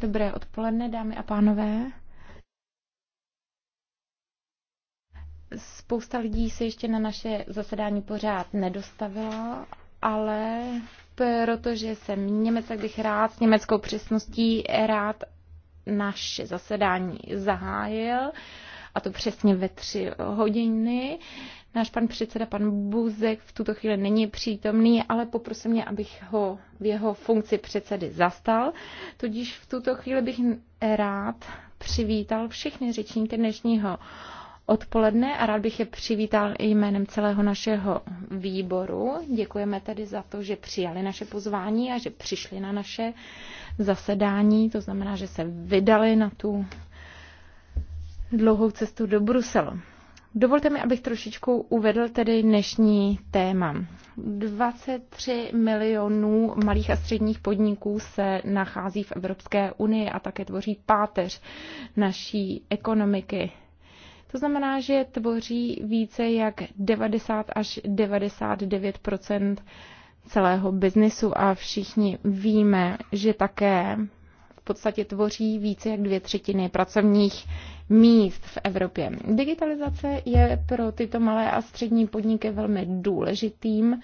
Dobré odpoledne, dámy a pánové. Spousta lidí se ještě na naše zasedání pořád nedostavila, ale protože jsem Němec, tak bych rád s německou přesností rád naše zasedání zahájil a to přesně ve tři hodiny. Náš pan předseda, pan Buzek, v tuto chvíli není přítomný, ale poprosil mě, abych ho v jeho funkci předsedy zastal. Tudíž v tuto chvíli bych rád přivítal všechny řečníky dnešního odpoledne a rád bych je přivítal i jménem celého našeho výboru. Děkujeme tedy za to, že přijali naše pozvání a že přišli na naše zasedání, to znamená, že se vydali na tu dlouhou cestu do Bruselu. Dovolte mi, abych trošičku uvedl tedy dnešní téma. 23 milionů malých a středních podniků se nachází v Evropské unii a také tvoří páteř naší ekonomiky. To znamená, že tvoří více jak 90 až 99 celého biznesu a všichni víme, že také podstatě tvoří více jak dvě třetiny pracovních míst v Evropě. Digitalizace je pro tyto malé a střední podniky velmi důležitým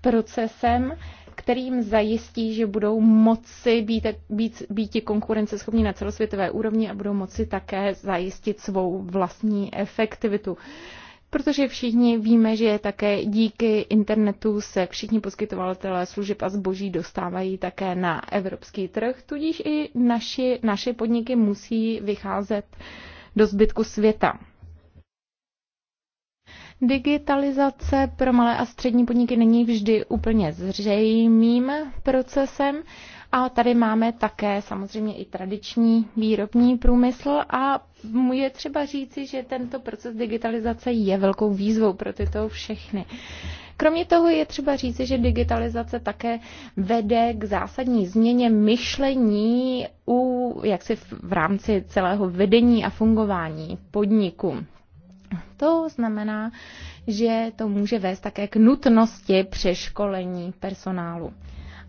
procesem, kterým zajistí, že budou moci být, být, být konkurenceschopní na celosvětové úrovni a budou moci také zajistit svou vlastní efektivitu protože všichni víme, že také díky internetu se všichni poskytovatelé služeb a zboží dostávají také na evropský trh, tudíž i naši, naše podniky musí vycházet do zbytku světa. Digitalizace pro malé a střední podniky není vždy úplně zřejmým procesem a tady máme také samozřejmě i tradiční výrobní průmysl a je třeba říci, že tento proces digitalizace je velkou výzvou pro tyto všechny. Kromě toho je třeba říci, že digitalizace také vede k zásadní změně myšlení u, jaksi v rámci celého vedení a fungování podniku. To znamená, že to může vést také k nutnosti přeškolení personálu.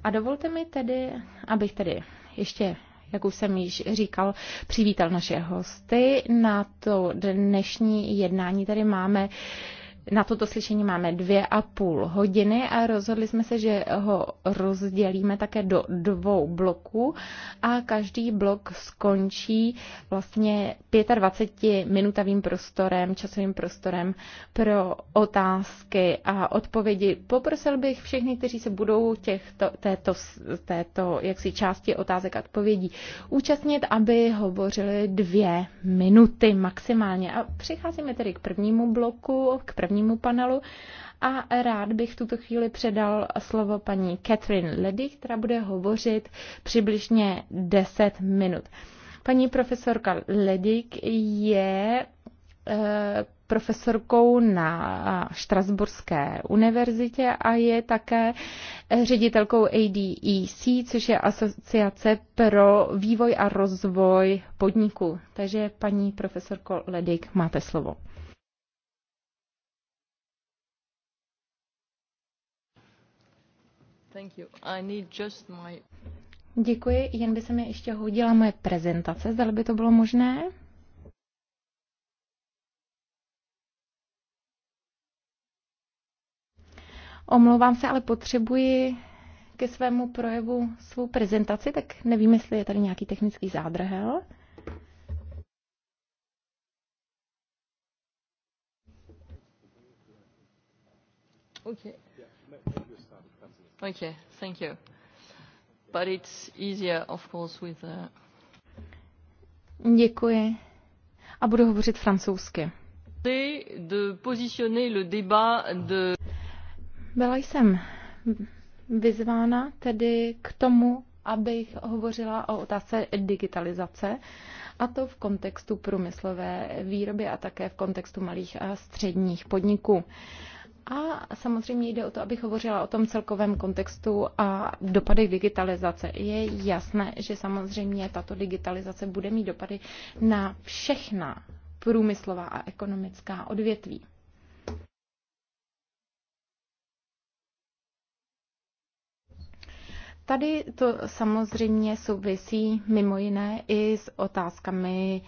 A dovolte mi tedy, abych tedy ještě jak už jsem již říkal, přivítal naše hosty. Na to dnešní jednání tady máme na toto slyšení máme dvě a půl hodiny a rozhodli jsme se, že ho rozdělíme také do dvou bloků a každý blok skončí vlastně 25 minutovým prostorem, časovým prostorem pro otázky a odpovědi. Poprosil bych všechny, kteří se budou těchto, této, této jaksi části otázek a odpovědí účastnit, aby hovořili dvě minuty maximálně. A přicházíme tedy k prvnímu bloku, k prvnímu prvnímu panelu. A rád bych v tuto chvíli předal slovo paní Catherine Ledy, která bude hovořit přibližně 10 minut. Paní profesorka Ledik je eh, profesorkou na Štrasburské univerzitě a je také ředitelkou ADEC, což je Asociace pro vývoj a rozvoj podniků. Takže paní profesorko Ledik, máte slovo. Děkuji, jen by se mi ještě hodila moje prezentace, zda by to bylo možné. Omlouvám se, ale potřebuji ke svému projevu svou prezentaci, tak nevím, jestli je tady nějaký technický zádrhel. Okay. Děkuji. A budu hovořit francouzsky. Byla jsem vyzvána tedy k tomu, abych hovořila o otázce digitalizace, a to v kontextu průmyslové výroby a také v kontextu malých a středních podniků. A samozřejmě jde o to, abych hovořila o tom celkovém kontextu a dopadech digitalizace. Je jasné, že samozřejmě tato digitalizace bude mít dopady na všechna průmyslová a ekonomická odvětví. Tady to samozřejmě souvisí mimo jiné i s otázkami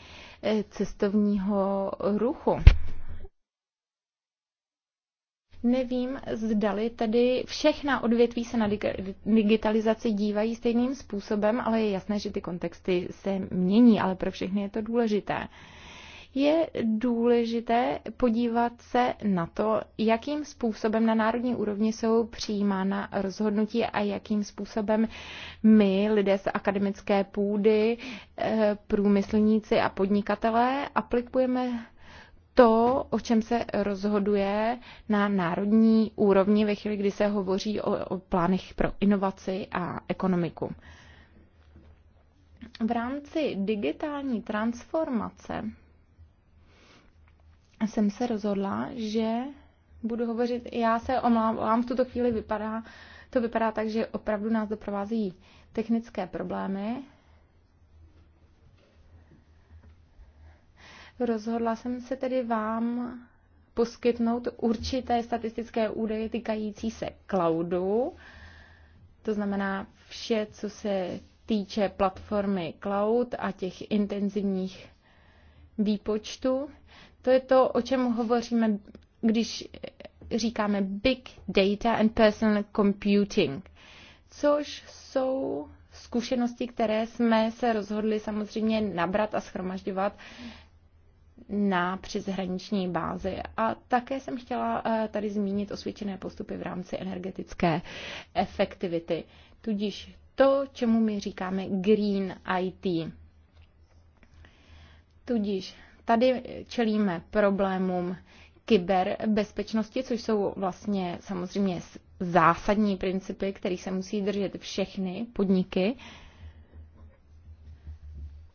eh, cestovního ruchu. Nevím, zdali tedy všechna odvětví se na digitalizaci dívají stejným způsobem, ale je jasné, že ty kontexty se mění, ale pro všechny je to důležité je důležité podívat se na to, jakým způsobem na národní úrovni jsou přijímána rozhodnutí a jakým způsobem my, lidé z akademické půdy, eh, průmyslníci a podnikatelé, aplikujeme to, o čem se rozhoduje na národní úrovni ve chvíli, kdy se hovoří o, o plánech pro inovaci a ekonomiku. V rámci digitální transformace jsem se rozhodla, že budu hovořit, já se omlávám, v tuto chvíli vypadá, to vypadá tak, že opravdu nás doprovází technické problémy, Rozhodla jsem se tedy vám poskytnout určité statistické údaje týkající se cloudu, to znamená vše, co se týče platformy cloud a těch intenzivních výpočtů. To je to, o čem hovoříme, když říkáme big data and personal computing, což jsou zkušenosti, které jsme se rozhodli samozřejmě nabrat a schromažďovat na přeshraniční bázi. A také jsem chtěla eh, tady zmínit osvědčené postupy v rámci energetické efektivity, tudíž to, čemu my říkáme green IT. Tudíž tady čelíme problémům kyberbezpečnosti, což jsou vlastně samozřejmě zásadní principy, kterých se musí držet všechny podniky,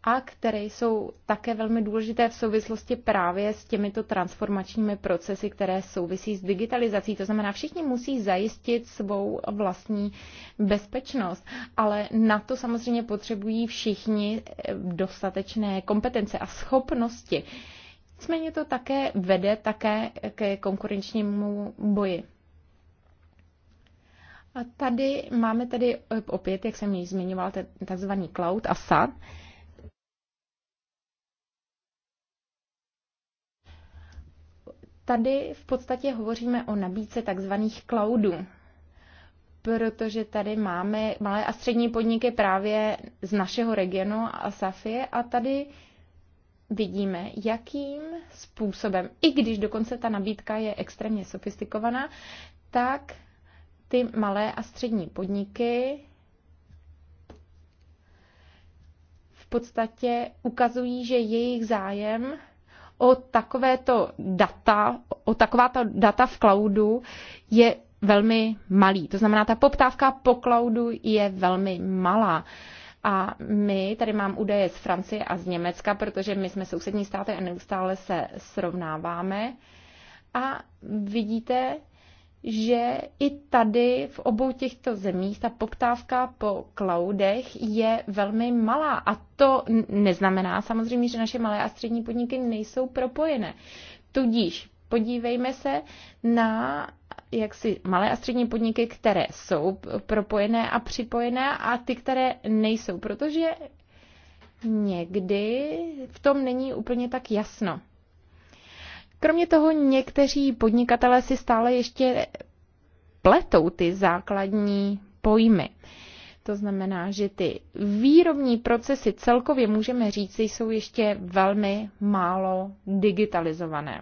a které jsou také velmi důležité v souvislosti právě s těmito transformačními procesy, které souvisí s digitalizací. To znamená, všichni musí zajistit svou vlastní bezpečnost, ale na to samozřejmě potřebují všichni eh, dostatečné kompetence a schopnosti. Nicméně to také vede také ke konkurenčnímu boji. A tady máme tady opět, jak jsem již zmiňoval, takzvaný cloud a SAD, Tady v podstatě hovoříme o nabídce takzvaných cloudů, protože tady máme malé a střední podniky právě z našeho regionu a Safie a tady vidíme, jakým způsobem, i když dokonce ta nabídka je extrémně sofistikovaná, tak ty malé a střední podniky v podstatě ukazují, že jejich zájem o takovéto data, o takováto data v cloudu je velmi malý. To znamená, ta poptávka po cloudu je velmi malá. A my, tady mám údaje z Francie a z Německa, protože my jsme sousední státy a neustále se srovnáváme. A vidíte, že i tady v obou těchto zemích ta poptávka po cloudech je velmi malá. A to neznamená samozřejmě, že naše malé a střední podniky nejsou propojené. Tudíž podívejme se na jak si malé a střední podniky, které jsou propojené a připojené a ty, které nejsou, protože někdy v tom není úplně tak jasno. Kromě toho někteří podnikatelé si stále ještě pletou ty základní pojmy. To znamená, že ty výrobní procesy celkově můžeme říct, jsou ještě velmi málo digitalizované.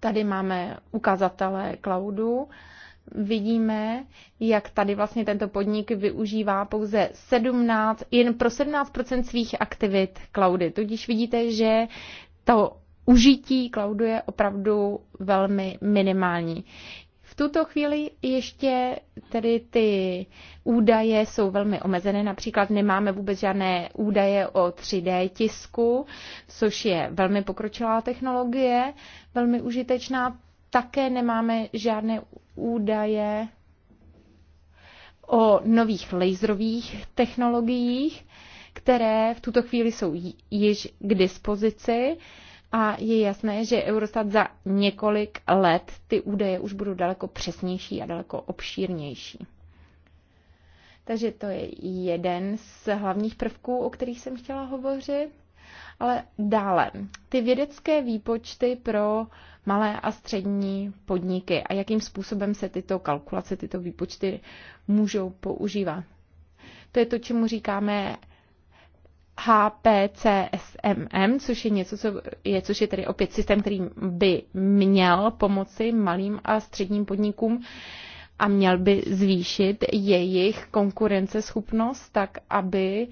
Tady máme ukazatele cloudu. Vidíme, jak tady vlastně tento podnik využívá pouze 17, jen pro 17 svých aktivit cloudy. Tudíž vidíte, že to užití cloudu je opravdu velmi minimální. V tuto chvíli ještě tedy ty údaje jsou velmi omezené. Například nemáme vůbec žádné údaje o 3D tisku, což je velmi pokročilá technologie, velmi užitečná. Také nemáme žádné údaje o nových laserových technologiích, které v tuto chvíli jsou již k dispozici a je jasné, že Eurostat za několik let ty údaje už budou daleko přesnější a daleko obšírnější. Takže to je jeden z hlavních prvků, o kterých jsem chtěla hovořit. Ale dále, ty vědecké výpočty pro malé a střední podniky a jakým způsobem se tyto kalkulace, tyto výpočty můžou používat. To je to, čemu říkáme HPCSMM, což je něco, co je, což je tedy opět systém, který by měl pomoci malým a středním podnikům a měl by zvýšit jejich konkurenceschopnost tak, aby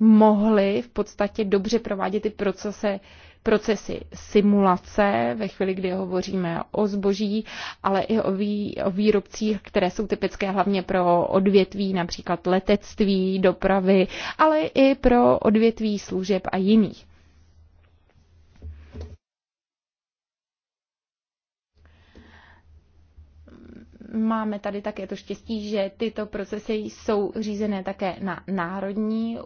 mohli v podstatě dobře provádět ty procese, procesy simulace ve chvíli, kdy hovoříme o zboží, ale i o, vý, o výrobcích, které jsou typické hlavně pro odvětví, například letectví, dopravy, ale i pro odvětví služeb a jiných. máme tady také to štěstí, že tyto procesy jsou řízené také na národní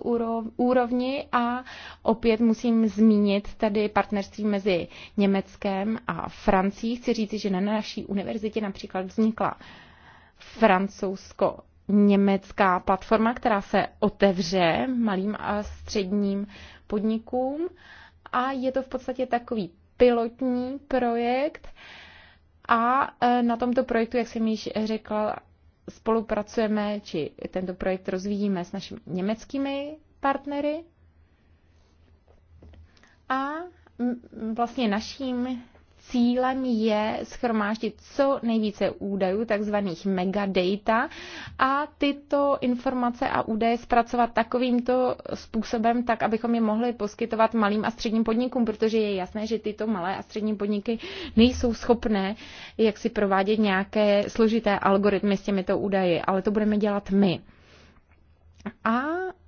úrovni a opět musím zmínit tady partnerství mezi Německem a Francií. Chci říci, že na naší univerzitě například vznikla francouzsko německá platforma, která se otevře malým a středním podnikům a je to v podstatě takový pilotní projekt, a e, na tomto projektu, jak jsem již řekla, spolupracujeme, či tento projekt rozvíjíme s našimi německými partnery. A vlastně naším cílem je schromáždit co nejvíce údajů, takzvaných megadata, a tyto informace a údaje zpracovat takovýmto způsobem, tak abychom je mohli poskytovat malým a středním podnikům, protože je jasné, že tyto malé a střední podniky nejsou schopné jak si provádět nějaké složité algoritmy s těmito údaji, ale to budeme dělat my. A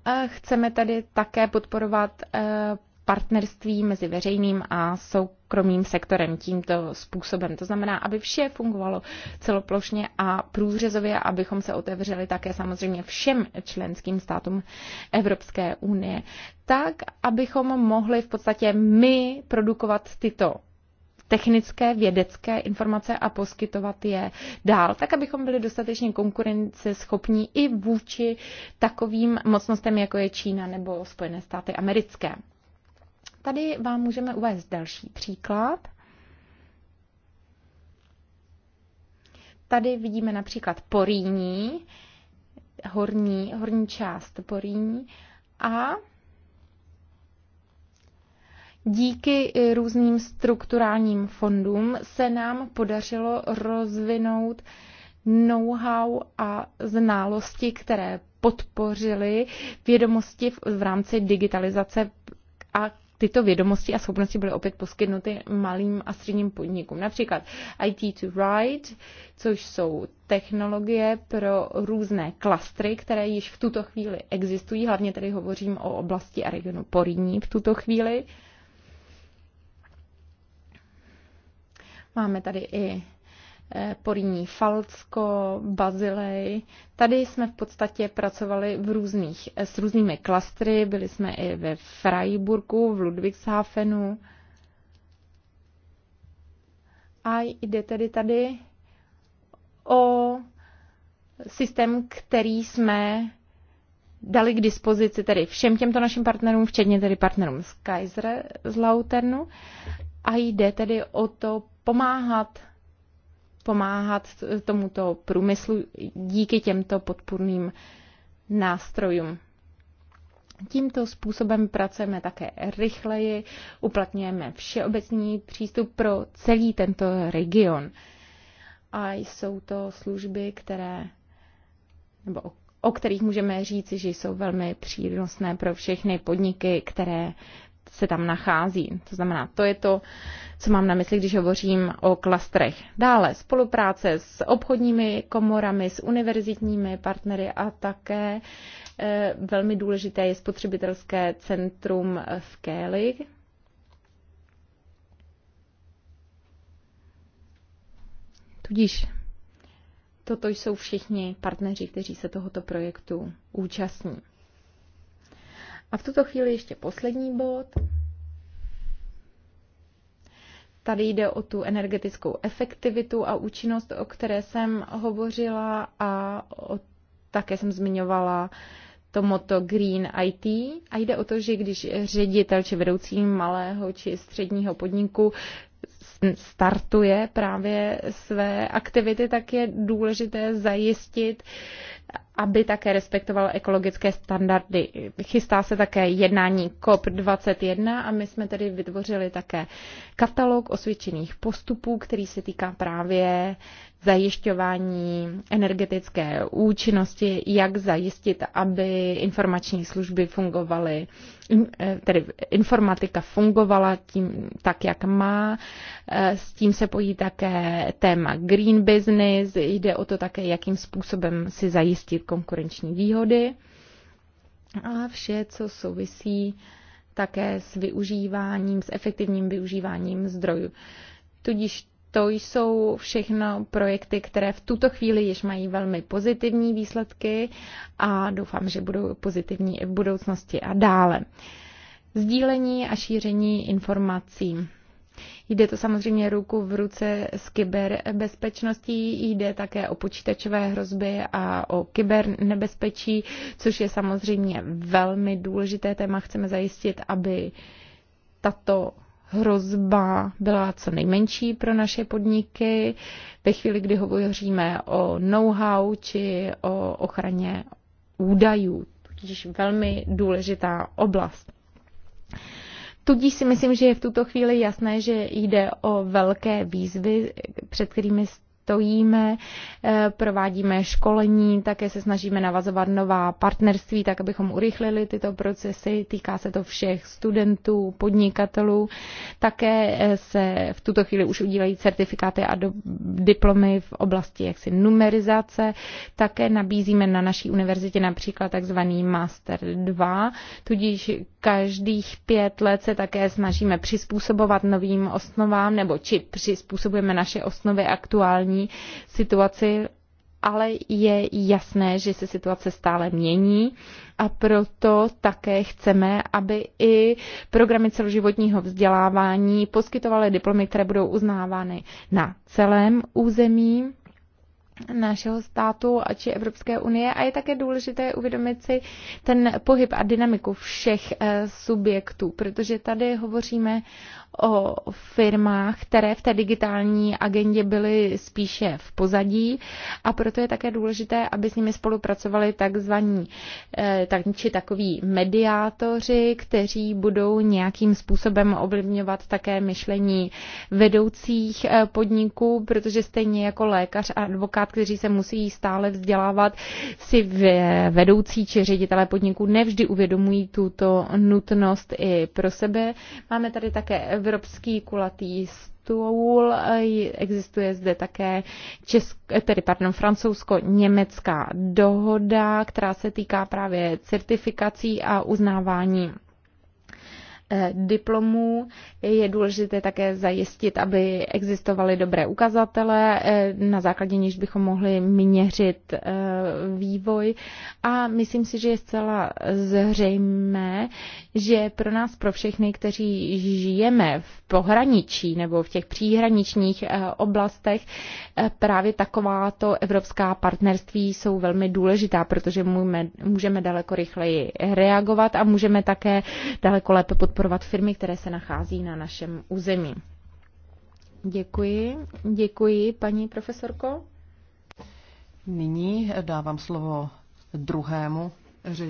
eh, chceme tady také podporovat eh, partnerství mezi veřejným a soukromým sektorem tímto způsobem. To znamená, aby vše fungovalo celoplošně a průřezově, abychom se otevřeli také samozřejmě všem členským státům Evropské unie, tak, abychom mohli v podstatě my produkovat tyto technické, vědecké informace a poskytovat je dál, tak abychom byli dostatečně konkurenceschopní i vůči takovým mocnostem, jako je Čína nebo Spojené státy americké. Tady vám můžeme uvést další příklad. Tady vidíme například poríní, horní, horní část poríní a Díky různým strukturálním fondům se nám podařilo rozvinout know-how a znalosti, které podpořily vědomosti v, v rámci digitalizace a tyto vědomosti a schopnosti byly opět poskytnuty malým a středním podnikům. Například IT to Write, což jsou technologie pro různé klastry, které již v tuto chvíli existují. Hlavně tady hovořím o oblasti a regionu Poríní v tuto chvíli. Máme tady i Eh, poríní Falcko, Bazilej. Tady jsme v podstatě pracovali v různých, eh, s různými klastry, byli jsme i ve Freiburgu, v Ludwigshafenu. A jde tedy tady o systém, který jsme dali k dispozici tedy všem těmto našim partnerům, včetně tedy partnerům z Kaiser z Lauternu. A jde tedy o to pomáhat pomáhat tomuto průmyslu díky těmto podpůrným nástrojům. Tímto způsobem pracujeme také rychleji, uplatňujeme všeobecný přístup pro celý tento region. A jsou to služby, které, nebo o, o kterých můžeme říci, že jsou velmi přínosné pro všechny podniky, které se tam nachází. To znamená, to je to, co mám na mysli, když hovořím o klastrech. Dále spolupráce s obchodními komorami, s univerzitními partnery a také e, velmi důležité je spotřebitelské centrum v Kéli. Tudíž toto jsou všichni partneři, kteří se tohoto projektu účastní. A v tuto chvíli ještě poslední bod. Tady jde o tu energetickou efektivitu a účinnost, o které jsem hovořila a o, také jsem zmiňovala to moto Green IT a jde o to, že když ředitel či vedoucí malého či středního podniku startuje právě své aktivity, tak je důležité zajistit aby také respektoval ekologické standardy. Chystá se také jednání COP21 a my jsme tedy vytvořili také katalog osvědčených postupů, který se týká právě zajišťování energetické účinnosti, jak zajistit, aby informační služby fungovaly, eh, tedy informatika fungovala tím, tak, jak má. Eh, s tím se pojí také téma green business, jde o to také, jakým způsobem si zajistit konkurenční výhody a vše, co souvisí také s využíváním, s efektivním využíváním zdrojů. Tudíž to jsou všechno projekty, které v tuto chvíli již mají velmi pozitivní výsledky a doufám, že budou pozitivní i v budoucnosti a dále. Sdílení a šíření informací. Jde to samozřejmě ruku v ruce s kyberbezpečností, jde také o počítačové hrozby a o kybernebezpečí, což je samozřejmě velmi důležité téma. Chceme zajistit, aby tato hrozba byla co nejmenší pro naše podniky. Ve chvíli, kdy hovoříme o know-how či o ochraně údajů, tudíž velmi důležitá oblast. Tudíž si myslím, že je v tuto chvíli jasné, že jde o velké výzvy, před kterými stojíme, eh, provádíme školení, také se snažíme navazovat nová partnerství, tak abychom urychlili tyto procesy. Týká se to všech studentů, podnikatelů. Také eh, se v tuto chvíli už udílejí certifikáty a do, diplomy v oblasti jaksi numerizace. Také nabízíme na naší univerzitě například takzvaný Master 2, tudíž každých pět let se také snažíme přizpůsobovat novým osnovám nebo či přizpůsobujeme naše osnovy aktuální aktuální situaci, ale je jasné, že se situace stále mění a proto také chceme, aby i programy celoživotního vzdělávání poskytovaly diplomy, které budou uznávány na celém území našeho státu a či Evropské unie a je také důležité uvědomit si ten pohyb a dynamiku všech eh, subjektů, protože tady hovoříme o firmách, které v té digitální agendě byly spíše v pozadí a proto je také důležité, aby s nimi spolupracovali takzvaní eh, tak, či takoví mediátoři, kteří budou nějakým způsobem ovlivňovat také myšlení vedoucích eh, podniků, protože stejně jako lékař a advokát, kteří se musí stále vzdělávat, si vedoucí či ředitelé podniků nevždy uvědomují tuto nutnost i pro sebe. Máme tady také Evropský kulatý stůl, existuje zde také Česk- eh, tedy, pardon, francouzsko-německá dohoda, která se týká právě certifikací a uznávání Eh, diplomů. Je důležité také zajistit, aby existovaly dobré ukazatele, eh, na základě níž bychom mohli měřit eh, vývoj. A myslím si, že je zcela zřejmé, že pro nás, pro všechny, kteří žijeme v pohraničí nebo v těch příhraničních oblastech, právě takováto evropská partnerství jsou velmi důležitá, protože můžeme, můžeme daleko rychleji reagovat a můžeme také daleko lépe podporovat podporovat firmy, které se nachází na našem území. Děkuji, děkuji, paní profesorko. Nyní dávám slovo druhému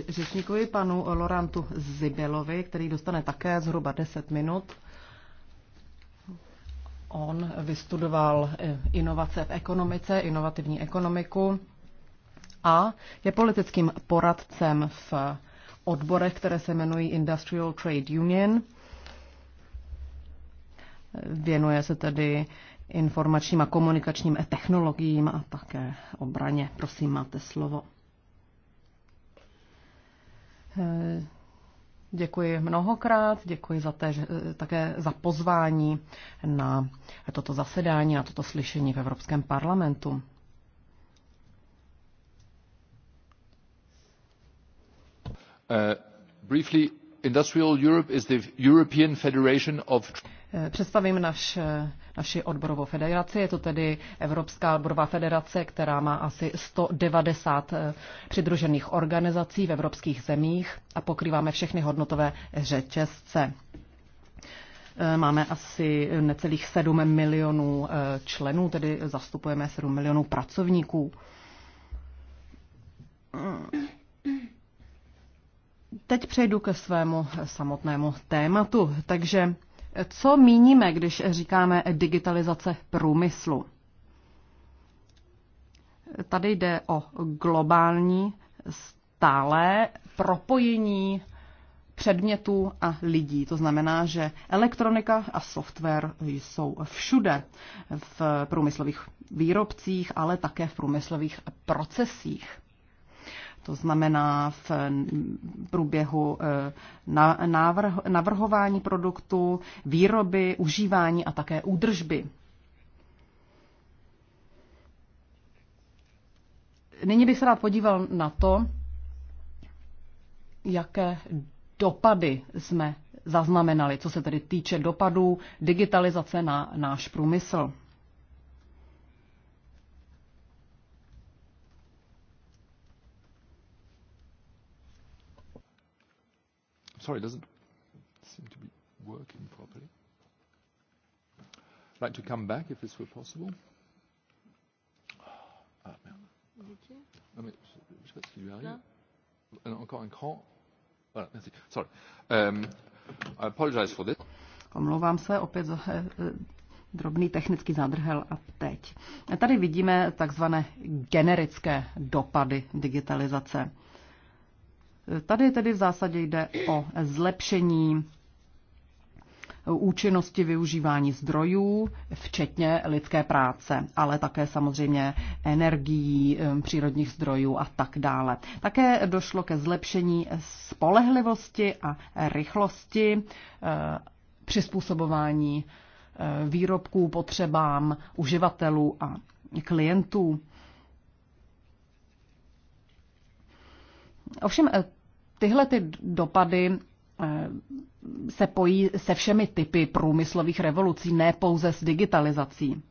řečníkovi, panu Lorantu Zibelovi, který dostane také zhruba 10 minut. On vystudoval eh, inovace v ekonomice, inovativní ekonomiku a je politickým poradcem v odborech, které se jmenují Industrial Trade Union. Věnuje se tedy informačním a komunikačním technologiím a také obraně. Prosím, máte slovo. Děkuji mnohokrát, děkuji za tež, také za pozvání na toto zasedání, na toto slyšení v Evropském parlamentu. Uh, briefly, Industrial Europe is the European Federation of eh, Představím naš, eh, naši odborovou federaci. Je to tedy Evropská odborová federace, která má asi 190 eh, přidružených organizací v evropských zemích a pokrýváme všechny hodnotové řetězce. Máme asi necelých 7 milionů členů, tedy zastupujeme 7 milionů pracovníků hmm. Teď přejdu ke svému samotnému tématu. Takže co míníme, když říkáme digitalizace průmyslu? Tady jde o globální stále propojení předmětů a lidí. To znamená, že elektronika a software jsou všude v průmyslových výrobcích, ale také v průmyslových procesích. To znamená v průběhu e, navrhování produktu, výroby, užívání a také údržby. Nyní bych se rád podíval na to, jaké dopady jsme zaznamenali, co se tedy týče dopadů digitalizace na náš průmysl. Sorry, it doesn't seem to be working properly. I'd like to come back if this were possible. Ah, merde. Non, mais je ne sais pas ce qui lui arrive. Non. Encore un cran. Voilà, merci. Sorry. Um, I apologize for this. Omlouvám se opět za eh, eh, drobný technický zádrhel a teď. Tady vidíme takzvané generické dopady digitalizace. Tady tedy v zásadě jde o zlepšení účinnosti využívání zdrojů, včetně lidské práce, ale také samozřejmě energií, přírodních zdrojů a tak dále. Také došlo ke zlepšení spolehlivosti a rychlosti eh, přizpůsobování eh, výrobků potřebám uživatelů a klientů. Ovšem eh, tyhle ty dopady eh, se pojí se všemi typy průmyslových revolucí, ne pouze s digitalizací.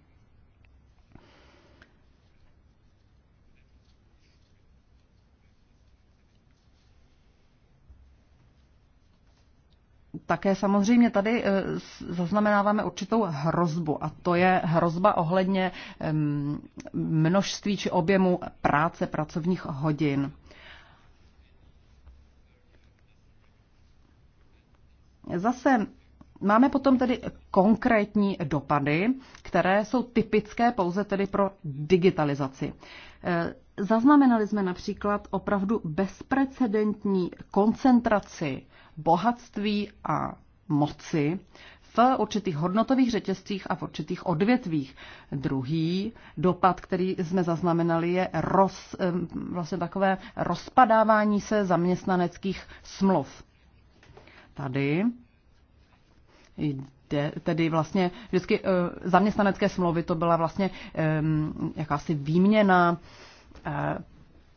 Také samozřejmě tady eh, zaznamenáváme určitou hrozbu a to je hrozba ohledně množství či objemu práce pracovních hodin. zase máme potom tedy konkrétní dopady, které jsou typické pouze tedy pro digitalizaci. E, zaznamenali jsme například opravdu bezprecedentní koncentraci bohatství a moci v určitých hodnotových řetězcích a v určitých odvětvích. Druhý dopad, který jsme zaznamenali, je roz, e, vlastně takové rozpadávání se zaměstnaneckých smluv tady jde tedy vlastně vždycky eh, zaměstnanecké smlouvy to byla vlastně ehm, jakási výměna eh,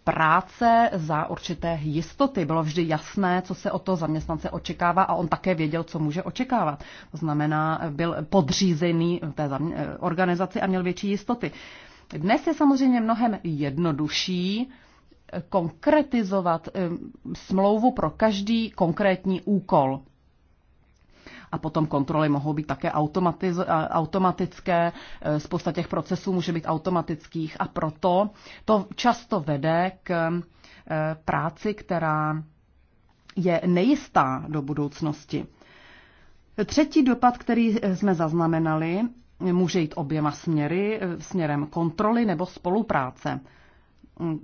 práce za určité jistoty. Bylo vždy jasné, co se od toho zaměstnance očekává a on také věděl, co může očekávat. To znamená, byl podřízený té eh, organizaci a měl větší jistoty. Dnes je samozřejmě mnohem jednodušší konkretizovat eh, smlouvu pro každý konkrétní úkol. A potom kontroly mohou být také automatické, eh, spousta těch procesů může být automatických a proto to často vede k eh, práci, která je nejistá do budoucnosti. Třetí dopad, který jsme zaznamenali, může jít oběma směry, směrem kontroly nebo spolupráce. Mm,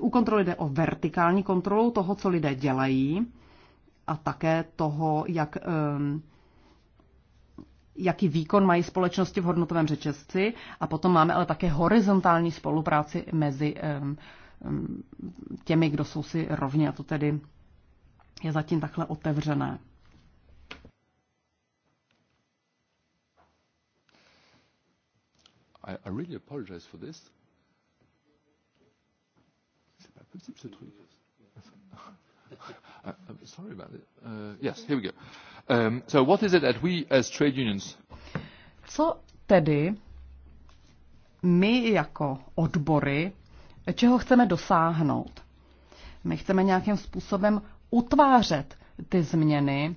u kontroly jde o vertikální kontrolu toho, co lidé dělají a také toho, jak, um, jaký výkon mají společnosti v hodnotovém řečesci. A potom máme ale také horizontální spolupráci mezi um, um, těmi, kdo jsou si rovně. A to tedy je zatím takhle otevřené. I really apologize for this ce truc. Uh, uh, sorry about it. Uh, yes, here we go. Um, so what is it that we as trade unions... Co tedy my jako odbory, čeho chceme dosáhnout? My chceme nějakým způsobem utvářet ty změny,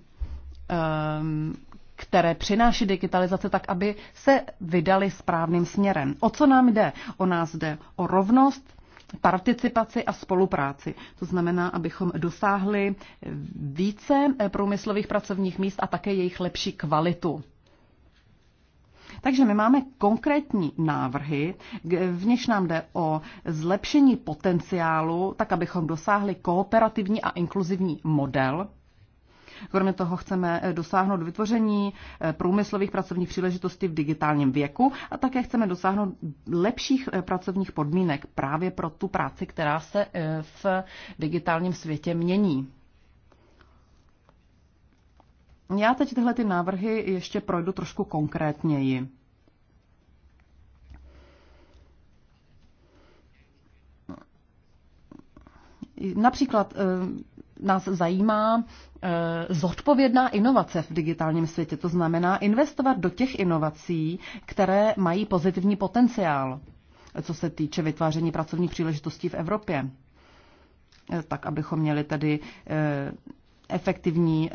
um, které přináší digitalizace, tak aby se vydali správným směrem. O co nám jde? O nás jde o rovnost, participaci a spolupráci. To znamená, abychom dosáhli více eh, průmyslových pracovních míst a také jejich lepší kvalitu. Takže my máme konkrétní návrhy, v něž nám jde o zlepšení potenciálu, tak abychom dosáhli kooperativní a inkluzivní model, Kromě toho chceme eh, dosáhnout vytvoření eh, průmyslových pracovních příležitostí v digitálním věku a také chceme dosáhnout lepších eh, pracovních podmínek právě pro tu práci, která se v digitálním světě mění. Já teď tyhle ty návrhy ještě projdu trošku konkrétněji. Například nás zajímá eh, zodpovědná inovace v digitálním světě. To znamená investovat do těch inovací, které mají pozitivní potenciál, co se týče vytváření pracovních příležitostí v Evropě. Eh, tak, abychom měli tedy eh, efektivní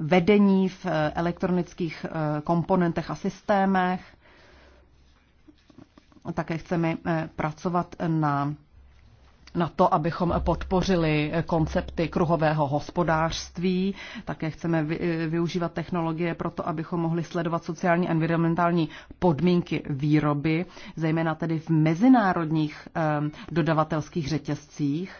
vedení v elektronických komponentech a systémech. Také chceme pracovat na na to, abychom podpořili koncepty kruhového hospodářství. Také chceme využívat technologie pro to, abychom mohli sledovat sociální a environmentální podmínky výroby, zejména tedy v mezinárodních dodavatelských řetězcích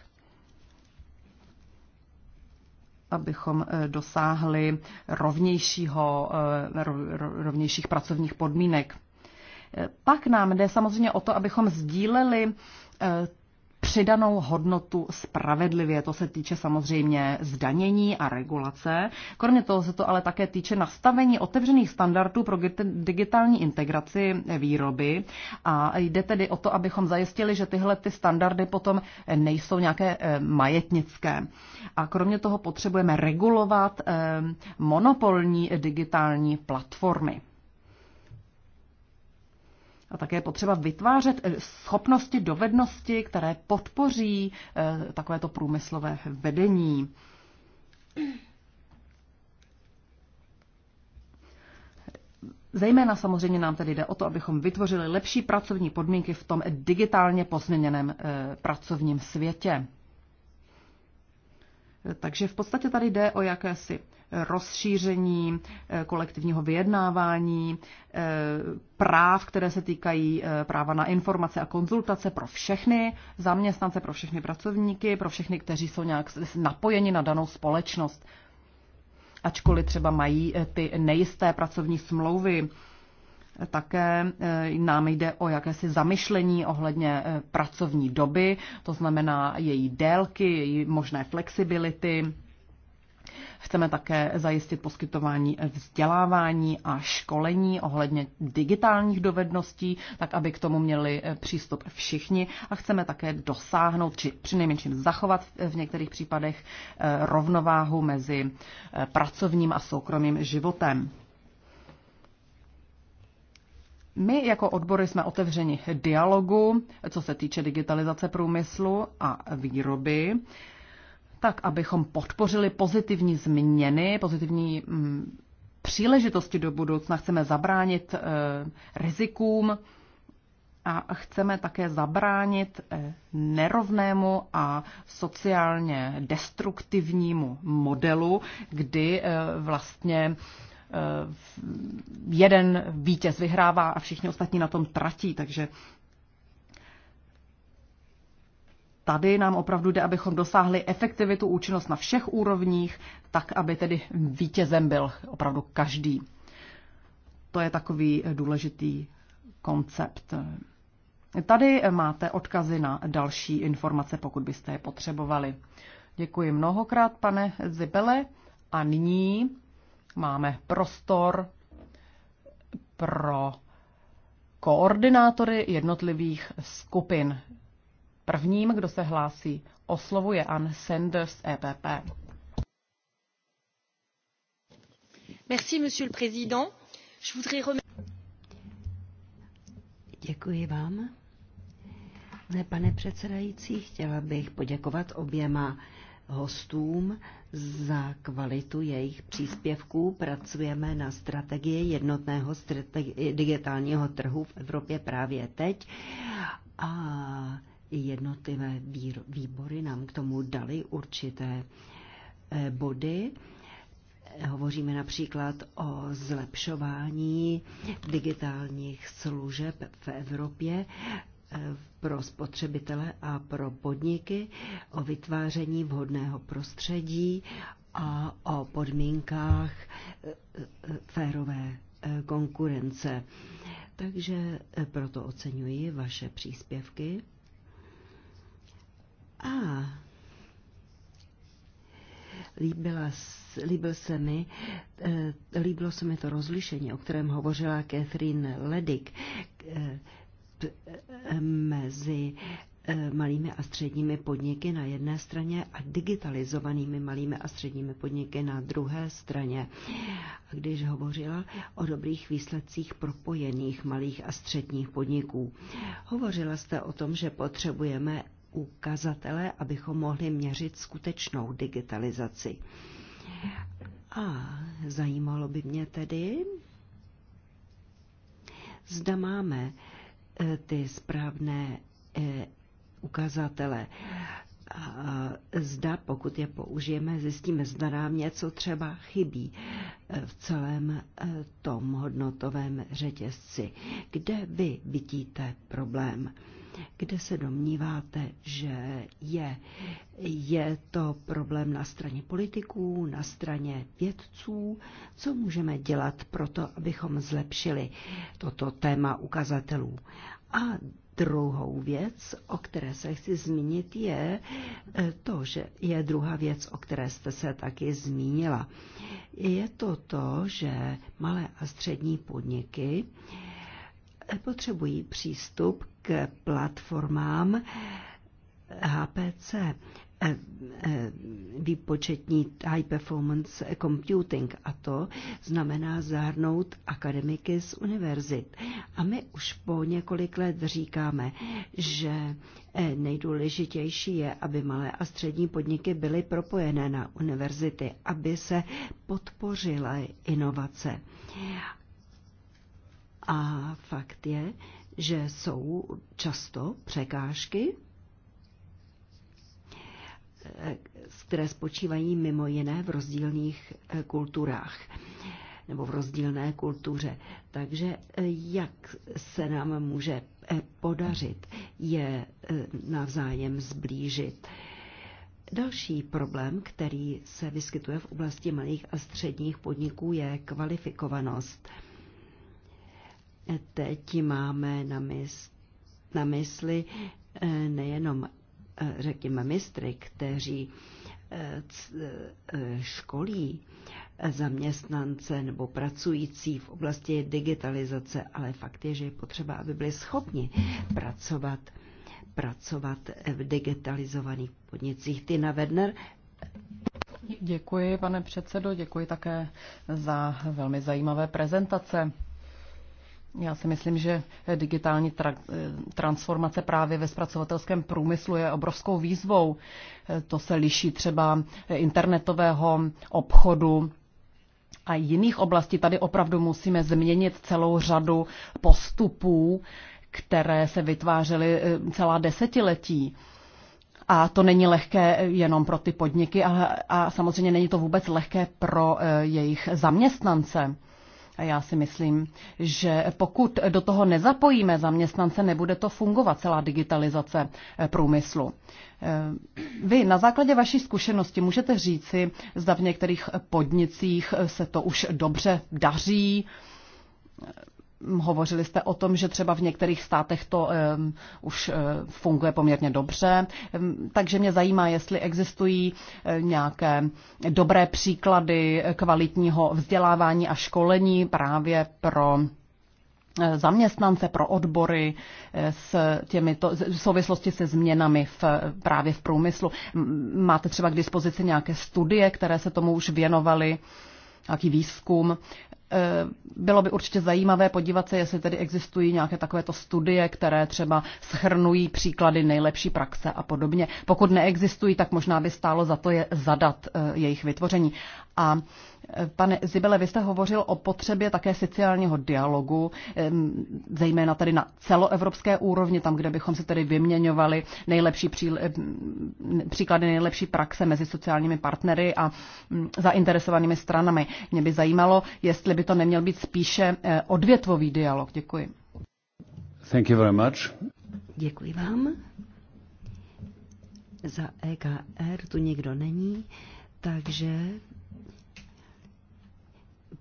abychom e, dosáhli rovnějšího, e, rovnějších pracovních podmínek. E, pak nám jde samozřejmě o to, abychom sdíleli přidanou hodnotu spravedlivě. To se týče samozřejmě zdanění a regulace. Kromě toho se to ale také týče nastavení otevřených standardů pro digitální integraci výroby a jde tedy o to, abychom zajistili, že tyhle ty standardy potom nejsou nějaké eh, majetnické. A kromě toho potřebujeme regulovat eh, monopolní digitální platformy. A také je potřeba vytvářet eh, schopnosti, dovednosti, které podpoří eh, takovéto průmyslové vedení. Zejména samozřejmě nám tedy jde o to, abychom vytvořili lepší pracovní podmínky v tom digitálně pozměněném eh, pracovním světě. Takže v podstatě tady jde o jakési rozšíření eh, kolektivního vyjednávání, eh, práv, které se týkají eh, práva na informace a konzultace pro všechny zaměstnance, pro všechny pracovníky, pro všechny, kteří jsou nějak napojeni na danou společnost. Ačkoliv třeba mají ty nejisté pracovní smlouvy, také eh, nám jde o jakési zamyšlení ohledně eh, pracovní doby, to znamená její délky, její možné flexibility. Chceme také zajistit poskytování eh, vzdělávání a školení ohledně digitálních dovedností, tak aby k tomu měli přístup všichni a chceme také dosáhnout, či přinejmenším zachovat v některých případech rovnováhu mezi pracovním a soukromým životem. My jako odbory jsme otevřeni dialogu, co se týče digitalizace průmyslu a výroby, tak abychom podpořili pozitivní změny, pozitivní mm, příležitosti do budoucna. Chceme zabránit e, rizikům a chceme také zabránit e, nerovnému a sociálně destruktivnímu modelu, kdy e, vlastně E, Eh, jeden vítěz vyhrává a všichni ostatní na tom tratí, takže tady nám opravdu jde, abychom dosáhli efektivitu, účinnost na všech úrovních, tak, aby tedy vítězem byl opravdu každý. To je takový důležitý koncept. Tady máte odkazy na další informace, pokud byste je potřebovali. Děkuji mnohokrát, pane Zibele. A nyní Máme prostor pro koordinátory jednotlivých skupin. Prvním, kdo se hlásí o slovu, je Anne Sanders EPP. Merci, monsieur le président. Je voudrais remer... Děkuji vám. Ne, pane předsedající, chtěla bych poděkovat oběma hostům za kvalitu jejich příspěvků. Pracujeme na strategii jednotného strategi- digitálního trhu v Evropě právě teď a jednotlivé výbory nám k tomu dali určité eh, body. Hovoříme například o zlepšování digitálních služeb v Evropě pro spotřebitele a pro podniky o vytváření vhodného prostředí a o podmínkách eh, férové eh, konkurence. Takže eh, proto oceňuji vaše příspěvky. A líbila, líbil se mi, líbilo se mi to rozlišení, o kterém hovořila Catherine Ledick, mezi eh, malými a středními podniky na jedné straně a digitalizovanými malými a středními podniky na druhé straně. A když hovořila o dobrých výsledcích propojených malých a středních podniků, hovořila jste o tom, že potřebujeme ukazatele, abychom mohli měřit skutečnou digitalizaci. A zajímalo by mě tedy, zda máme Eh, ty správné eh, ukazatele. zda, pokud je použijeme, zjistíme, zda nám něco třeba chybí eh, v celém tom hodnotovém řetězci. Kde vy vidíte problém? kde se domníváte, že je. Je to problém na straně politiků, na straně vědců? Co můžeme dělat pro to, abychom zlepšili toto téma ukazatelů? A druhou věc, o které se chci zmínit, je eh, to, že je druhá věc, o které jste se taky zmínila. Je to to, že malé a střední podniky potřebují přístup k platformám HPC, eh, eh, výpočetní high performance computing a to znamená zahrnout akademiky z univerzit. A my už po několik let říkáme, že eh, nejdůležitější je, aby malé a střední podniky byly propojené na univerzity, aby se podpořily inovace. A fakt je, že jsou často překážky, které spočívají mimo jiné v rozdílných eh, kulturách nebo v rozdílné kultuře. Takže eh, jak se nám může eh, podařit je navzájem zblížit? Další problém, který se vyskytuje v oblasti malých a středních podniků, je kvalifikovanost. Teď máme na, mysl, na mysli eh, nejenom, eh, řekněme, mistry, kteří eh, školí zaměstnance nebo pracující v oblasti digitalizace, ale fakt je, že je potřeba, aby byli schopni pracovat, pracovat v digitalizovaných podnicích. na Werner. Děkuji, pane předsedo, děkuji také za velmi zajímavé prezentace. Já si myslím, že digitální tra- transformace právě ve zpracovatelském průmyslu je obrovskou výzvou. To se liší třeba internetového obchodu a jiných oblastí. Tady opravdu musíme změnit celou řadu postupů, které se vytvářely eh, celá desetiletí. A to není lehké jenom pro ty podniky a, a samozřejmě není to vůbec lehké pro eh, jejich zaměstnance. Já si myslím, že pokud do toho nezapojíme zaměstnance, nebude to fungovat celá digitalizace eh, průmyslu. Eh, vy na základě vaší zkušenosti můžete říci, zda v některých podnicích eh, se to už dobře daří, Hovořili jste o tom, že třeba v některých státech to um, už eh, funguje poměrně dobře, um, takže mě zajímá, jestli existují eh, nějaké dobré příklady kvalitního vzdělávání a školení právě pro eh, zaměstnance pro odbory s těmito, v souvislosti se změnami v, právě v průmyslu. Máte třeba k dispozici nějaké studie, které se tomu už věnovaly, nějaký výzkum. Eh, bylo by určitě zajímavé podívat se, jestli tedy existují nějaké takovéto studie, které třeba schrnují příklady nejlepší praxe a podobně. Pokud neexistují, tak možná by stálo za to je zadat eh, jejich vytvoření. A Pane Zibele, vy jste hovořil o potřebě také sociálního dialogu, zejména tady na celoevropské úrovni, tam, kde bychom si tedy vyměňovali nejlepší příklady nejlepší praxe mezi sociálními partnery a mm, zainteresovanými stranami. Mě by zajímalo, jestli by to neměl být spíše eh, odvětvový dialog. Děkuji. Thank you very much. Děkuji vám. Za EKR tu nikdo není, takže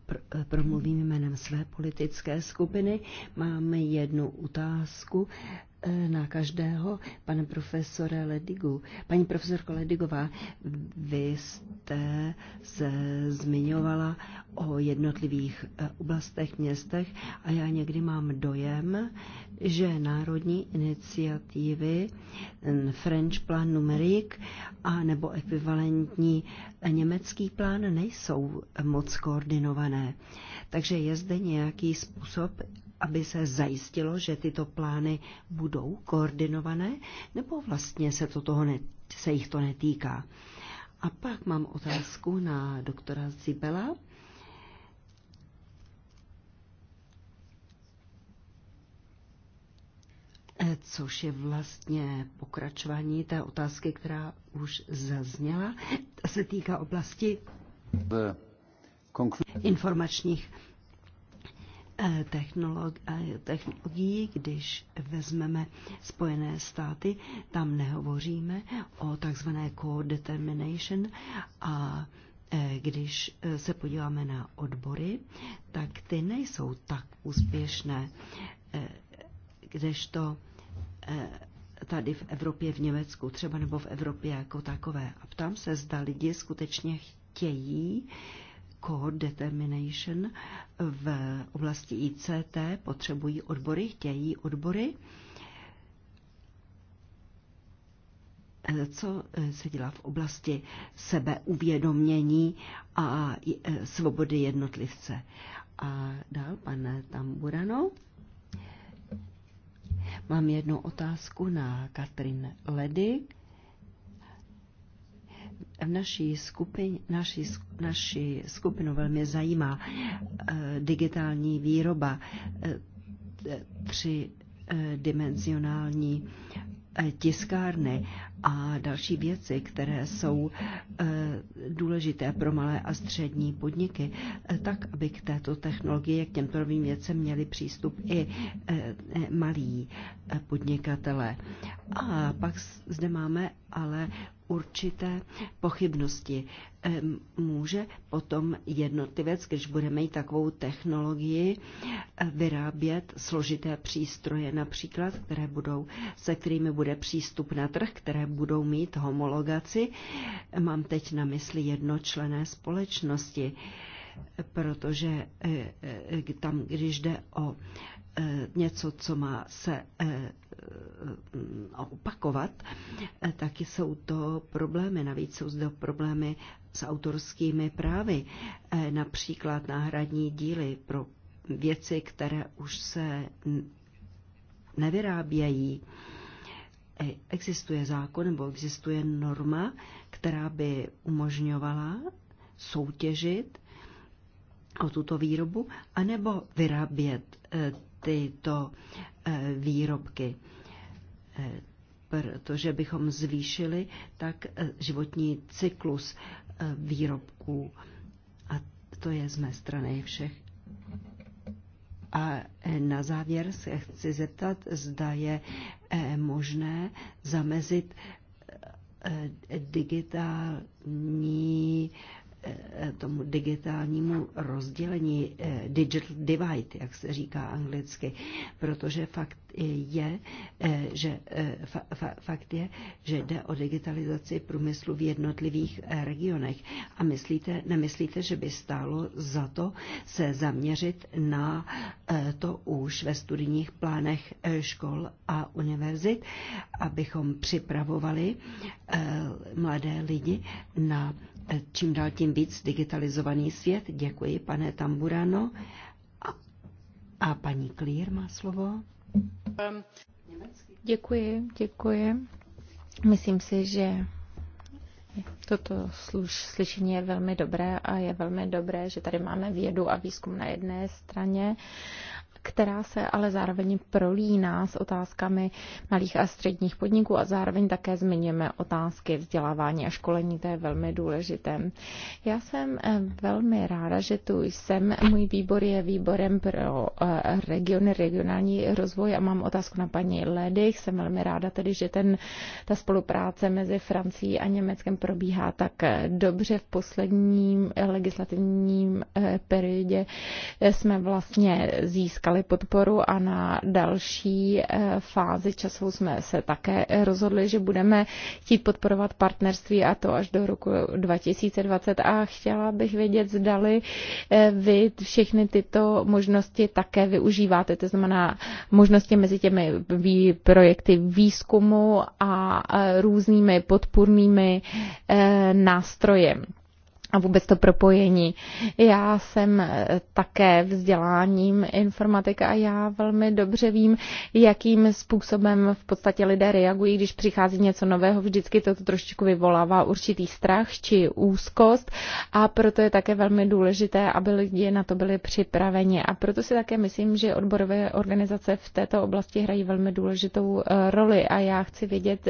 pr- promluvím jménem své politické skupiny. Máme jednu otázku Eh, na každého. Pane profesore Ledigu, paní profesorko Ledigová, vy jste se zmiňovala o jednotlivých eh, oblastech, městech a já někdy mám dojem, že národní iniciativy mm, French Plan Numerik a nebo ekvivalentní německý plán nejsou moc koordinované. Takže je zde nějaký způsob, aby se zajistilo, že tyto plány budou koordinované, nebo vlastně se, to toho ne, se jich to netýká. A pak mám otázku na doktora Zibela. E, což je vlastně pokračování té otázky, která už zazněla. se týká oblasti informačních Eh, eh, technologií, když vezmeme Spojené státy, tam nehovoříme o takzvané co-determination a eh, když se podíváme na odbory, tak ty nejsou tak úspěšné, kdežto tady v Evropě, v Německu třeba, nebo v Evropě jako takové. A ptám se, zda lidi skutečně chtějí eh, co determination v oblasti ICT, potřebují odbory, chtějí odbory. Co se dělá v oblasti sebeuvědomění a e, svobody jednotlivce. A dál, pan Tamburano. Mám jednu otázku na Katrin Ledik v naší, skupin, naší, naší skupinu velmi zajímá eh, digitální výroba, eh, třidimenzionální eh, tiskárny a další věci, které jsou důležité pro malé a střední podniky, tak, aby k této technologii, k těmto novým věcem měli přístup i malí podnikatele. A pak zde máme ale určité pochybnosti. Může potom jednotlivec, když budeme mít takovou technologii, eh, vyrábět složité přístroje například, které budou, se kterými bude přístup na trh, které budou mít homologaci. Mám teď na mysli jednočlené společnosti, protože eh, eh, tam, když jde o Eh, něco, co má se eh, eh, opakovat, tak jsou to problémy. Navíc jsou zde problémy s autorskými právy, například náhradní díly pro věci, které už se nevyrábějí. Existuje zákon nebo existuje norma, která by umožňovala soutěžit o tuto výrobu, anebo vyrábět eh, tyto eh, výrobky, eh, protože bychom zvýšili tak životní cyklus výrobků. A to je z mé strany všech. A na závěr se chci zeptat, zda je možné zamezit digitální Eh, tomu digitálnímu rozdělení, eh, digital divide, jak se říká anglicky, protože fakt je, eh, že, fakt je, že jde o digitalizaci průmyslu v jednotlivých regionech. A myslíte, nemyslíte, že by stálo za to se zaměřit na to už ve studijních plánech škol a univerzit, abychom připravovali mladé lidi na čím dál tím víc digitalizovaný svět. Děkuji, pane Tamburano. A, a paní Klír má slovo. Děkuji, děkuji. Myslím si, že Toto služ, slyšení je velmi dobré a je velmi dobré, že tady máme vědu a výzkum na jedné straně která se ale zároveň prolíná s otázkami malých a středních podniků a zároveň také zmiňujeme otázky vzdělávání a školení, to je velmi důležité. Já jsem eh, velmi ráda, že tu jsem. Můj výbor je výborem pro eh, regiony, regionální rozvoj a mám otázku na paní Ledych. Jsem velmi ráda tedy, že ten, ta spolupráce mezi Francií a Německem probíhá tak eh, dobře v posledním legislativním periodě. Jsme vlastně získali získali podporu a na další eh, fázi času jsme se také rozhodli, že budeme chtít podporovat partnerství a to až do roku 2020 a chtěla bych vědět, zdali eh, vy všechny tyto možnosti také využíváte, to znamená možnosti mezi těmi projekty výzkumu a eh, různými podpůrnými nástroji a vůbec to propojení. Já jsem eh, také vzděláním informatika a já velmi dobře vím, jakým způsobem v podstatě lidé reagují, když přichází něco nového. Vždycky to trošičku vyvolává určitý strach či úzkost a proto je také velmi důležité, aby lidi na to byli připraveni. A proto si také myslím, že odborové organizace v této oblasti hrají velmi důležitou eh, roli a já chci vědět,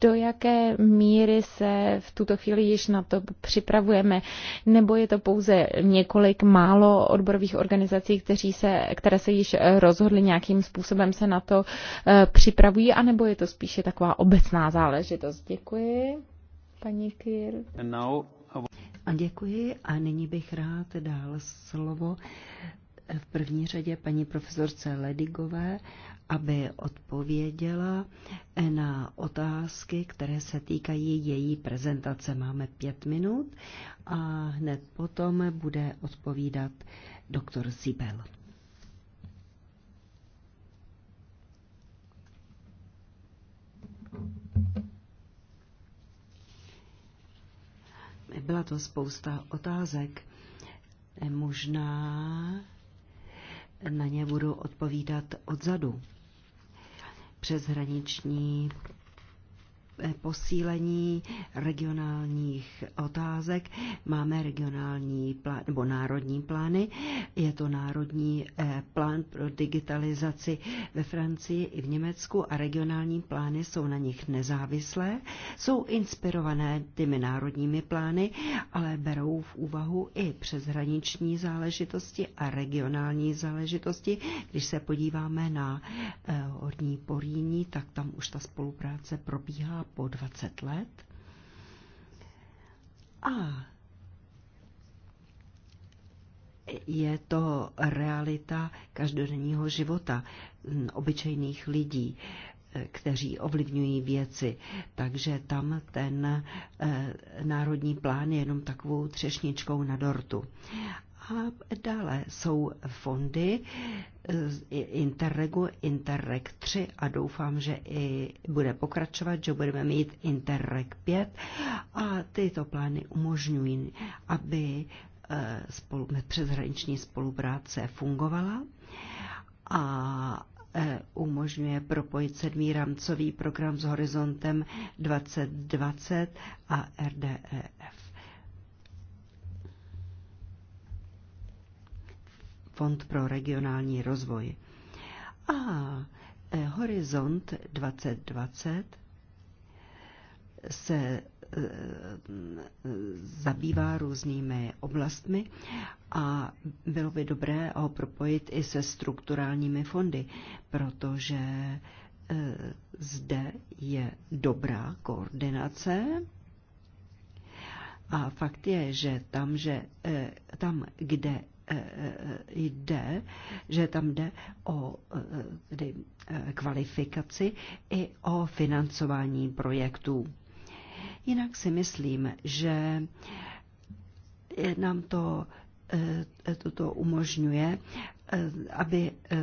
do jaké míry se v tuto chvíli již na to připravujeme firmy, nebo je to pouze několik málo odborových organizací, kteří se, které se již rozhodly nějakým způsobem se na to eh, připravují, anebo je to spíše taková obecná záležitost. Děkuji, paní Kýr. A děkuji a nyní bych rád dal slovo v první řadě paní profesorce Ledigové, aby odpověděla na otázky, které se týkají její prezentace. Máme pět minut a hned potom bude odpovídat doktor Sibel. Byla to spousta otázek. Možná na ně budu odpovídat odzadu přeshraniční posílení regionálních otázek. Máme regionální plán, nebo národní plány. Je to národní eh, plán pro digitalizaci ve Francii i v Německu a regionální plány jsou na nich nezávislé. Jsou inspirované tymi národními plány, ale berou v úvahu i přeshraniční záležitosti a regionální záležitosti. Když se podíváme na eh, Horní Poríní, tak tam už ta spolupráce probíhá po 20 let. A je to realita každodenního života mm, obyčejných lidí, eh, kteří ovlivňují věci. Takže tam ten eh, národní plán je jenom takovou třešničkou na dortu. A dále jsou fondy Interregu, Interreg 3 a doufám, že i bude pokračovat, že budeme mít Interreg 5 a tyto plány umožňují, aby eh, spolu, přeshraniční spolupráce fungovala a eh, umožňuje propojit sedmý rámcový program s horizontem 2020 a RDEF. Fond pro regionální rozvoj. A e, Horizont 2020 se e, zabývá různými oblastmi a bylo by dobré ho propojit i se strukturálními fondy, protože e, zde je dobrá koordinace a fakt je, že tam, že, tam kde Eh, eh, jde, že tam jde o eh, tedy, kvalifikaci i o financování projektů. Jinak si myslím, že nám to toto umožňuje aby eh,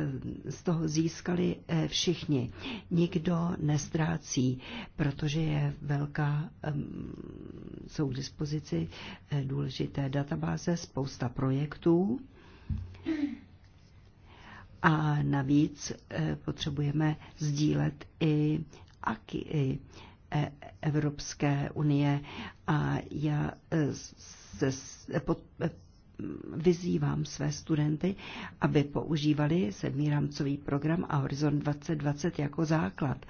z toho získali eh, všichni. Nikdo nestrácí, protože je velká, jsou k dispozici eh, důležité databáze, spousta projektů. A navíc potřebujeme sdílet i, i Evropské unie a já se pod, vyzývám své studenty, aby používali rámcový program a Horizon 2020 jako základ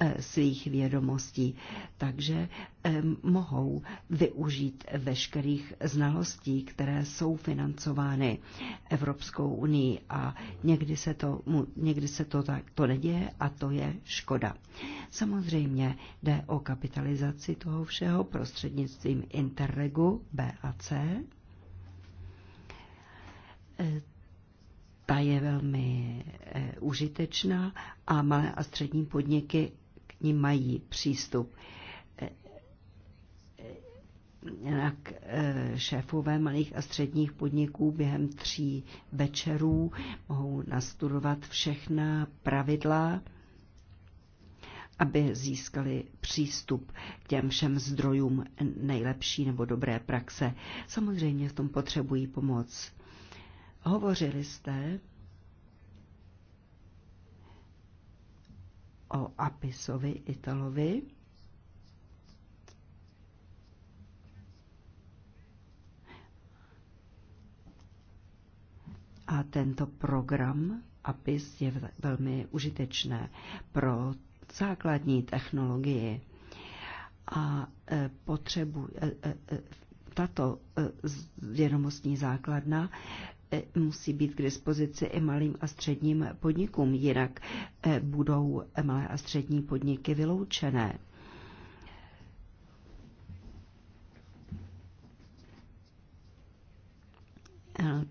eh, svých vědomostí. Takže eh, mohou využít veškerých znalostí, které jsou financovány Evropskou unii a někdy se to, někdy se to tak to neděje a to je škoda. Samozřejmě jde o kapitalizaci toho všeho prostřednictvím Interregu BAC, Eh, ta je velmi eh, užitečná a malé a střední podniky k ní mají přístup. Eh, jinak šéfové malých a středních podniků během tří večerů mohou nastudovat všechna pravidla, aby získali přístup k těm všem zdrojům nejlepší nebo dobré praxe. Samozřejmě v tom potřebují pomoc Hovořili jste o Apisovi Italovi, A tento program APIS je velmi užitečné pro základní technologii. A e, potřebu, e, e, tato vědomostní základna E, musí být k dispozici i malým a středním podnikům, jinak e, budou malé a střední podniky vyloučené. E,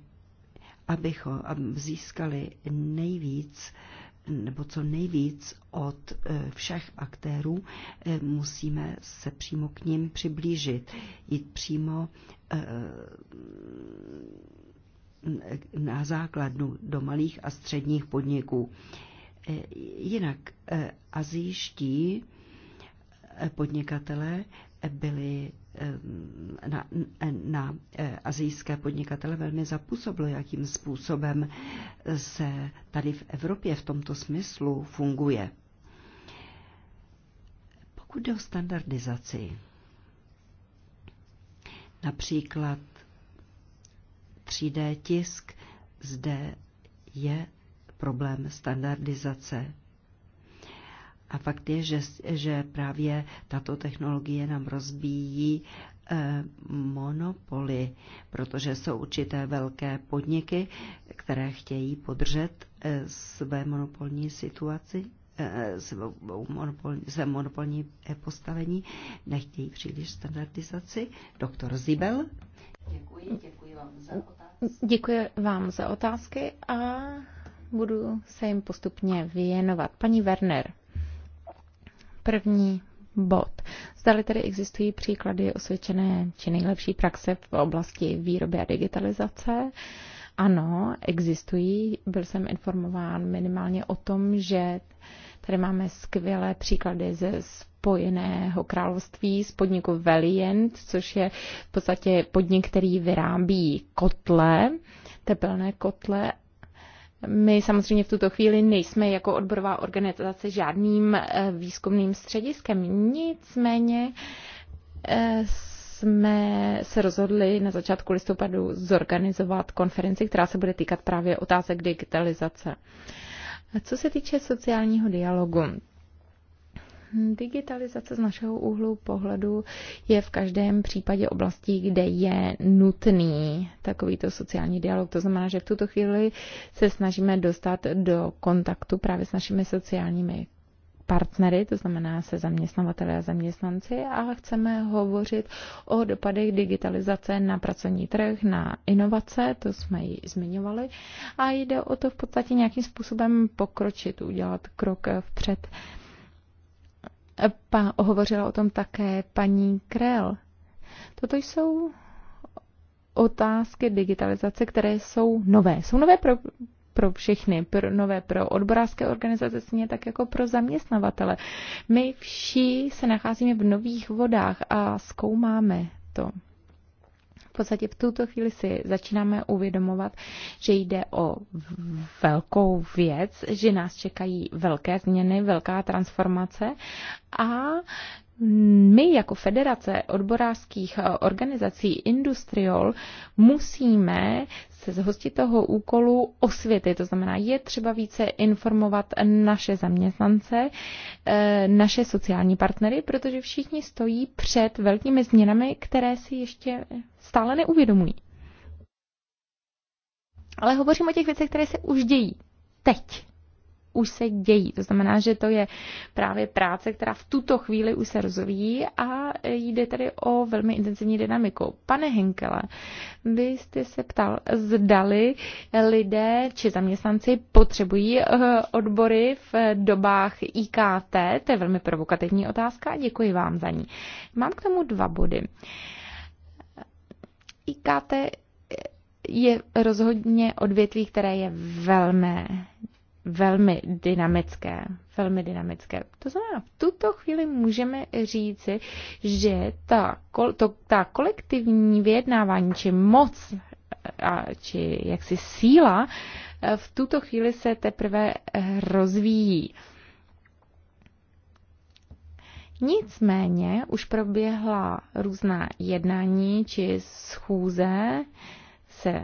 Abychom získali nejvíc nebo co nejvíc od všech aktérů, musíme se přímo k ním přiblížit, jít přímo na základnu do malých a středních podniků. Jinak eh, azijští eh, podnikatelé byli eh, na, na azijské podnikatele velmi zapůsobilo, jakým způsobem se tady v Evropě v tomto smyslu funguje. Pokud jde o standardizaci, například 3D tisk, zde je problém standardizace. A fakt je, že, že právě tato technologie nám rozbíjí eh, monopoly, protože jsou určité velké podniky, které chtějí podržet eh, své monopolní situaci, eh, svou monopolní, své monopolní postavení, nechtějí příliš standardizaci. Doktor Zibel. Děkuji, děkuji otázky. Děkuji vám za otázky a budu se jim postupně věnovat. Paní Werner, první bod. Zdali tedy existují příklady osvědčené či nejlepší praxe v oblasti výroby a digitalizace? Ano, existují. Byl jsem informován minimálně o tom, že tady máme skvělé příklady ze Spojeného království z podniku Valiant, což je v podstatě podnik, který vyrábí kotle, tepelné kotle my samozřejmě v tuto chvíli nejsme jako odborová organizace žádným eh, výzkumným střediskem. Nicméně eh, jsme se rozhodli na začátku listopadu zorganizovat konferenci, která se bude týkat právě otázek digitalizace. Co se týče sociálního dialogu, Digitalizace z našeho úhlu pohledu je v každém případě oblastí, kde je nutný takovýto sociální dialog. To znamená, že v tuto chvíli se snažíme dostat do kontaktu právě s našimi sociálními partnery, to znamená se zaměstnavateli a zaměstnanci a chceme hovořit o dopadech digitalizace na pracovní trh, na inovace, to jsme ji zmiňovali a jde o to v podstatě nějakým způsobem pokročit, udělat krok vpřed. Pa, hovořila o tom také paní Krell. Toto jsou otázky digitalizace, které jsou nové. Jsou nové pro, pro všechny, pro, nové pro odborářské organizace, stejně tak jako pro zaměstnavatele. My všichni se nacházíme v nových vodách a zkoumáme to podstatě v tuto chvíli si začínáme uvědomovat, že jde o velkou věc, že nás čekají velké změny, velká transformace a my jako Federace odborářských eh, organizací Industriol musíme se zhostit toho úkolu osvěty. To znamená, je třeba více informovat naše zaměstnance, eh, naše sociální partnery, protože všichni stojí před velkými změnami, které si ještě stále neuvědomují. Ale hovořím o těch věcech, které se už dějí teď už se dějí. To znamená, že to je právě práce, která v tuto chvíli už se rozvíjí a jde tedy o velmi intenzivní dynamiku. Pane Henkele, vy jste se ptal, zdali lidé či zaměstnanci potřebují eh, odbory v dobách IKT? To je velmi provokativní otázka a děkuji vám za ní. Mám k tomu dva body. IKT je rozhodně odvětví, které je velmi velmi dynamické. Velmi dynamické. To znamená, v tuto chvíli můžeme říci, že ta, to, ta kolektivní vyjednávání či moc a, či jaksi síla e, v tuto chvíli se teprve rozvíjí. Nicméně už proběhla různá jednání či schůze se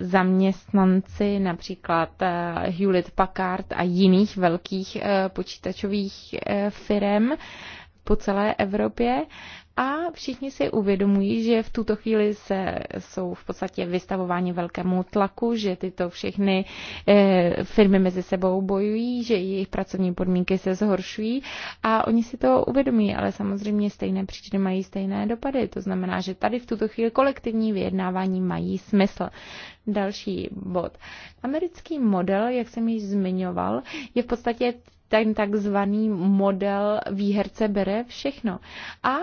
zaměstnanci například eh, Hewlett Packard a jiných velkých eh, počítačových eh, firm po celé Evropě a všichni si uvědomují, že v tuto chvíli se, jsou v podstatě vystavováni velkému tlaku, že tyto všechny eh, firmy mezi sebou bojují, že jejich pracovní podmínky se zhoršují a oni si to uvědomí, ale samozřejmě stejné příčiny mají stejné dopady. To znamená, že tady v tuto chvíli kolektivní vyjednávání mají smysl. Další bod. Americký model, jak jsem již zmiňoval, je v podstatě ten takzvaný model výherce bere všechno. A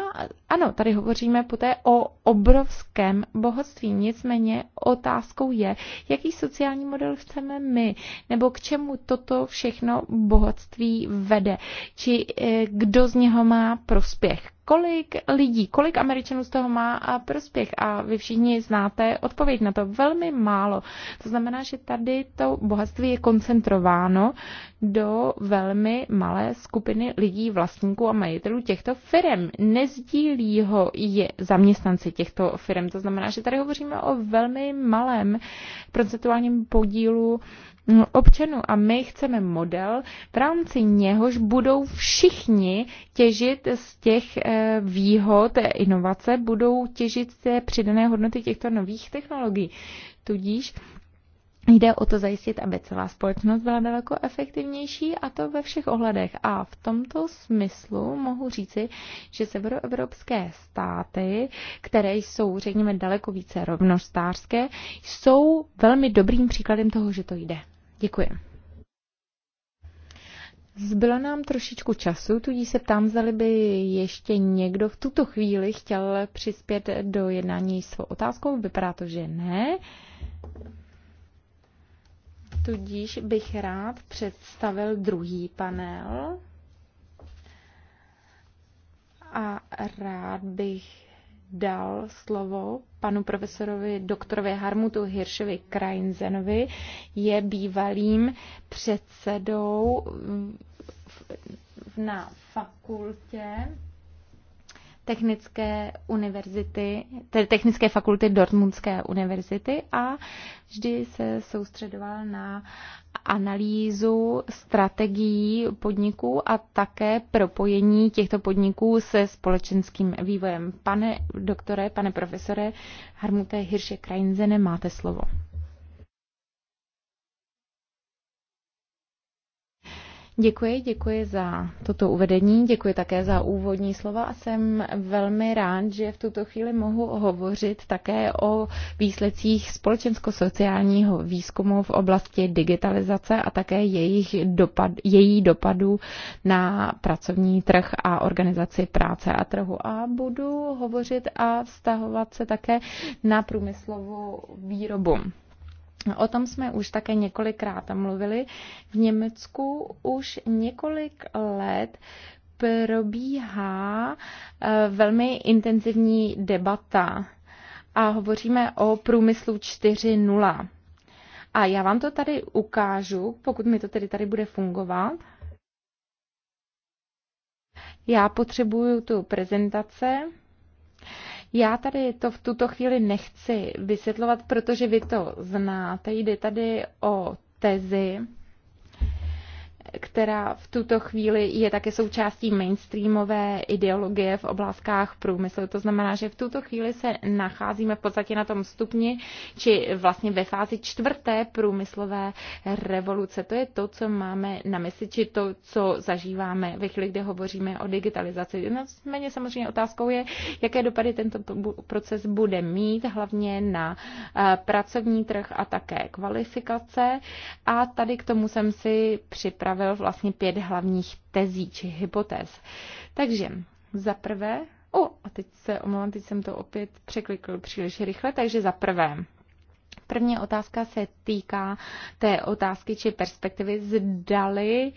ano, tady hovoříme poté o obrovském bohatství. Nicméně otázkou je, jaký sociální model chceme my, nebo k čemu toto všechno bohatství vede, či eh, kdo z něho má prospěch, kolik lidí, kolik Američanů z toho má a prospěch. A vy všichni znáte odpověď na to. Velmi málo. To znamená, že tady to bohatství je koncentrováno do velmi malé skupiny lidí, vlastníků a majitelů těchto firm. Nezdílí ho je zaměstnanci těchto firm. To znamená, že tady hovoříme o velmi malém procentuálním podílu občanů. A my chceme model, v rámci něhož budou všichni těžit z těch eh, výhod inovace, budou těžit z té přidané hodnoty těchto nových technologií. Tudíž Jde o to zajistit, aby celá společnost byla daleko efektivnější a to ve všech ohledech. A v tomto smyslu mohu říci, že severoevropské státy, které jsou, řekněme, daleko více rovnostářské, jsou velmi dobrým příkladem toho, že to jde. Děkuji. Zbylo nám trošičku času, tudíž se ptám, zda by ještě někdo v tuto chvíli chtěl přispět do jednání svou otázkou. Vypadá to, že ne. Tudíž bych rád představil druhý panel. A rád bych dal slovo panu profesorovi doktorovi Harmutu Hiršovi Krajnzenovi. Je bývalým předsedou na fakultě technické univerzity, tedy technické fakulty Dortmundské univerzity a vždy se soustředoval na analýzu strategií podniků a také propojení těchto podniků se společenským vývojem. Pane doktore, pane profesore Harmute Hirše Krajinzene, máte slovo. Děkuji, děkuji za toto uvedení, děkuji také za úvodní slova a jsem velmi rád, že v tuto chvíli mohu hovořit také o výsledcích společensko-sociálního výzkumu v oblasti digitalizace a také jejich dopad, její dopadu na pracovní trh a organizaci práce a trhu. A budu hovořit a vztahovat se také na průmyslovou výrobu. O tom jsme už také několikrát mluvili. V Německu už několik let probíhá eh, velmi intenzivní debata a hovoříme o průmyslu 4.0. A já vám to tady ukážu, pokud mi to tedy tady bude fungovat. Já potřebuju tu prezentace. Já tady to v tuto chvíli nechci vysvětlovat, protože vy to znáte. Jde tady o tezi, která v tuto chvíli je také součástí mainstreamové ideologie v oblastkách průmyslu. To znamená, že v tuto chvíli se nacházíme v podstatě na tom stupni, či vlastně ve fázi čtvrté průmyslové revoluce. To je to, co máme na mysli, či to, co zažíváme ve chvíli, kdy hovoříme o digitalizaci. Nicméně samozřejmě otázkou je, jaké dopady tento proces bude mít, hlavně na eh, pracovní trh a také kvalifikace. A tady k tomu jsem si připravila připravil vlastně pět hlavních tezí či hypotéz. Takže za prvé, o, a teď se omlouvám, teď jsem to opět překlikl příliš rychle, takže za prvé, První otázka se týká té otázky či perspektivy, zdali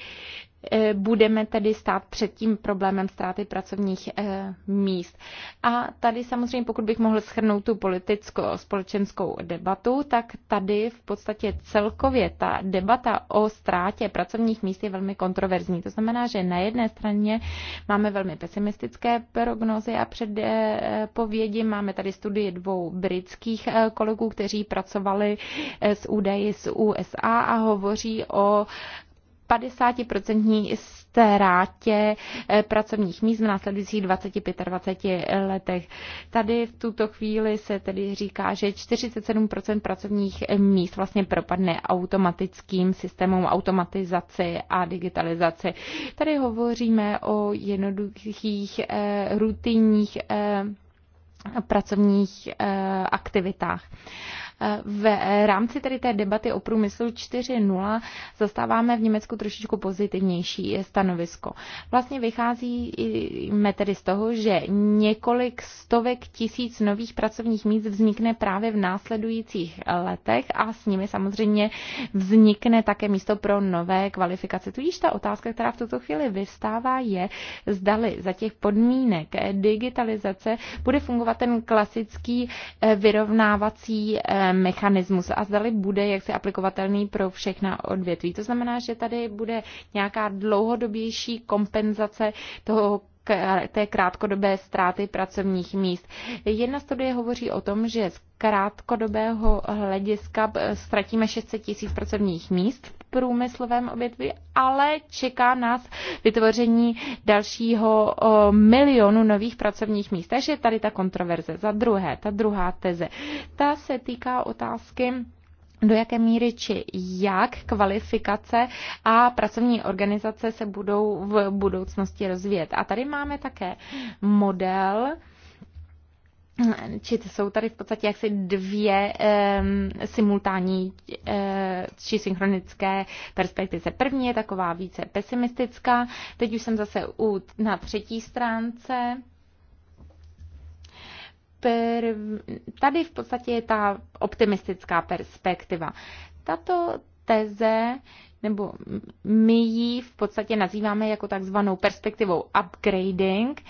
Eh, budeme tedy stát před tím problémem ztráty pracovních eh, míst. A tady samozřejmě, pokud bych mohl schrnout tu politicko-společenskou debatu, tak tady v podstatě celkově ta debata o ztrátě pracovních míst je velmi kontroverzní. To znamená, že na jedné straně máme velmi pesimistické prognozy a předpovědi. Eh, máme tady studii dvou britských kolegů, kteří pracovali s údaji z USA a hovoří o 50% ztrátě eh, pracovních míst v následujících 20-25 letech. Tady v tuto chvíli se tedy říká, že 47% pracovních míst vlastně propadne automatickým systémům automatizaci a digitalizaci. Tady hovoříme o jednoduchých eh, rutinních eh, pracovních eh, aktivitách v rámci tedy té debaty o průmyslu 4.0 zastáváme v Německu trošičku pozitivnější stanovisko. Vlastně vychází tedy z toho, že několik stovek tisíc nových pracovních míst vznikne právě v následujících letech a s nimi samozřejmě vznikne také místo pro nové kvalifikace. Tudíž ta otázka, která v tuto chvíli vystává, je, zdali za těch podmínek digitalizace bude fungovat ten klasický eh, vyrovnávací eh, mechanismus a zdali bude jaksi aplikovatelný pro všechna odvětví. To znamená, že tady bude nějaká dlouhodobější kompenzace toho té krátkodobé ztráty pracovních míst. Jedna studie hovoří o tom, že z krátkodobého hlediska eh, ztratíme 600 tisíc pracovních míst průmyslovém odvětví, ale čeká nás vytvoření dalšího milionu nových pracovních míst. Takže tady ta kontroverze. Za druhé, ta druhá teze. Ta se týká otázky, do jaké míry či jak kvalifikace a pracovní organizace se budou v budoucnosti rozvíjet. A tady máme také model, či jsou tady v podstatě jaksi dvě um, simultánní uh, či synchronické perspektivy. První je taková více pesimistická. Teď už jsem zase u, na třetí stránce. Per, tady v podstatě je ta optimistická perspektiva. Tato teze nebo my ji v podstatě nazýváme jako takzvanou perspektivou upgrading,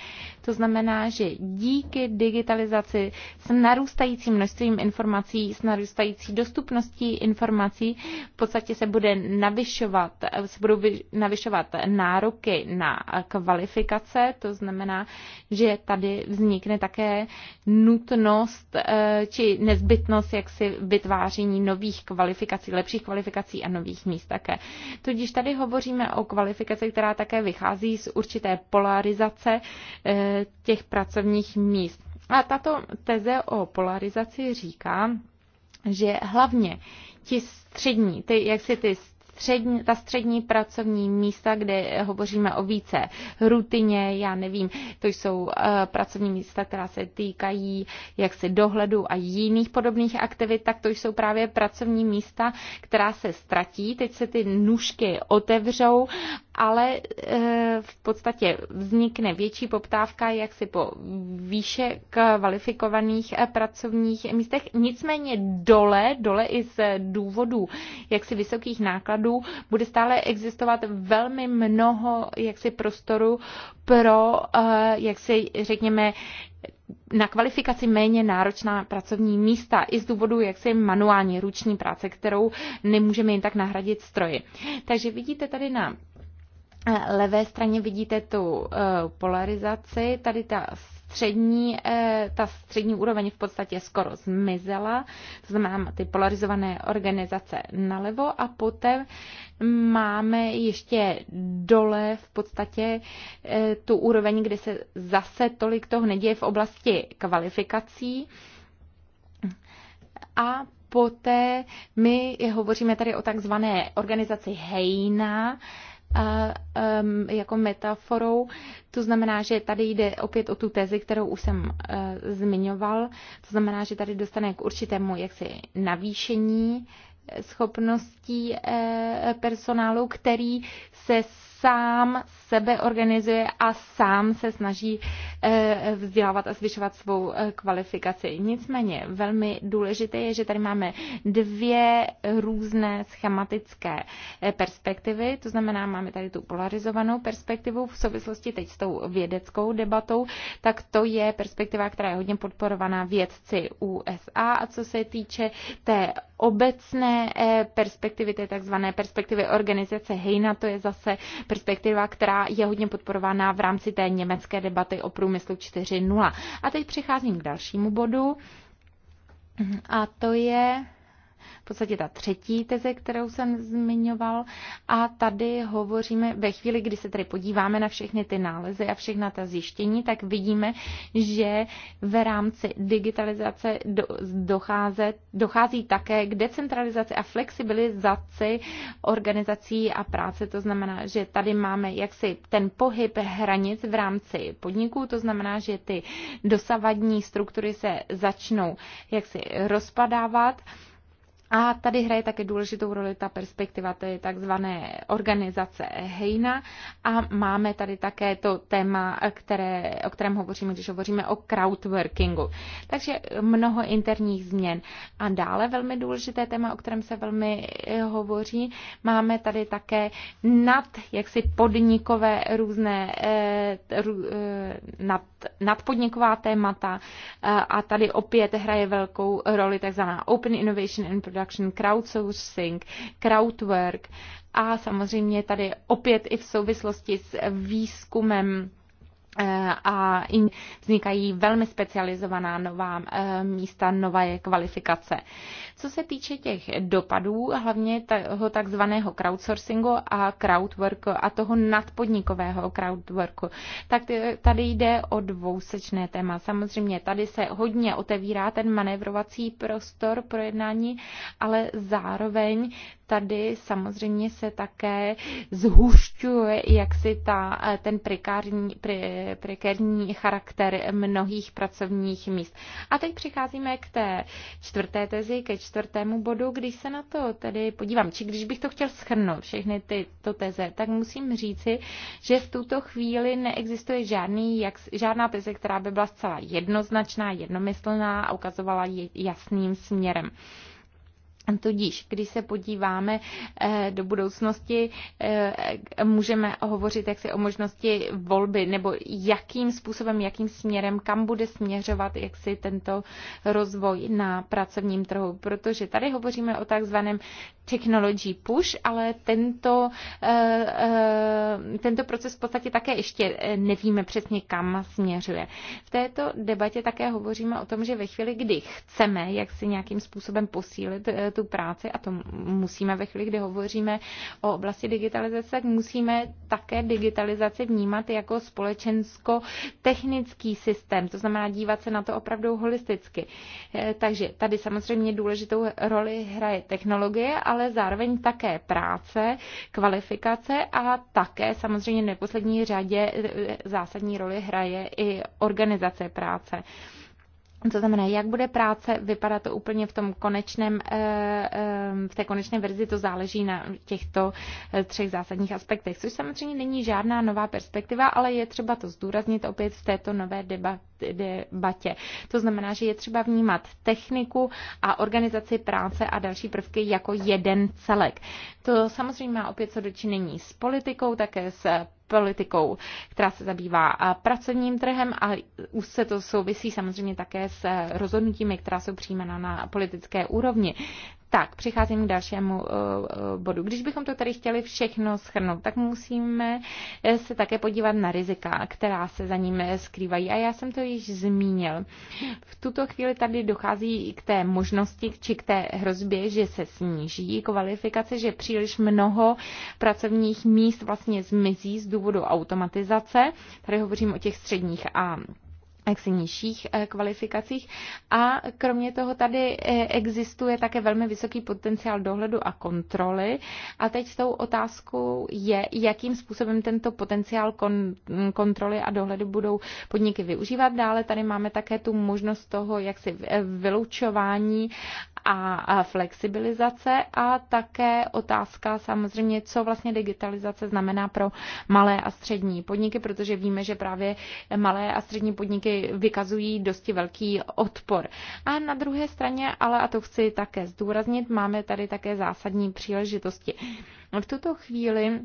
to znamená, že díky digitalizaci s narůstajícím množstvím informací, s narůstající dostupností informací v podstatě se bude navyšovat, se budou navyšovat nároky na kvalifikace, to znamená, že tady vznikne také nutnost eh, či nezbytnost si vytváření nových kvalifikací, lepších kvalifikací a nových míst také. Tudíž tady hovoříme o kvalifikaci, která také vychází z určité polarizace eh, těch pracovních míst. A tato teze o polarizaci říká, že hlavně ti střední, ty, jak si ty střední, ta střední pracovní místa, kde hovoříme o více rutině, já nevím, to jsou eh, pracovní místa, která se týkají jaksi dohledu a jiných podobných aktivit, tak to jsou právě pracovní místa, která se ztratí, teď se ty nůžky otevřou ale eh, v podstatě vznikne větší poptávka jaksi po výše kvalifikovaných eh, pracovních místech. Nicméně dole, dole i z důvodu jaksi vysokých nákladů bude stále existovat velmi mnoho jaksi prostoru pro, eh, jak si řekněme, na kvalifikaci méně náročná pracovní místa i z důvodu jaksi manuální ruční práce, kterou nemůžeme jen tak nahradit stroji. Takže vidíte tady na Eh, levé straně vidíte tu eh, polarizaci, tady ta střední, eh, ta střední úroveň v podstatě skoro zmizela, to znamená ty polarizované organizace nalevo a poté máme ještě dole v podstatě tu úroveň, kde se zase tolik toho neděje v oblasti kvalifikací a poté my hovoříme tady o takzvané organizaci Hejna, jako metaforou. To znamená, že tady jde opět o tu tezi, kterou už jsem e, zmiňoval. To znamená, že tady dostane k určitému jaksi navýšení schopností e, personálu, který se sám sebe organizuje a sám se snaží eh, vzdělávat a zvyšovat svou eh, kvalifikaci. Nicméně velmi důležité je, že tady máme dvě různé schematické eh, perspektivy, to znamená, máme tady tu polarizovanou perspektivu v souvislosti teď s tou vědeckou debatou, tak to je perspektiva, která je hodně podporovaná vědci USA a co se týče té obecné perspektivy, té takzvané perspektivy organizace Hejna, to je zase perspektiva, která je hodně podporovaná v rámci té německé debaty o průmyslu 4.0. A teď přicházím k dalšímu bodu. A to je v podstatě ta třetí teze, kterou jsem zmiňoval. A tady hovoříme, ve chvíli, kdy se tady podíváme na všechny ty nálezy a všechna ta zjištění, tak vidíme, že v rámci digitalizace docháze, dochází také k decentralizaci a flexibilizaci organizací a práce. To znamená, že tady máme jaksi ten pohyb hranic v rámci podniků, to znamená, že ty dosavadní struktury se začnou jaksi rozpadávat a tady hraje také důležitou roli ta perspektiva, to je takzvané organizace Hejna a máme tady také to téma, které, o kterém hovoříme, když hovoříme o crowdworkingu. Takže mnoho interních změn. A dále velmi důležité téma, o kterém se velmi eh, hovoří, máme tady také nad, jaksi podnikové různé, eh, eh, nad, nadpodniková témata a tady opět hraje velkou roli takzvaná Open Innovation and Production production, crowdsourcing, crowdwork a samozřejmě tady opět i v souvislosti s výzkumem Eh, a vznikají velmi specializovaná nová eh, místa, nové kvalifikace. Co se týče těch dopadů, hlavně toho takzvaného crowdsourcingu a crowdworku a toho nadpodnikového crowdworku, tak tady jde o dvousečné téma. Samozřejmě tady se hodně otevírá ten manévrovací prostor pro jednání, ale zároveň tady samozřejmě se také zhušťuje jaksi ta, eh, ten prekární, pre, prekární charakter mnohých pracovních míst. A teď přicházíme k té čtvrté tezi, ke čtvrtému bodu, když se na to tedy podívám, či když bych to chtěl schrnout, všechny tyto teze, tak musím říci, že v tuto chvíli neexistuje žádný, jak, žádná teze, která by byla zcela jednoznačná, jednomyslná a ukazovala jasným směrem. Tudíž, když se podíváme eh, do budoucnosti, eh, můžeme hovořit jaksi o možnosti volby nebo jakým způsobem, jakým směrem, kam bude směřovat jaksi tento rozvoj na pracovním trhu. Protože tady hovoříme o takzvaném technology push, ale tento, eh, tento proces v podstatě také ještě nevíme přesně, kam směřuje. V této debatě také hovoříme o tom, že ve chvíli, kdy chceme jak si nějakým způsobem posílit tu tu práci, a to musíme ve chvíli, kdy hovoříme o oblasti digitalizace, tak musíme také digitalizaci vnímat jako společensko-technický systém, to znamená dívat se na to opravdu holisticky. Eh, takže tady samozřejmě důležitou roli hraje technologie, ale zároveň také práce, kvalifikace a také samozřejmě v neposlední řadě eh, zásadní roli hraje i organizace práce to znamená, jak bude práce vypadat to úplně v tom konečném, eh, eh, v té konečné verzi, to záleží na těchto eh, třech zásadních aspektech, což samozřejmě není žádná nová perspektiva, ale je třeba to zdůraznit opět v této nové debatě. To znamená, že je třeba vnímat techniku a organizaci práce a další prvky jako jeden celek. To samozřejmě má opět co dočinení s politikou, také s politikou, která se zabývá pracovním trhem a už se to souvisí samozřejmě také s rozhodnutími, která jsou přijímána na politické úrovni. Tak, přicházím k dalšímu eh, eh, bodu. Když bychom to tady chtěli všechno schrnout, tak musíme eh, se také podívat na rizika, která se za ním skrývají. A já jsem to již zmínil. V tuto chvíli tady dochází k té možnosti či k té hrozbě, že se sníží kvalifikace, že příliš mnoho pracovních míst vlastně zmizí z důvodu automatizace. Tady hovořím o těch středních a jaksi nižších eh, kvalifikacích. A kromě toho tady eh, existuje také velmi vysoký potenciál dohledu a kontroly. A teď s tou otázkou je, jakým způsobem tento potenciál kon, kontroly a dohledu budou podniky využívat. Dále tady máme také tu možnost toho, jak si eh, vyloučování a flexibilizace a také otázka samozřejmě, co vlastně digitalizace znamená pro malé a střední podniky, protože víme, že právě malé a střední podniky vykazují dosti velký odpor. A na druhé straně, ale a to chci také zdůraznit, máme tady také zásadní příležitosti. V tuto chvíli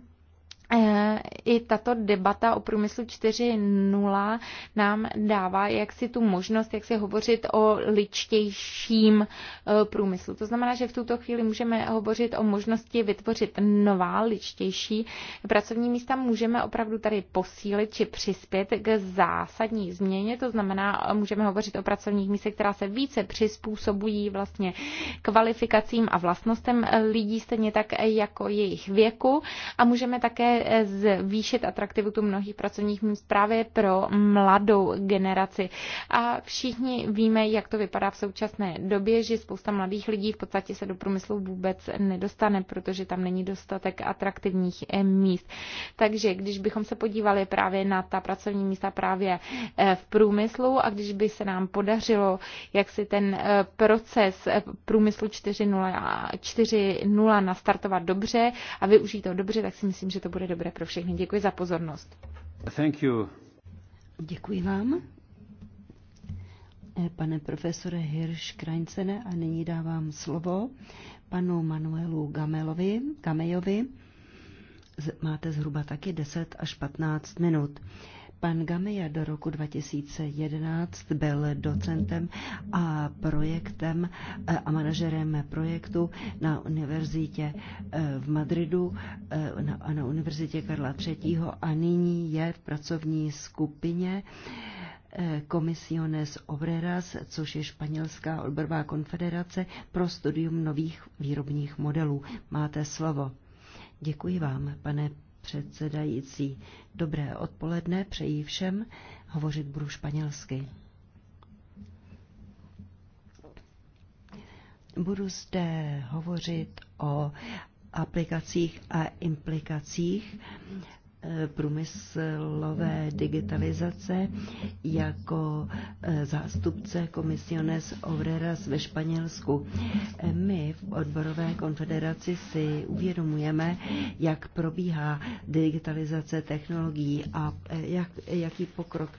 Eh, i tato debata o průmyslu 4.0 nám dává jak si tu možnost, jak si hovořit o ličtějším eh, průmyslu. To znamená, že v tuto chvíli můžeme hovořit o možnosti vytvořit nová, ličtější pracovní místa. Můžeme opravdu tady posílit či přispět k zásadní změně. To znamená, eh, můžeme hovořit o pracovních místech, která se více přizpůsobují vlastně kvalifikacím a vlastnostem lidí, stejně tak jako jejich věku. A můžeme také zvýšit atraktivitu mnohých pracovních míst právě pro mladou generaci. A všichni víme, jak to vypadá v současné době, že spousta mladých lidí v podstatě se do průmyslu vůbec nedostane, protože tam není dostatek atraktivních eh, míst. Takže když bychom se podívali právě na ta pracovní místa právě eh, v průmyslu a když by se nám podařilo, jak si ten eh, proces průmyslu 4.0 nastartovat dobře a využít to dobře, tak si myslím, že to bude byly dobré pro všechny. Děkuji za pozornost. Thank you. Děkuji vám, e, pane profesore Hirsch Krajncene, a nyní dávám slovo panu Manuelu Gamelovi, Gamejovi. Máte zhruba taky 10 až 15 minut. Pan Gamia do roku 2011 byl docentem a projektem eh, a manažerem projektu na univerzitě eh, v Madridu eh, a na univerzitě Karla III. a nyní je v pracovní skupině Comisiones Obreras, což je španělská odborová konfederace pro studium nových výrobních modelů. Máte slovo. Děkuji vám, pane předsedající. Dobré odpoledne, přeji všem, hovořit budu španělsky. Budu zde hovořit o aplikacích a implikacích Eh, průmyslové digitalizace jako eh, zástupce komisiones Obreras ve Španělsku. Eh, my v odborové konfederaci si uvědomujeme, jak probíhá digitalizace technologií a jak, jaký pokrok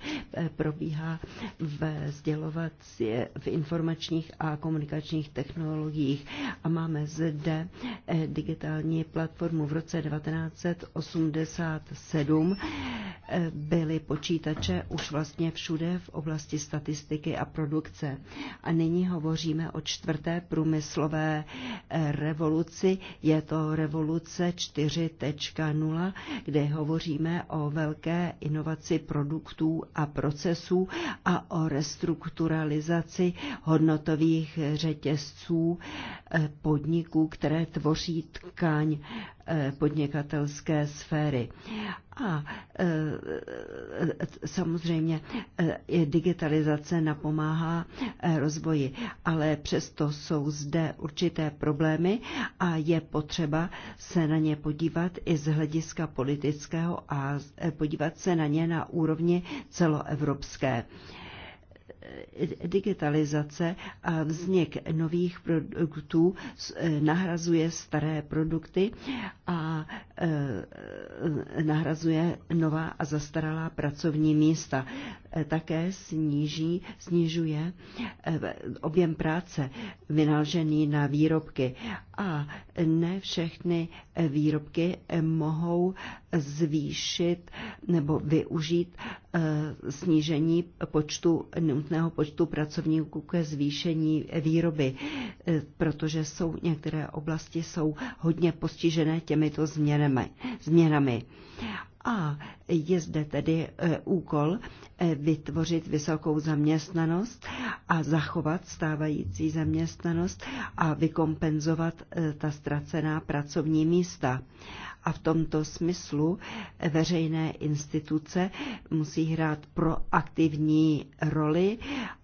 probíhá v sdělovací, v informačních a komunikačních technologiích. A máme zde digitální platformu v roce 1980 2007 eh, byly počítače už vlastně všude v oblasti statistiky a produkce. A nyní hovoříme o čtvrté průmyslové eh, revoluci. Je to revoluce 4.0, kde hovoříme o velké inovaci produktů a procesů a o restrukturalizaci hodnotových řetězců eh, podniků, které tvoří tkáň podnikatelské sféry. A e, e, samozřejmě e, digitalizace napomáhá rozvoji, ale přesto jsou zde určité problémy a je potřeba se na ně podívat i z hlediska politického a podívat se na ně na úrovni celoevropské digitalizace a vznik nových produktů eh, nahrazuje staré produkty a eh, nahrazuje nová a zastaralá pracovní místa. Eh, také sníží, snižuje objem práce vynaložený na výrobky a ne všechny výrobky mohou zvýšit nebo využít eh, snížení počtu, nutného počtu pracovníků ke zvýšení výroby, eh, protože jsou některé oblasti jsou hodně postižené těmito změnami. změnami. A je zde tedy eh, úkol vytvořit vysokou zaměstnanost a zachovat stávající zaměstnanost a vykompenzovat ta ztracená pracovní místa. A v tomto smyslu veřejné instituce musí hrát proaktivní roli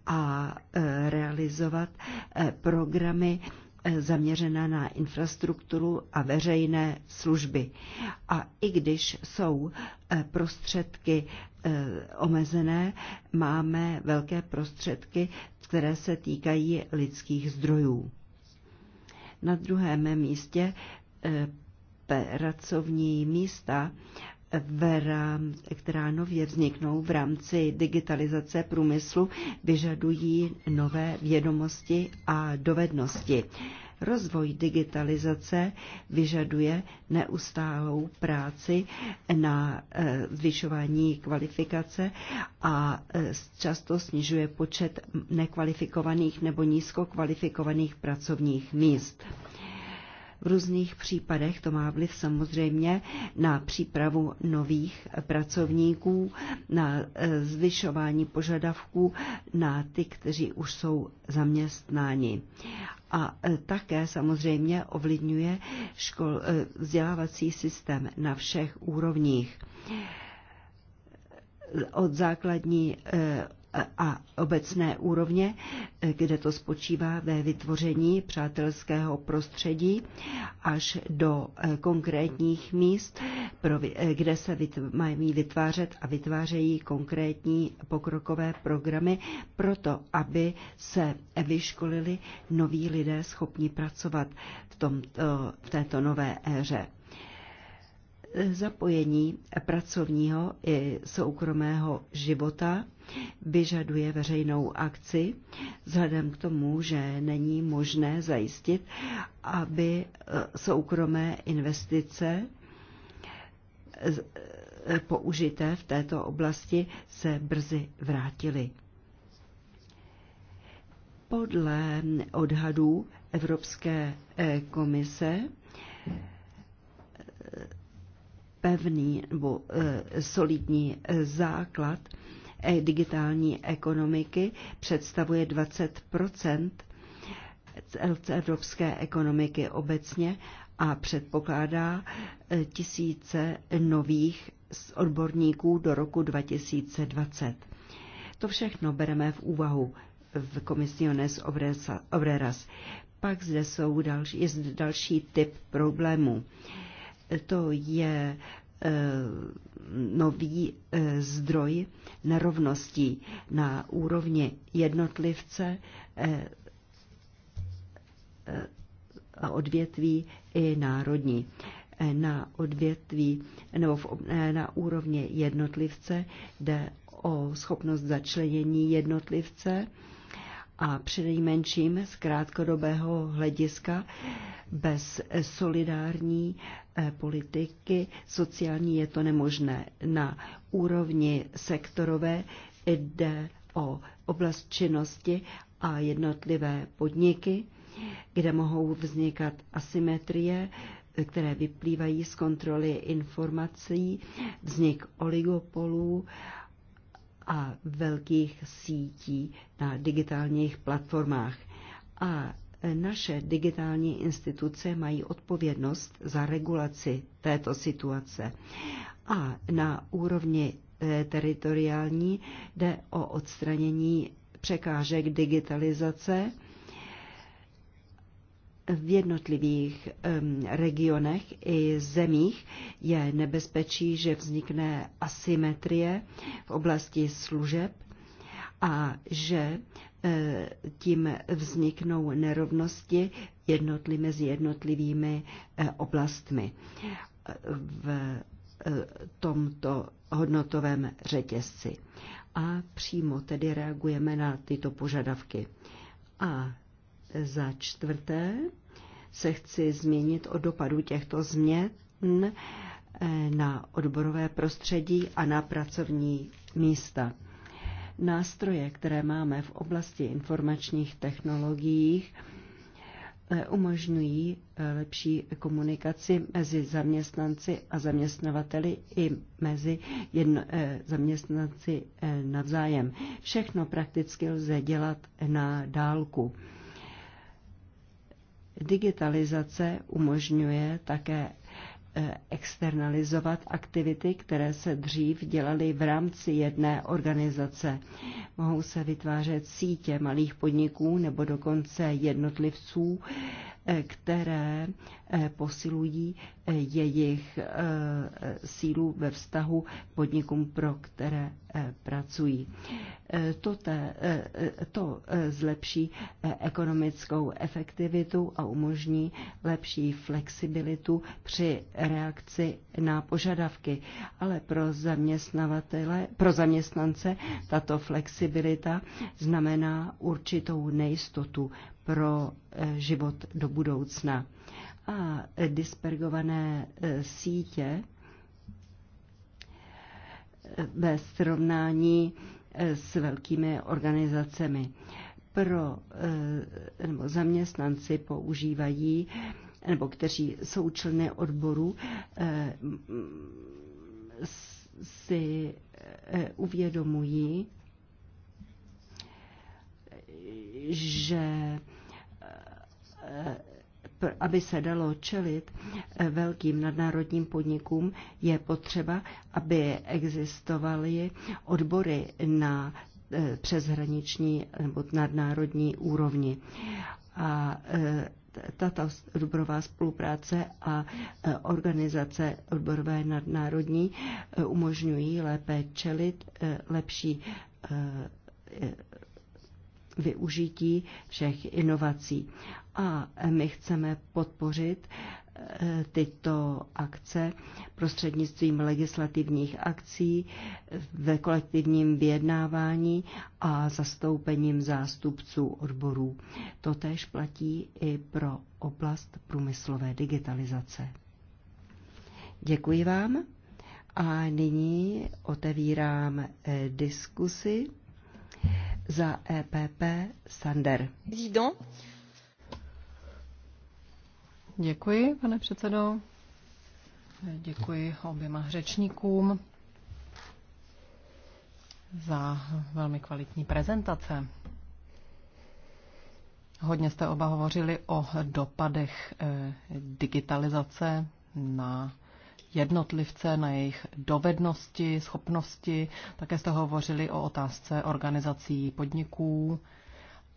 a e, realizovat e, programy e, zaměřená na infrastrukturu a veřejné služby. A i když jsou prostředky omezené, máme velké prostředky, které se týkají lidských zdrojů. Na druhém místě pracovní místa, v rám, která nově vzniknou v rámci digitalizace průmyslu, vyžadují nové vědomosti a dovednosti. Rozvoj digitalizace vyžaduje neustálou práci na eh, zvyšování kvalifikace a eh, často snižuje počet nekvalifikovaných nebo nízkokvalifikovaných pracovních míst. V různých případech to má vliv samozřejmě na přípravu nových pracovníků, na e, zvyšování požadavků na ty, kteří už jsou zaměstnáni. A e, také samozřejmě ovlivňuje škol, e, vzdělávací systém na všech úrovních od základní a obecné úrovně, kde to spočívá ve vytvoření přátelského prostředí až do eh, konkrétních míst, eh, kde se mají vytvářet a vytvářejí konkrétní pokrokové programy proto, aby se vyškolili noví lidé schopni pracovat v, tomto, v této nové éře. Zapojení pracovního i soukromého života vyžaduje veřejnou akci, vzhledem k tomu, že není možné zajistit, aby e, soukromé investice e, použité v této oblasti se brzy vrátily. Podle odhadů Evropské e, komise pevný nebo eh, solidní eh, základ eh, digitální ekonomiky představuje 20 evropské ekonomiky obecně a předpokládá tisíce nových odborníků do roku 2020. To všechno bereme v úvahu v Comisiones Obreras. Pak zde jsou další, je zde další typ problémů. To je eh, nový eh, zdroj nerovností na úrovni jednotlivce eh, a odvětví i národní. Na odvětví nebo v, na úrovni jednotlivce jde o schopnost začlenění jednotlivce a přinejmenším z krátkodobého hlediska bez solidární Eh, politiky sociální je to nemožné. Na úrovni sektorové jde o oblast činnosti a jednotlivé podniky, kde mohou vznikat asymetrie, které vyplývají z kontroly informací, vznik oligopolů a velkých sítí na digitálních platformách. A naše digitální instituce mají odpovědnost za regulaci této situace. A na úrovni eh, teritoriální jde o odstranění překážek digitalizace v jednotlivých regionech i zemích je nebezpečí, že vznikne asymetrie v oblasti služeb a že e, tím vzniknou nerovnosti jednotli mezi jednotlivými e, oblastmi v e, tomto hodnotovém řetězci. A přímo tedy reagujeme na tyto požadavky. A za čtvrté se chci změnit o dopadu těchto změn na odborové prostředí a na pracovní místa nástroje, které máme v oblasti informačních technologií, eh, umožňují eh, lepší komunikaci mezi zaměstnanci a zaměstnavateli i mezi jedno, eh, zaměstnanci navzájem. Všechno prakticky lze dělat na dálku. Digitalizace umožňuje také Eh, externalizovat aktivity, které se dřív dělaly v rámci jedné organizace. Mohou se vytvářet sítě malých podniků nebo dokonce jednotlivců, Eh, které eh, posilují eh, jejich sílu ve vztahu podnikům, pro které pracují. To, te, to zlepší ekonomickou efektivitu a umožní lepší flexibilitu při reakci na požadavky, ale pro zaměstnavatele, pro zaměstnance tato flexibilita znamená určitou nejistotu pro eh, život do budoucna. A dispergované eh, sítě eh, ve srovnání s velkými organizacemi. Pro nebo zaměstnanci používají, nebo kteří jsou členy odboru, si uvědomují, že aby se dalo čelit eh, velkým nadnárodním podnikům, je potřeba, aby existovaly odbory na eh, přeshraniční nebo nadnárodní úrovni. A eh, tato odborová spolupráce a organizace odborové nadnárodní umožňují lépe čelit lepší využití všech inovací a my chceme podpořit eh, tyto akce prostřednictvím legislativních akcí ve kolektivním vyjednávání a zastoupením zástupců odborů. To též platí i pro oblast průmyslové digitalizace. Děkuji vám a nyní otevírám eh, diskusy za EPP Sander. Dídon. Děkuji, pane předsedo. Děkuji oběma řečníkům za velmi kvalitní prezentace. Hodně jste oba hovořili o dopadech eh, digitalizace na jednotlivce, na jejich dovednosti, schopnosti. Také jste hovořili o otázce organizací podniků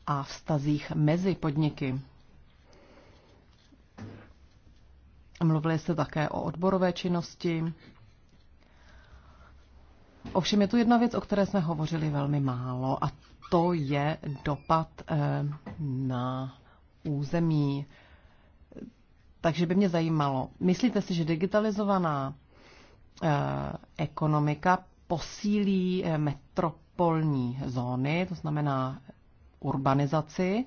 a vztazích mezi podniky. Mluvili jste také o odborové činnosti. Ovšem je tu jedna věc, o které jsme hovořili velmi málo, a to je dopad eh, na území. Takže by mě zajímalo, myslíte si, že digitalizovaná eh, ekonomika posílí eh, metropolní zóny, to znamená urbanizaci,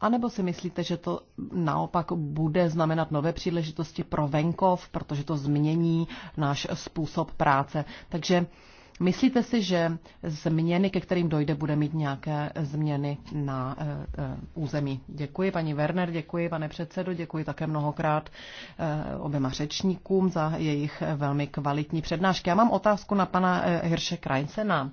a nebo si myslíte, že to naopak bude znamenat nové příležitosti pro venkov, protože to změní náš způsob práce? Takže myslíte si, že změny, ke kterým dojde, bude mít nějaké změny na eh, eh, území? Děkuji, paní Werner, děkuji, pane předsedo, děkuji také mnohokrát eh, oběma řečníkům za jejich velmi kvalitní přednášky. Já mám otázku na pana Hirše Krajnsena.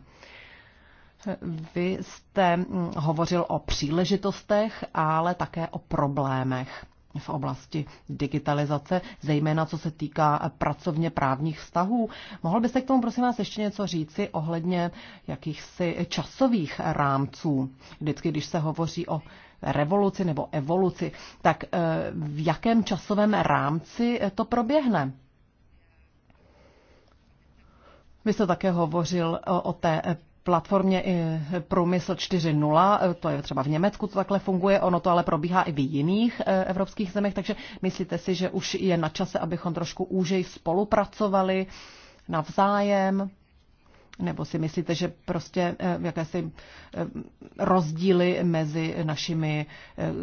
Vy jste hovořil o příležitostech, ale také o problémech v oblasti digitalizace, zejména co se týká e, pracovně právních vztahů. Mohl byste k tomu prosím vás ještě něco říci ohledně jakýchsi časových rámců? Vždycky, když se hovoří o revoluci nebo evoluci, tak e, v jakém časovém rámci e, to proběhne? Vy jste také hovořil o té platformě Průmysl 4.0, to je třeba v Německu, to takhle funguje, ono to ale probíhá i v jiných eh, evropských zemích, takže myslíte si, že už je na čase, abychom trošku úžej spolupracovali navzájem? Nebo si myslíte, že prostě eh, jakési eh, rozdíly mezi našimi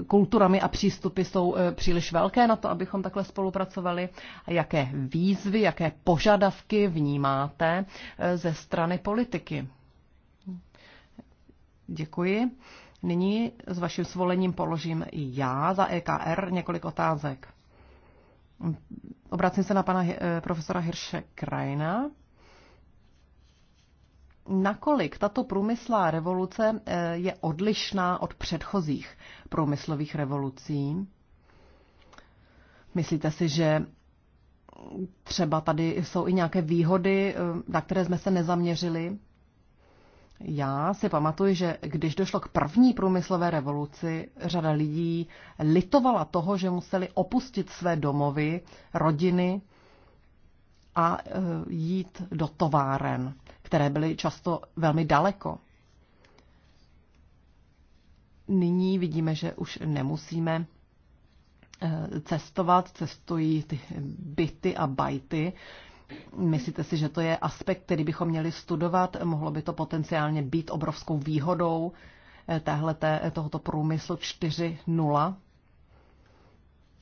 kulturami a přístupy jsou příliš velké na to, abychom takhle spolupracovali? Jaké výzvy, jaké požadavky vnímáte ze strany politiky? Děkuji. Nyní s vaším svolením položím i já za EKR několik otázek. Obracím se na pana eh, profesora Hirše Krajna. Nakolik tato průmyslá revoluce eh, je odlišná od předchozích průmyslových revolucí? Myslíte si, že třeba tady jsou i nějaké výhody, eh, na které jsme se nezaměřili? Já si pamatuju, že když došlo k první průmyslové revoluci, řada lidí litovala toho, že museli opustit své domovy, rodiny a e, jít do továren, které byly často velmi daleko. Nyní vidíme, že už nemusíme e, cestovat, cestují ty byty a bajty Myslíte si, že to je aspekt, který bychom měli studovat? Mohlo by to potenciálně být obrovskou výhodou eh, téhleté, eh, tohoto průmyslu 4.0?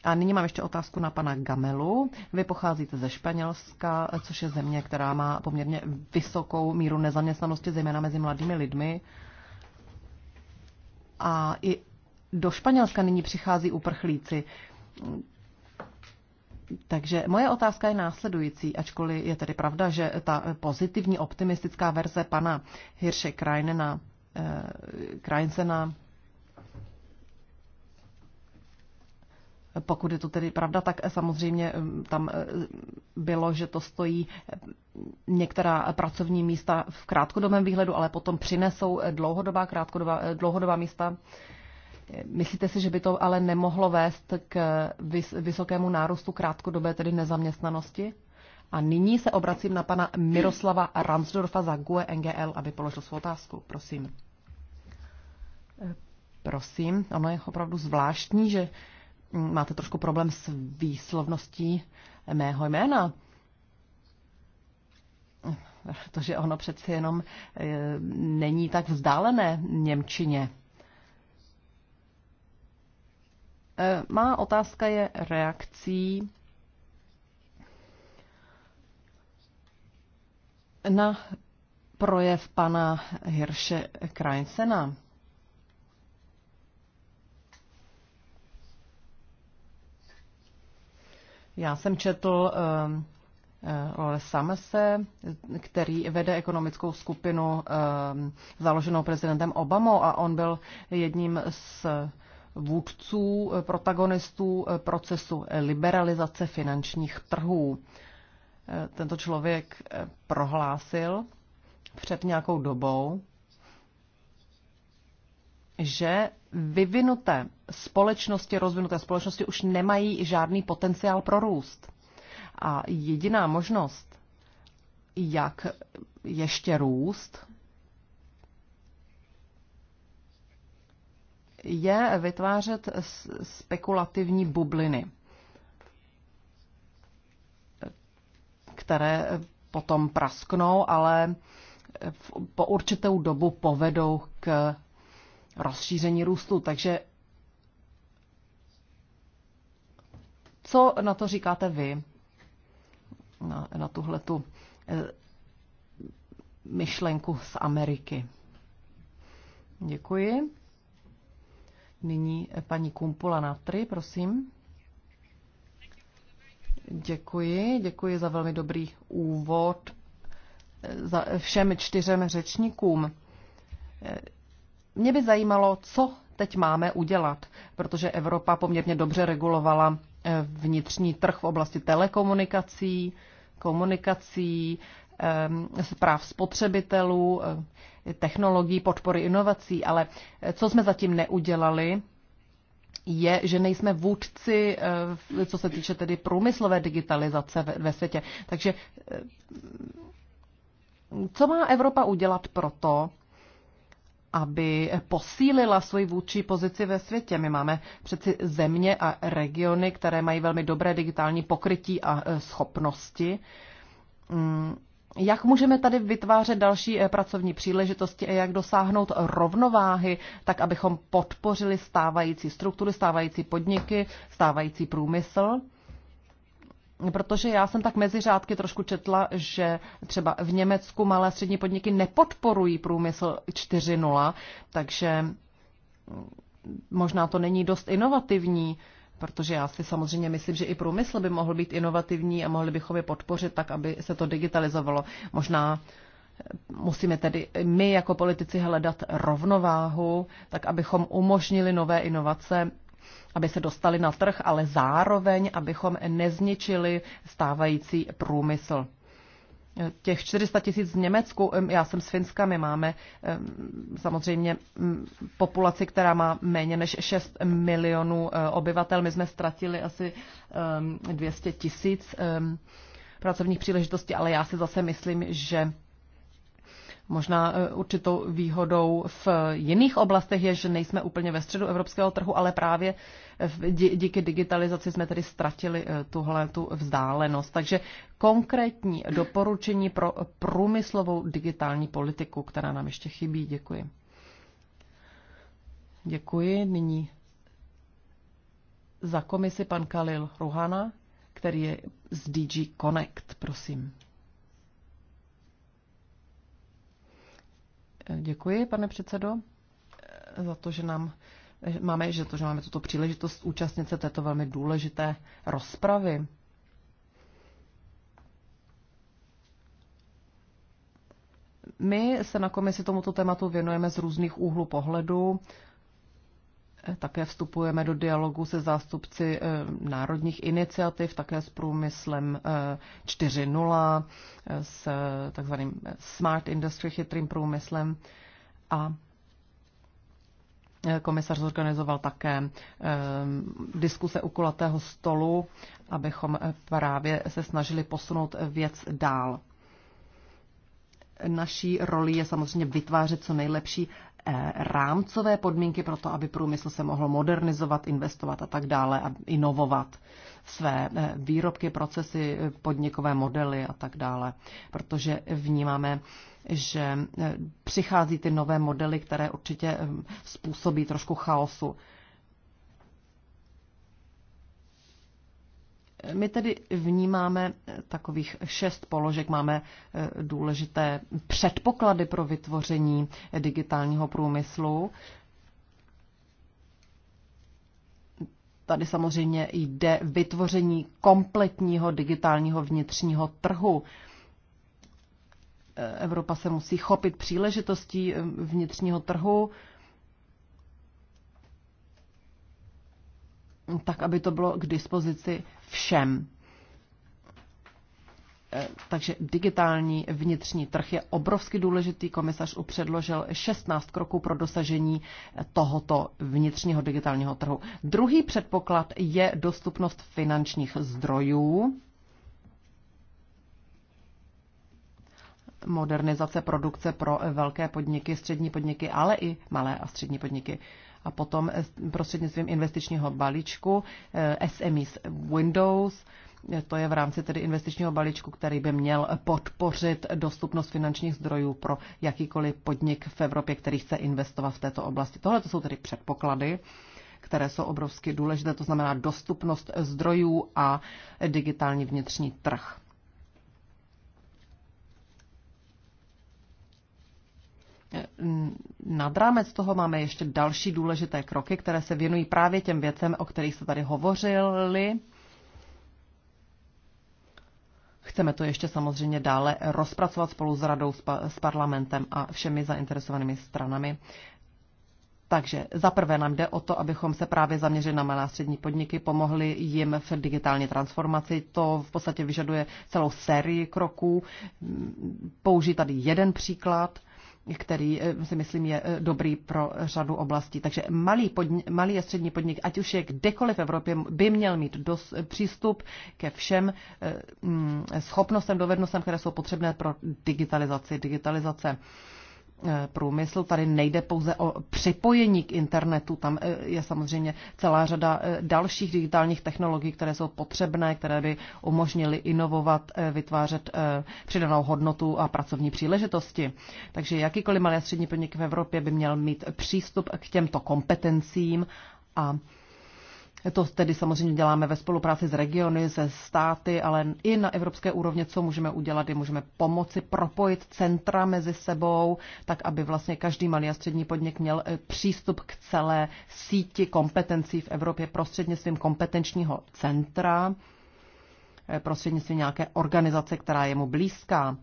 A nyní mám ještě otázku na pana Gamelu. Vy pocházíte ze Španělska, eh, což je země, která má poměrně vysokou míru nezaměstnanosti, zejména mezi mladými lidmi. A i do Španělska nyní přichází uprchlíci. Takže moje otázka je následující, ačkoliv je tedy pravda, že ta pozitivní optimistická verze pana Hirše Krajnena, eh, Krajnsena, pokud je to tedy pravda, tak samozřejmě eh, tam eh, bylo, že to stojí některá pracovní místa v krátkodobém výhledu, ale potom přinesou dlouhodobá, krátkodobá, dlouhodobá místa Myslíte si, že by to ale nemohlo vést k vysokému nárůstu krátkodobé tedy nezaměstnanosti? A nyní se obracím na pana Miroslava Ransdorfa za GUE NGL, aby položil svou otázku. Prosím. Prosím, ono je opravdu zvláštní, že mm, máte trošku problém s výslovností mého jména. že ono přeci jenom e, není tak vzdálené Němčině. Eh, má otázka je reakcí na projev pana Hirše Krajnsena. Já jsem četl Ole eh, eh, Samese, který vede ekonomickou skupinu založenou prezidentem Obamou a on byl jedním z vůdců, eh, protagonistů eh, procesu liberalizace finančních trhů. Eh, tento člověk prohlásil před nějakou dobou, že vyvinuté společnosti, rozvinuté společnosti už nemají žádný potenciál pro růst. A jediná možnost, jak ještě růst, je vytvářet spekulativní bubliny, které potom prasknou, ale po určitou dobu povedou k rozšíření růstu. Takže co na to říkáte vy, na, na tu eh, myšlenku z Ameriky? Děkuji. Nyní paní Kumpula tri, prosím. Děkuji, děkuji za velmi dobrý úvod eh, za všem čtyřem řečníkům. Eh, mě by zajímalo, co teď máme udělat, protože Evropa poměrně dobře regulovala eh, vnitřní trh v oblasti telekomunikací, komunikací, zpráv spotřebitelů technologií, podpory inovací, ale eh, co jsme zatím neudělali, je, že nejsme vůdci, eh, co se týče tedy průmyslové digitalizace ve světě. Takže eh, co má Evropa udělat pro to, aby posílila svoji vůdčí pozici ve světě. My máme přeci země a regiony, které mají velmi dobré digitální pokrytí a schopnosti. Mm, jak můžeme tady vytvářet další eh, pracovní příležitosti a jak dosáhnout rovnováhy, tak abychom podpořili stávající struktury, stávající podniky, stávající průmysl? Protože já jsem tak mezi řádky trošku četla, že třeba v Německu malé a střední podniky nepodporují průmysl 4.0, takže mm, možná to není dost inovativní protože já si samozřejmě myslím, že i průmysl by mohl být inovativní a mohli bychom je podpořit tak, aby se to digitalizovalo. Možná eh, musíme tedy my jako politici hledat rovnováhu, tak abychom umožnili nové inovace, aby se dostali na trh, ale zároveň, abychom nezničili stávající průmysl těch 400 tisíc v Německu, já jsem s Finska, my máme samozřejmě populaci, která má méně než 6 milionů e, obyvatel. My jsme ztratili asi 200 tisíc pracovních příležitostí, ale já si zase myslím, že Možná e, určitou výhodou v jiných oblastech je, že nejsme úplně ve středu evropského trhu, ale právě díky digitalizaci jsme tedy ztratili eh, tuhle tu vzdálenost. Takže konkrétní doporučení pro průmyslovou digitální politiku, která nám ještě chybí. Děkuji. Děkuji. Nyní za komisi pan Kalil Ruhana, který je z DG Connect, prosím. Eh, děkuji, pane předsedo, eh, za to, že nám máme, že to, že máme tuto příležitost účastnit se této velmi důležité rozpravy. My se na komisi tomuto tématu věnujeme z různých úhlů pohledu. Eh, také vstupujeme do dialogu se zástupci eh, národních iniciativ, také s průmyslem 4.0, eh, s takzvaným Smart Industry, chytrým průmyslem. A Eh, komisař zorganizoval také eh, diskuse u kulatého stolu, abychom eh, právě se snažili posunout věc dál. Naší roli je samozřejmě vytvářet co nejlepší Eh, rámcové podmínky pro to, aby průmysl se mohl modernizovat, investovat a tak dále a inovovat své eh, výrobky, procesy, eh, podnikové modely a tak dále. Protože vnímáme, že přichází ty nové modely, které určitě způsobí trošku chaosu My tedy vnímáme eh, takových šest položek, máme eh, důležité předpoklady pro vytvoření eh, digitálního průmyslu. Tady samozřejmě jde vytvoření kompletního digitálního vnitřního trhu. Evropa se musí chopit příležitostí vnitřního trhu, tak aby to bylo k dispozici všem. Eh, takže digitální vnitřní trh je obrovsky důležitý. Komisař upředložil 16 kroků pro dosažení tohoto vnitřního digitálního trhu. Druhý předpoklad je dostupnost finančních zdrojů. Modernizace produkce pro velké podniky, střední podniky, ale i malé a střední podniky a potom eh, prostřednictvím investičního balíčku SMEs eh, Windows, eh, to je v rámci tedy investičního balíčku, který by měl podpořit dostupnost finančních zdrojů pro jakýkoliv podnik v Evropě, který chce investovat v této oblasti. Tohle to jsou tedy předpoklady, které jsou obrovsky důležité, to znamená dostupnost zdrojů a digitální vnitřní trh. nad rámec toho máme ještě další důležité kroky, které se věnují právě těm věcem, o kterých se tady hovořili. Chceme to ještě samozřejmě dále rozpracovat spolu s radou, s parlamentem a všemi zainteresovanými stranami. Takže za prvé nám jde o to, abychom se právě zaměřili na malé a střední podniky, pomohli jim v digitální transformaci. To v podstatě vyžaduje celou sérii kroků. Použij tady jeden příklad – který eh, si myslím je eh, dobrý pro řadu oblastí. Takže malý, podnik, malý a střední podnik, ať už je kdekoliv v Evropě, by měl mít dos, přístup ke všem eh, mm, schopnostem, dovednostem, které jsou potřebné pro digitalizaci. Digitalizace Eh, průmysl. Tady nejde pouze o připojení k internetu, tam eh, je samozřejmě celá řada eh, dalších digitálních technologií, které jsou potřebné, které by umožnily inovovat, vytvářet přidanou hodnotu a pracovní příležitosti. Takže jakýkoliv a střední podnik v Evropě by měl mít přístup k těmto kompetencím a to tedy samozřejmě děláme ve spolupráci s regiony, se státy, ale i na evropské úrovně, co můžeme udělat, je můžeme pomoci propojit centra mezi sebou, tak aby vlastně každý malý a střední podnik měl e, přístup k celé síti kompetencí v Evropě prostřednictvím kompetenčního centra, e, prostřednictvím nějaké organizace, která je mu blízká.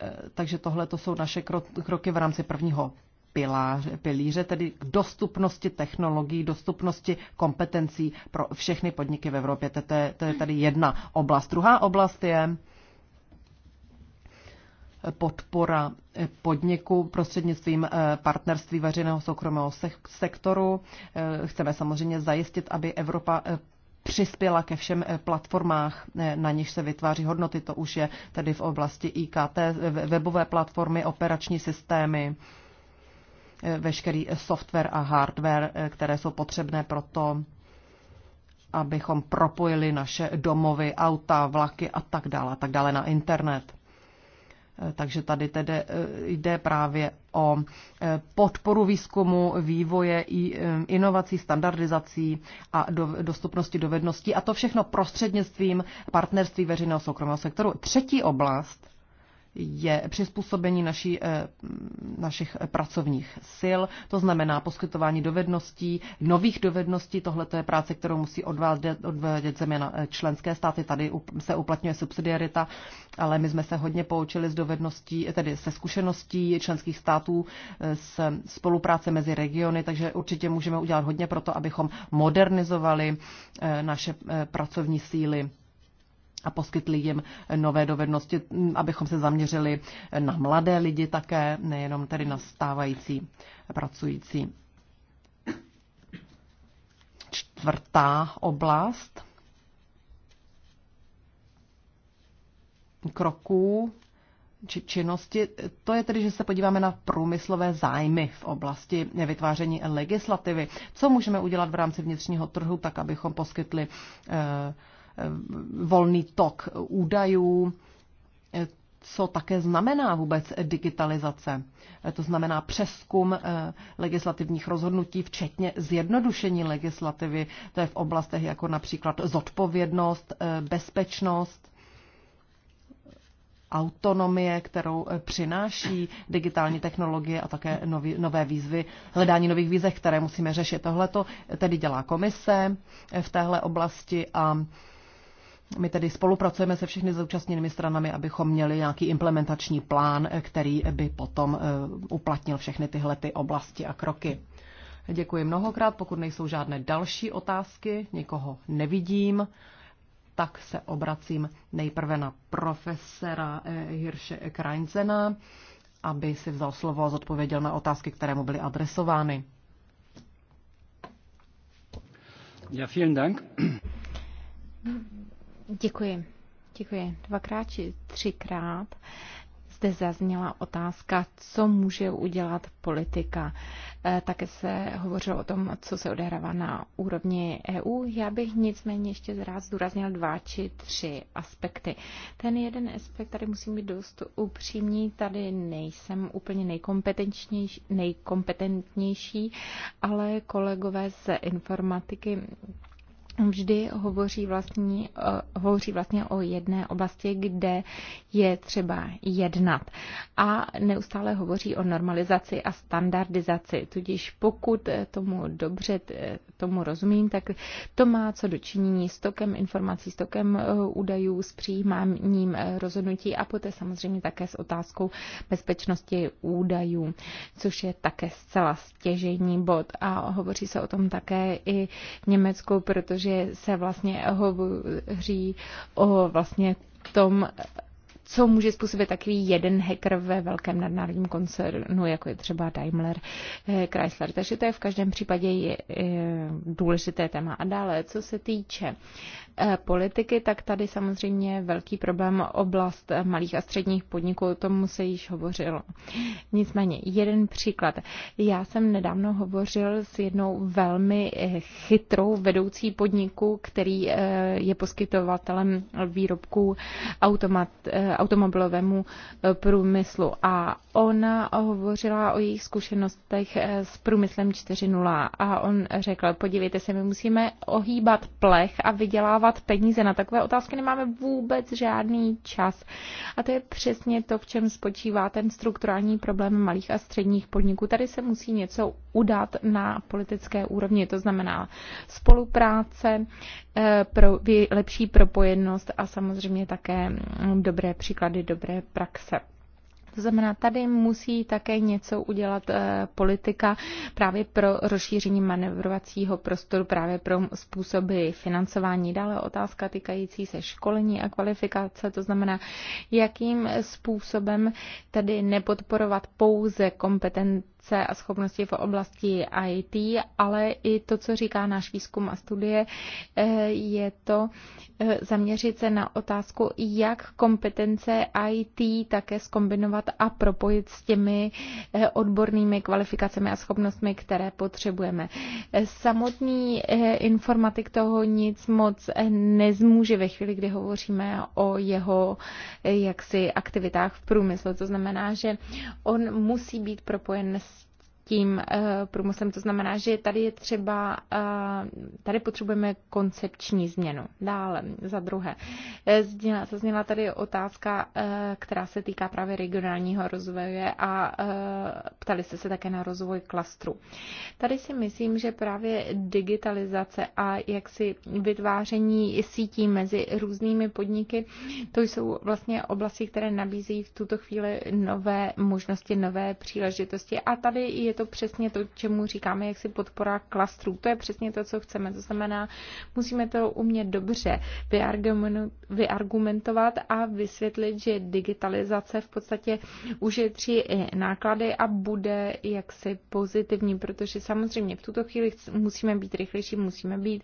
E, takže tohle to jsou naše kroky v rámci prvního piláře, pilíře, tedy k dostupnosti technologií, dostupnosti kompetencí pro všechny podniky v Evropě. To je, to je tady jedna oblast. Druhá oblast je podpora podniku prostřednictvím eh, partnerství veřejného soukromého sektoru. Eh, chceme samozřejmě zajistit, aby Evropa eh, přispěla ke všem platformách, na nich se vytváří hodnoty. To už je tedy v oblasti IKT, webové platformy, operační systémy Eh, veškerý software a hardware, eh, které jsou potřebné pro to, abychom propojili naše domovy, auta, vlaky a tak dále, a tak dále na internet. Eh, takže tady tedy jde právě o podporu výzkumu, vývoje, inovací, standardizací a dostupnosti dovedností. A to všechno prostřednictvím partnerství veřejného soukromého sektoru. Třetí oblast je přizpůsobení naší, eh, našich eh, pracovních sil, to znamená poskytování dovedností, nových dovedností. Tohle je práce, kterou musí odvádět, odvádět země na eh, členské státy. Tady se uplatňuje subsidiarita, ale my jsme se hodně poučili z dovedností, tedy se zkušeností členských států, s spolupráce mezi regiony, takže určitě můžeme udělat hodně pro to, abychom modernizovali naše pracovní síly a poskytli jim nové dovednosti, abychom se zaměřili na mladé lidi také, nejenom tedy na stávající pracující. Čtvrtá oblast kroků či činnosti, to je tedy, že se podíváme na průmyslové zájmy v oblasti vytváření legislativy. Co můžeme udělat v rámci vnitřního trhu, tak abychom poskytli eh, Eh, volný tok údajů, eh, co také znamená vůbec digitalizace. Eh, to znamená přeskum legislativních rozhodnutí, včetně zjednodušení legislativy. To je v oblastech jako například zodpovědnost, bezpečnost, autonomie, kterou přináší digitální technologie a také nový, nové výzvy, hledání nových výzev, které musíme řešit. Tohle to tedy dělá komise v téhle oblasti a my tedy spolupracujeme se všechny zúčastněnými stranami, abychom měli nějaký implementační plán, který by potom eh, uplatnil všechny tyhle ty oblasti a kroky. Děkuji mnohokrát, pokud nejsou žádné další otázky, nikoho nevidím, tak se obracím nejprve na profesora eh, Hirše Krajncena, aby si vzal slovo a zodpověděl na otázky, které mu byly adresovány. Ja, vielen Dank. Děkuji. Děkuji. Dvakrát či třikrát zde zazněla otázka, co může udělat politika. E, také se hovořilo o tom, co se odehrává na úrovni EU. Já bych nicméně ještě rád zdůraznil dva či tři aspekty. Ten jeden aspekt, tady musím být dost upřímný, tady nejsem úplně nejkompetentnější, nejkompetentnější ale kolegové z informatiky vždy hovoří, vlastní, eh, hovoří vlastně o jedné oblasti, kde je třeba jednat. A neustále hovoří o normalizaci a standardizaci. Tudíž pokud eh, tomu dobře eh, tomu rozumím, tak to má co dočinění s tokem informací, s tokem údajů, s přijímáním rozhodnutí a poté samozřejmě také s otázkou bezpečnosti údajů, což je také zcela stěžejní bod. A hovoří se o tom také i v Německu, protože že se vlastně hovoří o vlastně tom co může způsobit takový jeden hacker ve velkém nadnárodním koncernu, jako je třeba Daimler eh, Chrysler. Takže to je v každém případě je, eh, důležité téma. A dále, co se týče eh, politiky, tak tady samozřejmě velký problém oblast malých a středních podniků, o tom se již hovořilo. Nicméně, jeden příklad. Já jsem nedávno hovořil s jednou velmi chytrou vedoucí podniku, který je poskytovatelem výrobků automat, automobilovému eh, průmyslu. A ona hovořila o jejich zkušenostech eh, s průmyslem 4.0 a on řekl, podívejte se, my musíme ohýbat plech a vydělávat peníze. Na takové otázky nemáme vůbec žádný čas. A to je přesně to, v čem spočívá ten strukturální problém malých a středních podniků. Tady se musí něco udat na politické úrovni, to znamená spolupráce, eh, pro lepší propojenost a samozřejmě také mm, dobré příklady, dobré praxe. To znamená, tady musí také něco udělat eh, politika právě pro rozšíření manevrovacího prostoru, právě pro způsoby financování. Dále otázka týkající se školení a kvalifikace, to znamená, jakým způsobem tedy nepodporovat pouze kompetent inovace a schopnosti v oblasti IT, ale i to, co říká náš výzkum a studie, eh, je to eh, zaměřit se na otázku, jak kompetence IT také skombinovat a propojit s těmi eh, odbornými kvalifikacemi a schopnostmi, které potřebujeme. Samotný informatik toho nic moc nezmůže ve chvíli, kdy hovoříme o jeho jaksi aktivitách v průmyslu. To znamená, že on musí být propojen s tím eh, průmyslem. To znamená, že tady je třeba, eh, tady potřebujeme koncepční změnu. Dále, za druhé, eh, zněla, zazněla tady otázka, která se týká právě regionálního rozvoje a ptali jste se také na rozvoj klastru. Tady si myslím, že právě digitalizace a jaksi vytváření sítí mezi různými podniky, to jsou vlastně oblasti, které nabízí v tuto chvíli nové možnosti, nové příležitosti. A tady je to přesně to, čemu říkáme, jak si podpora klastrů. To je přesně to, co chceme. To znamená, musíme to umět dobře vyargumentovat a vysvětlit, že digitalizace v podstatě ušetří i náklady a bude jaksi pozitivní, protože samozřejmě v tuto chvíli musíme být rychlejší, musíme být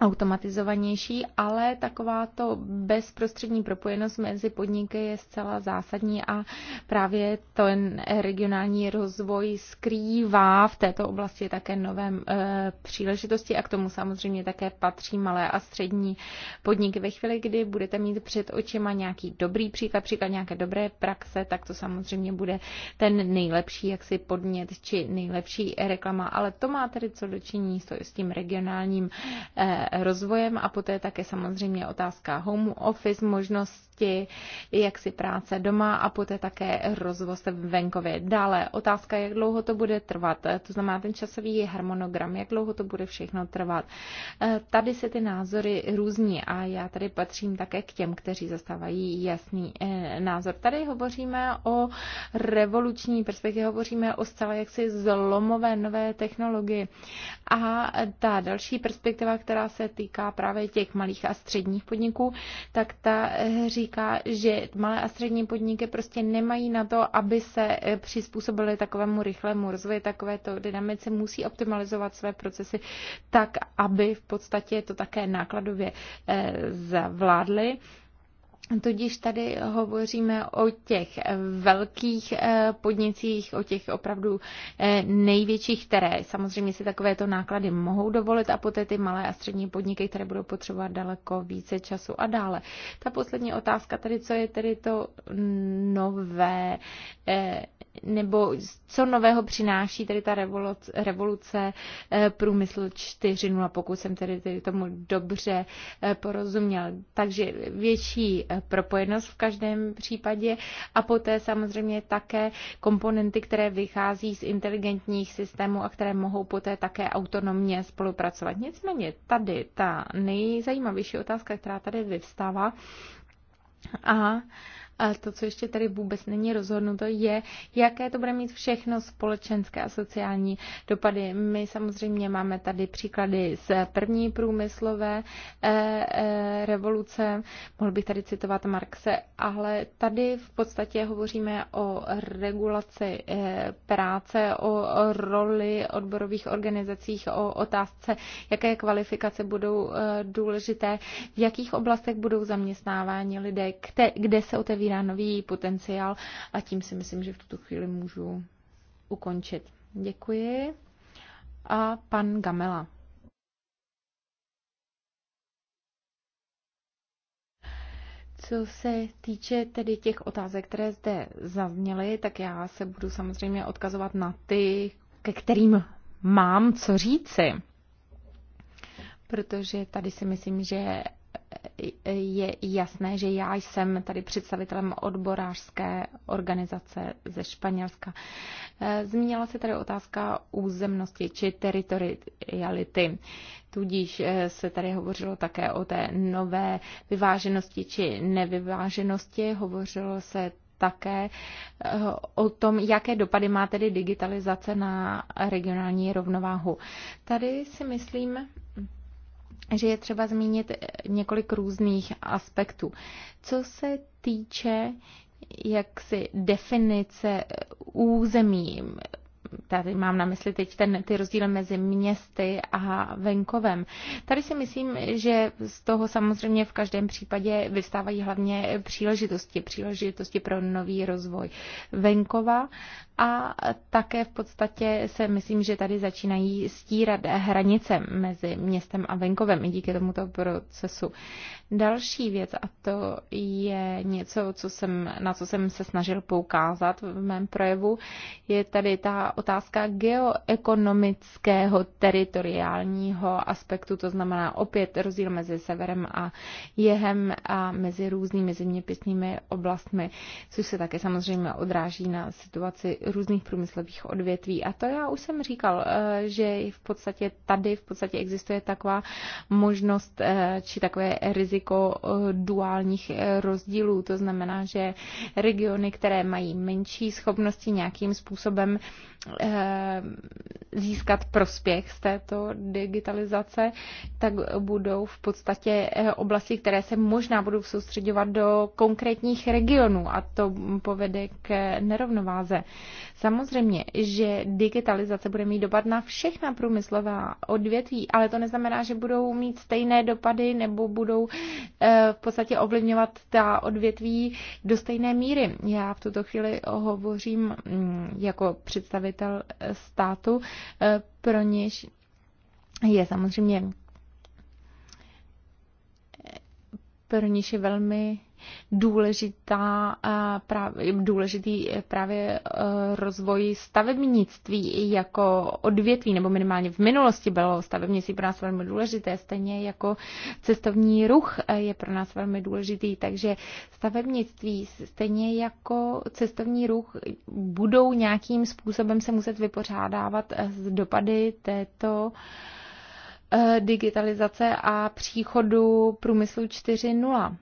automatizovanější, ale taková to bezprostřední propojenost mezi podniky je zcela zásadní a právě ten regionální rozvoj skrývá v této oblasti také nové e, příležitosti a k tomu samozřejmě také patří malé a střední podniky. Ve chvíli, kdy budete mít před očima nějaký dobrý příklad, příklad nějaké dobré praxe, tak to samozřejmě bude ten nejlepší jaksi podnět či nejlepší reklama, ale to má tedy co dočinění s tím regionálním e, rozvojem a poté také samozřejmě otázka home office, možnost činnosti, jak si práce doma a poté také rozvoz venkově. Dále otázka, jak dlouho to bude trvat, to znamená ten časový harmonogram, jak dlouho to bude všechno trvat. Eh, tady se ty názory různí a já tady patřím také k těm, kteří zastávají jasný eh, názor. Tady hovoříme o revoluční perspektivě, hovoříme o zcela jaksi zlomové nové technologii. A ta další perspektiva, která se týká právě těch malých a středních podniků, tak ta eh, říká, říká, že malé a střední podniky prostě nemají na to, aby se eh, přizpůsobily takovému rychlému rozvoji, takovéto dynamice, musí optimalizovat své procesy tak, aby v podstatě to také nákladově eh, zvládly Tudíž tady hovoříme o těch velkých eh, podnicích, o těch opravdu eh, největších, které samozřejmě si takovéto náklady mohou dovolit a poté ty malé a střední podniky, které budou potřebovat daleko více času a dále. Ta poslední otázka tady, co je tedy to nové, eh, nebo co nového přináší tady ta revoluce, revoluce průmysl 4.0, pokud jsem tedy, tedy tomu dobře porozuměl. Takže větší propojenost v každém případě a poté samozřejmě také komponenty, které vychází z inteligentních systémů a které mohou poté také autonomně spolupracovat. Nicméně tady ta nejzajímavější otázka, která tady vyvstává, a a to, co ještě tady vůbec není rozhodnuto, je, jaké to bude mít všechno společenské a sociální dopady. My samozřejmě máme tady příklady z první průmyslové eh, eh, revoluce, mohl bych tady citovat Marxe, ale tady v podstatě hovoříme o regulaci eh, práce, o roli odborových organizacích, o otázce, jaké kvalifikace budou důležité, v jakých oblastech budou zaměstnáváni lidé, kde se otevírá otevírá nový potenciál a tím si myslím, že v tuto chvíli můžu ukončit. Děkuji. A pan Gamela. Co se týče tedy těch otázek, které zde zazněly, tak já se budu samozřejmě odkazovat na ty, ke kterým mám co říci. Protože tady si myslím, že je jasné, že já jsem tady představitelem odborářské organizace ze Španělska. Zmínila se tady otázka územnosti či teritoriality. Tudíž eh, se tady hovořilo také o té nové vyváženosti či nevyváženosti. Hovořilo se také eh, o tom, jaké dopady má tedy digitalizace na regionální rovnováhu. Tady si myslím, že je třeba zmínit eh, několik různých aspektů. Co se týče jaksi definice eh, území, tady mám na mysli teď ten, ty rozdíly mezi městy a venkovem. Tady si myslím, že z toho samozřejmě v každém případě vystávají hlavně příležitosti, příležitosti pro nový rozvoj venkova a také v podstatě se myslím, že tady začínají stírat hranice mezi městem a venkovem i díky tomuto procesu. Další věc, a to je něco, co jsem, na co jsem se snažil poukázat v mém projevu, je tady ta otázka geoekonomického teritoriálního aspektu, to znamená opět rozdíl mezi severem a jehem a mezi různými zeměpisnými oblastmi, což se také samozřejmě odráží na situaci různých průmyslových odvětví. A to já už jsem říkal, eh, že v podstatě tady v podstatě existuje taková možnost eh, či takové riziko eh, duálních rozdílů. To znamená, že regiony, které mají menší schopnosti nějakým způsobem získat prospěch z této digitalizace, tak budou v podstatě eh, oblasti, které se možná budou soustředovat do konkrétních regionů a to povede k nerovnováze. Samozřejmě, že digitalizace bude mít dopad na všechna průmyslová odvětví, ale to neznamená, že budou mít stejné dopady nebo budou eh, v podstatě ovlivňovat ta odvětví do stejné míry. Já v tuto chvíli hovořím mm, jako představitel státu, Eh, pro něž je samozřejmě eh, pro něž je velmi důležitá, eh, eh, právě, důležitý eh, právě rozvoj stavebnictví jako odvětví, nebo minimálně v minulosti bylo stavebnictví pro nás velmi důležité, stejně jako cestovní ruch je pro nás velmi důležitý, takže stavebnictví stejně jako cestovní ruch budou nějakým způsobem se muset vypořádávat z dopady této digitalizace a příchodu průmyslu 4.0.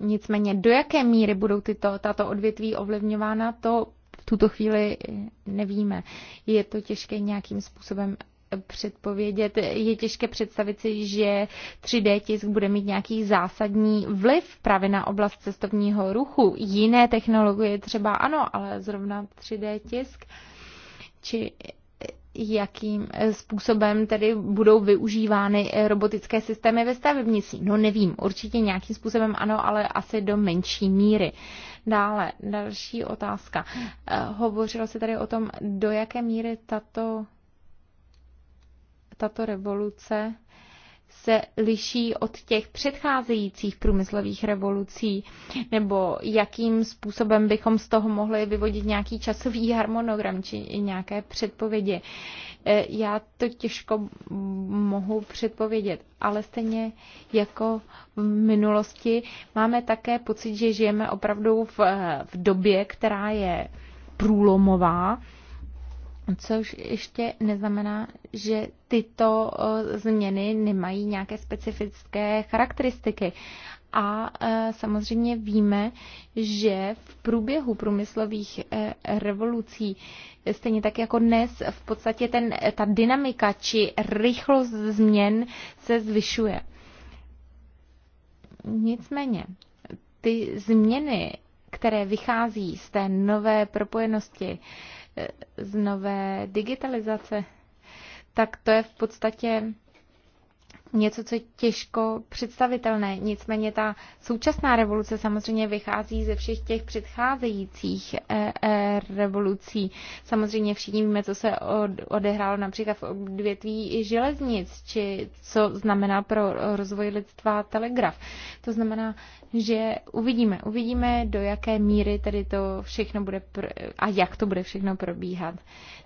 Nicméně do jaké míry budou tyto, tato odvětví ovlivňována, to v tuto chvíli nevíme. Je to těžké nějakým způsobem předpovědět. Je těžké představit si, že 3D tisk bude mít nějaký zásadní vliv právě na oblast cestovního ruchu. Jiné technologie třeba ano, ale zrovna 3D tisk či jakým eh, způsobem tedy budou využívány eh, robotické systémy ve stavebnici. No nevím, určitě nějakým způsobem ano, ale asi do menší míry. Dále, další otázka. Eh, hovořilo se tady o tom, do jaké míry tato, tato revoluce se liší od těch předcházejících průmyslových revolucí, nebo jakým způsobem bychom z toho mohli vyvodit nějaký časový harmonogram či nějaké předpovědi. E, já to těžko mohu předpovědět, ale stejně jako v minulosti máme také pocit, že žijeme opravdu v, v době, která je průlomová, což ještě neznamená, že tyto eh, změny nemají nějaké specifické charakteristiky. A eh, samozřejmě víme, že v průběhu průmyslových eh, revolucí, stejně tak jako dnes, v podstatě ten, ta dynamika či rychlost změn se zvyšuje. Nicméně, ty změny, které vychází z té nové propojenosti, z nové digitalizace, tak to je v podstatě něco, co je těžko představitelné. Nicméně ta současná revoluce samozřejmě vychází ze všech těch předcházejících eh, eh, revolucí. Samozřejmě všichni víme, co se odehrálo například v odvětví železnic, či co znamená pro rozvoj lidstva telegraf. To znamená, že uvidíme, uvidíme, do jaké míry tedy to všechno bude a jak to bude všechno probíhat.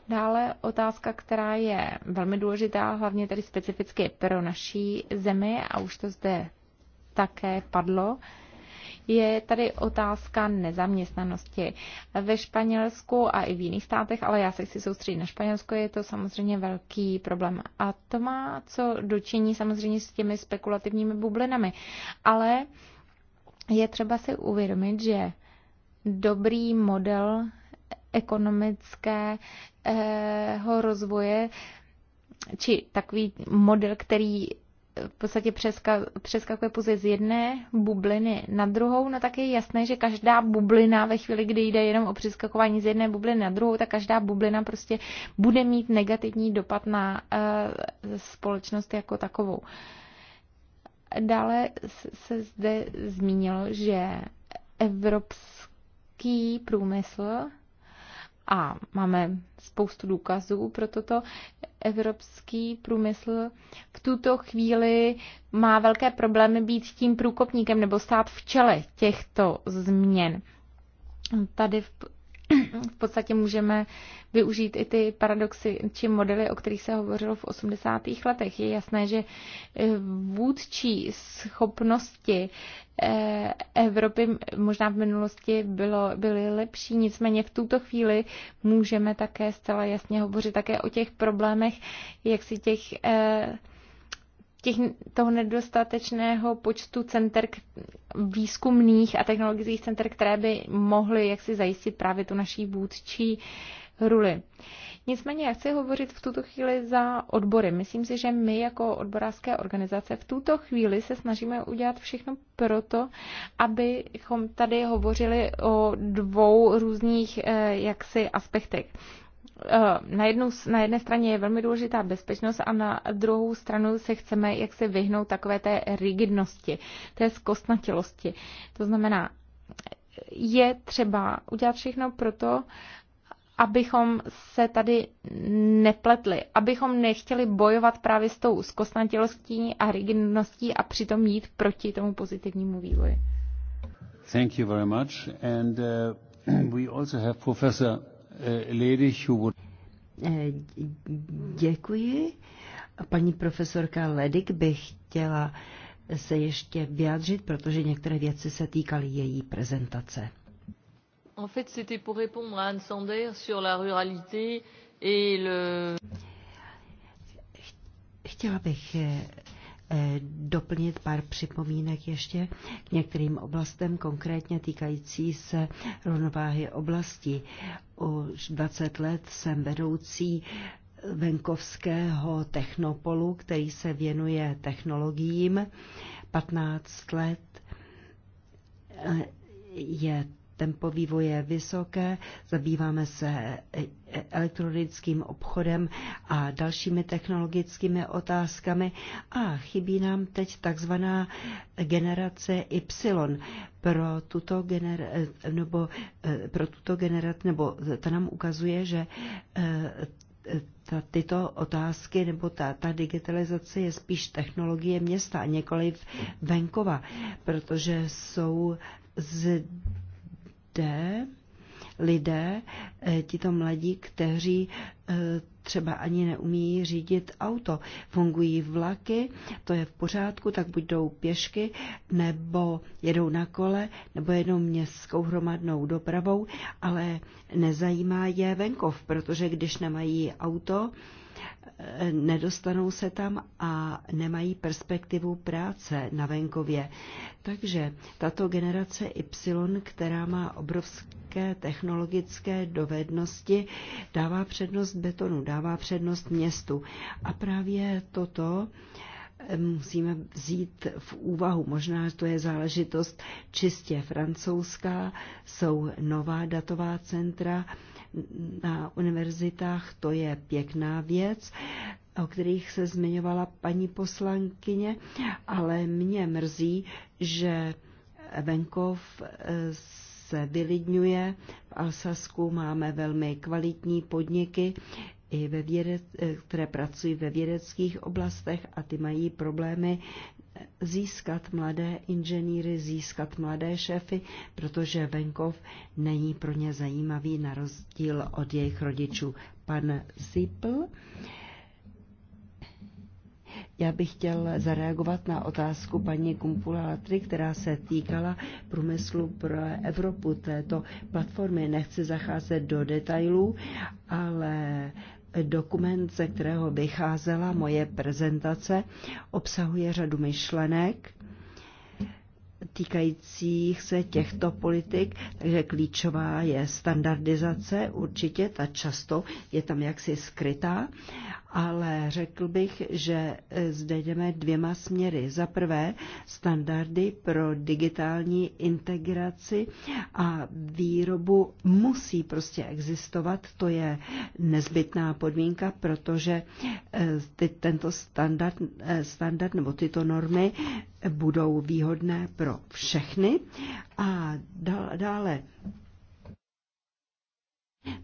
Dále otázka, která je velmi důležitá, hlavně tady specificky pro naši naší zemi, a už to zde také padlo, je tady otázka nezaměstnanosti. Ve Španělsku a i v jiných státech, ale já se chci soustředit na Španělsko, je to samozřejmě velký problém. A to má co dočení samozřejmě s těmi spekulativními bublinami. Ale je třeba si uvědomit, že dobrý model ekonomického rozvoje či takový model, který v podstatě přeska, přeskakuje pouze z jedné bubliny na druhou, no tak je jasné, že každá bublina ve chvíli, kdy jde jenom o přeskakování z jedné bubliny na druhou, tak každá bublina prostě bude mít negativní dopad na uh, společnost jako takovou. Dále se zde zmínilo, že evropský průmysl a máme spoustu důkazů pro toto, evropský průmysl v tuto chvíli má velké problémy být tím průkopníkem nebo stát v čele těchto změn. Tady v v podstatě můžeme využít i ty paradoxy či modely, o kterých se hovořilo v 80. letech. Je jasné, že eh, vůdčí schopnosti eh, Evropy možná v minulosti bylo, byly lepší, nicméně v tuto chvíli můžeme také zcela jasně hovořit také o těch problémech, jak si těch eh, těch, toho nedostatečného počtu center výzkumných a technologických center, které by mohly jaksi zajistit právě tu naší vůdčí ruli. Nicméně já chci hovořit v tuto chvíli za odbory. Myslím si, že my jako odborářské organizace v tuto chvíli se snažíme udělat všechno proto, abychom tady hovořili o dvou různých eh, jaksi aspektech. Eh, na, jednu, na jedné straně je velmi důležitá bezpečnost a na druhou stranu se chceme jak se vyhnout takové té rigidnosti, té zkostnatilosti. To znamená, je třeba udělat všechno to, abychom se tady nepletli, abychom nechtěli bojovat právě s tou zkostnatilostí a rigidností a přitom jít proti tomu pozitivnímu vývoji. Thank you very much. And uh, we also have Professor Eh, děkuji. Paní profesorka Ledik by chtěla se ještě vyjádřit, protože některé věci se týkaly její prezentace. En fait, c'était pour répondre à Anne Sander sur la ruralité et le... Chtěla bych eh, Eh, doplnit pár připomínek ještě k některým oblastem, konkrétně týkající se rovnováhy oblastí. Už 20 let jsem vedoucí venkovského technopolu, který se věnuje technologiím. 15 let eh, je tempo vývoje je vysoké, zabýváme se elektronickým obchodem a dalšími technologickými otázkami a chybí nám teď takzvaná generace Y pro tuto gener, nebo eh, pro tuto generaci, nebo ta nám ukazuje, že eh, ta, tyto otázky nebo ta, ta digitalizace je spíš technologie města a nikoliv venkova, protože jsou z lidé, lidé, eh, tito mladí, kteří eh, třeba ani neumí řídit auto. Fungují vlaky, to je v pořádku, tak buď jdou pěšky, nebo jedou na kole, nebo jedou městskou hromadnou dopravou, ale nezajímá je venkov, protože když nemají auto, nedostanou se tam a nemají perspektivu práce na venkově. Takže tato generace Y, která má obrovské technologické dovednosti, dává přednost betonu, dává přednost městu. A právě toto eh, musíme vzít v úvahu. Možná to je záležitost čistě francouzská, jsou nová datová centra, na univerzitách, to je pěkná věc, o kterých se zmiňovala paní poslankyně, ale mě mrzí, že venkov eh, se vylidňuje. V Alsasku máme velmi kvalitní podniky, i ve věde, eh, které pracují ve vědeckých oblastech a ty mají problémy získat mladé inženýry, získat mladé šéfy, protože venkov není pro ně zajímavý na rozdíl od jejich rodičů. Pan Zipl, já bych chtěl zareagovat na otázku paní Kumpulatry, která se týkala průmyslu pro Evropu této platformy. Nechci zacházet do detailů, ale Dokument, ze kterého vycházela moje prezentace, obsahuje řadu myšlenek týkajících se těchto politik, takže klíčová je standardizace určitě, ta často je tam jaksi skrytá ale řekl bych, že e, zde jdeme dvěma směry. Za prvé standardy pro digitální integraci a výrobu musí prostě existovat, to je nezbytná podmínka, protože e, ty, tento standard, e, standard nebo tyto normy budou výhodné pro všechny. A dále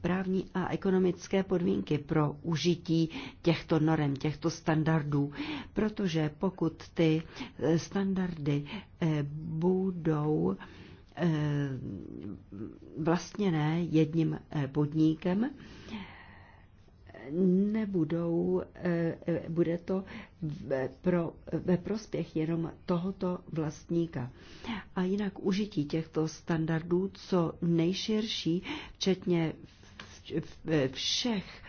právní a ekonomické podmínky pro užití těchto norem, těchto standardů, protože pokud ty eh, standardy eh, budou eh, vlastněné jedním podnikem, nebudou, eh, eh, bude to ve, pro, ve prospěch jenom tohoto vlastníka. A jinak užití těchto standardů co nejširší, včetně všech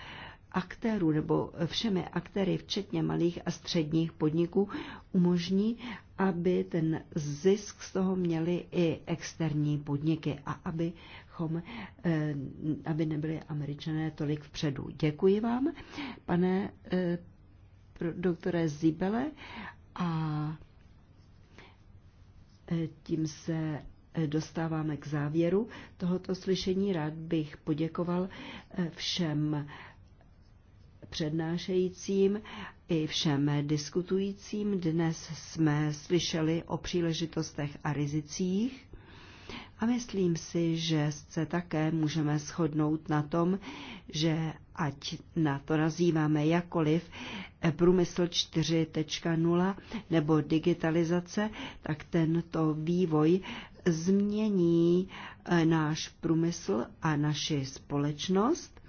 aktérů nebo všemi aktéry, včetně malých a středních podniků, umožní, aby ten zisk z toho měli i externí podniky a aby abychom, eh, aby nebyli američané tolik vpředu. Děkuji vám, pane eh, doktore Zíbele, a eh, tím se dostáváme k závěru tohoto slyšení. Rád bych poděkoval všem přednášejícím i všem diskutujícím. Dnes jsme slyšeli o příležitostech a rizicích a myslím si, že se také můžeme shodnout na tom, že ať na to nazýváme jakoliv eh, průmysl 4.0 nebo digitalizace, tak tento vývoj změní eh, náš průmysl a naši společnost.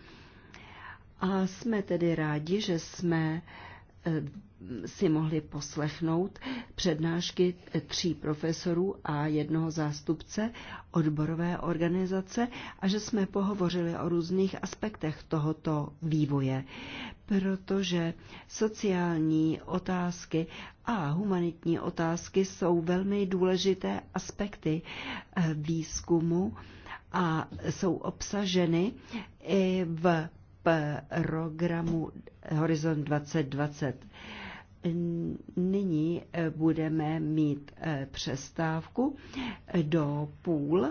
A jsme tedy rádi, že jsme Eh, si mohli poslechnout přednášky tří profesorů a jednoho zástupce odborové organizace a že jsme pohovořili o různých aspektech tohoto vývoje, protože sociální otázky a humanitní otázky jsou velmi důležité aspekty eh, výzkumu a jsou obsaženy i v programu Horizon 2020. Nyní eh, budeme mít eh, přestávku do půl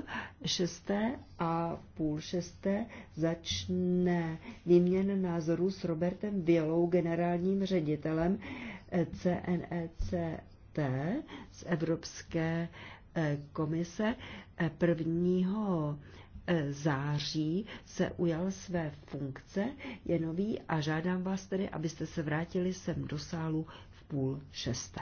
šesté a půl šesté začne výměn názorů s Robertem Bělou, generálním ředitelem eh, CNECT z Evropské komise 1. Eh, září se ujal své funkce, je nový a žádám vás tedy, abyste se vrátili sem do sálu v půl šesté.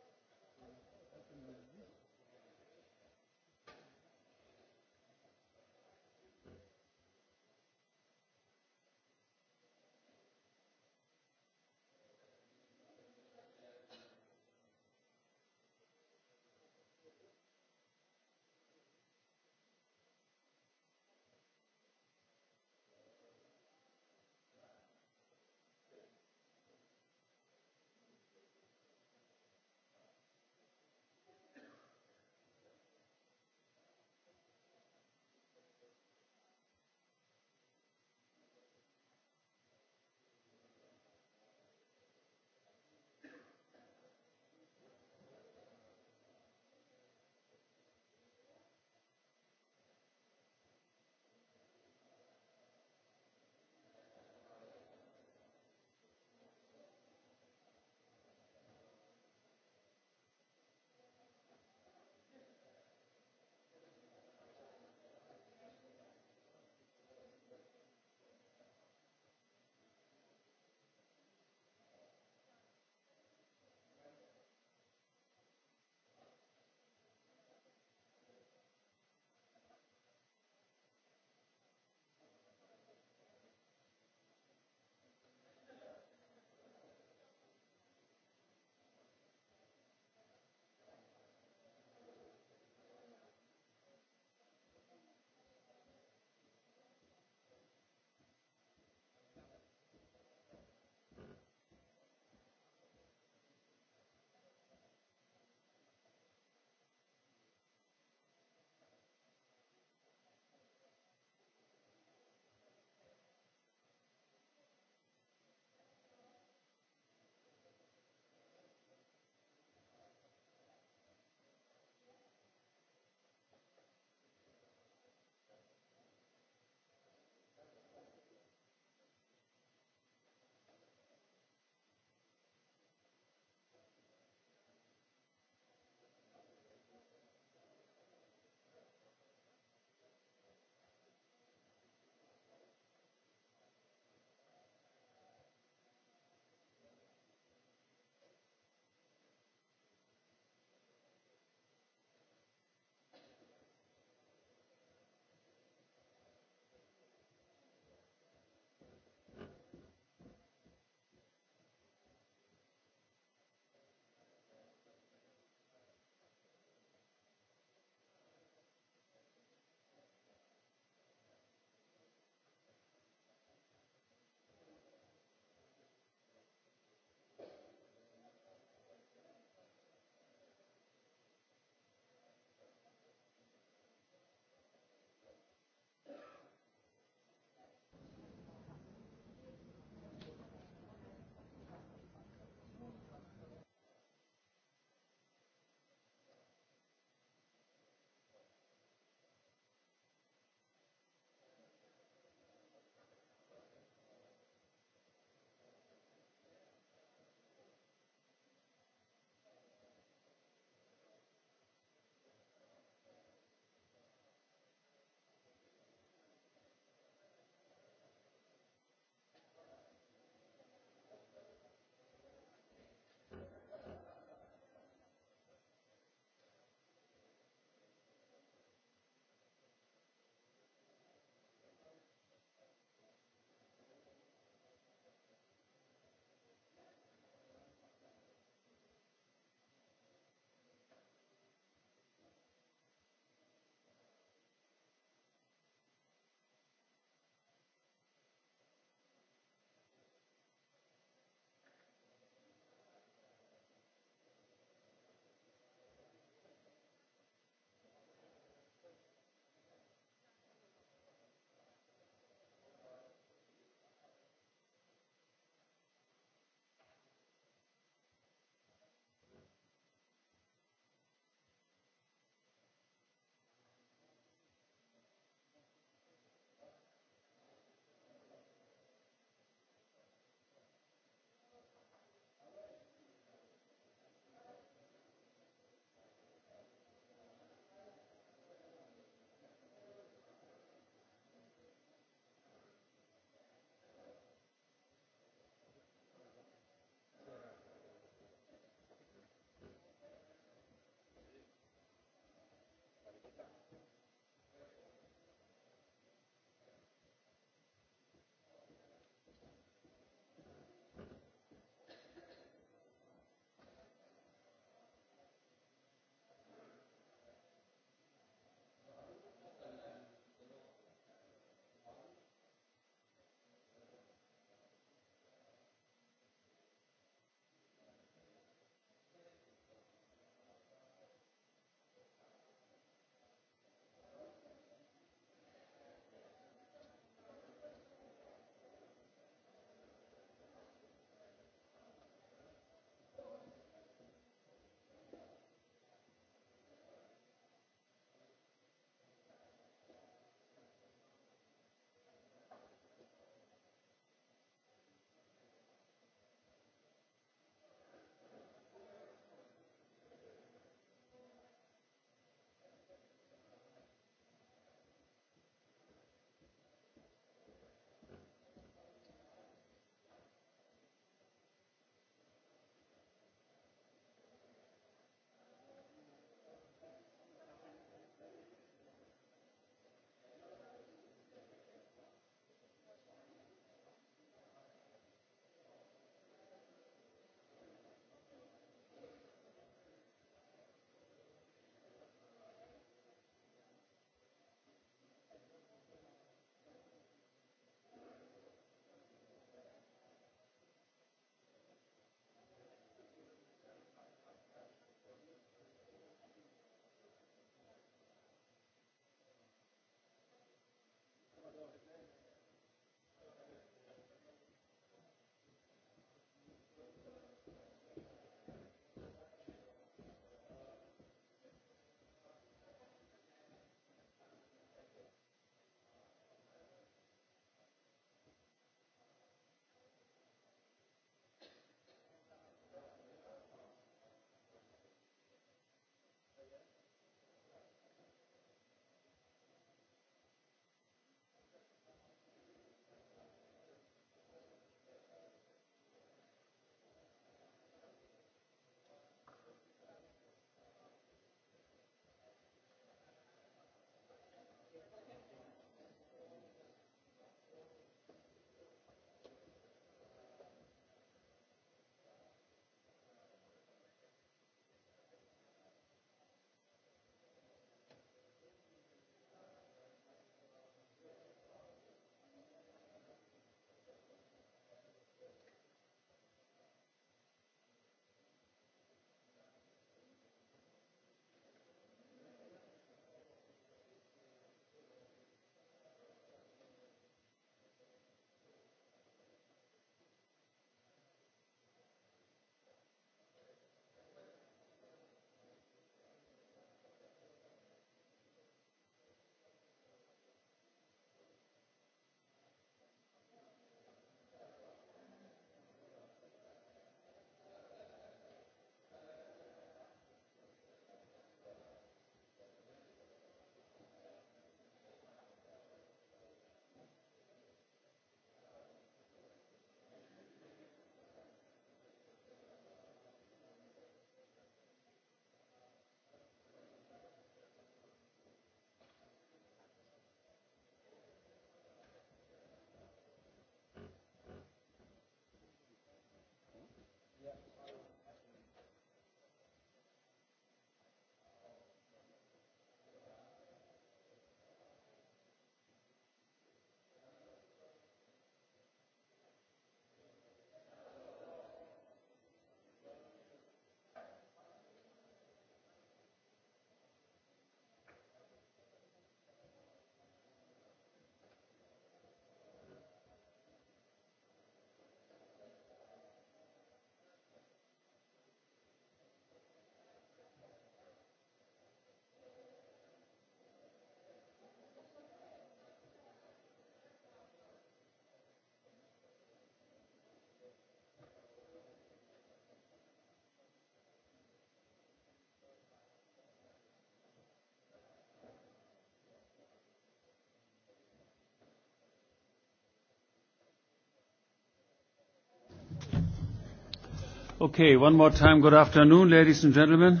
Okay, one more time. Good afternoon, ladies and gentlemen.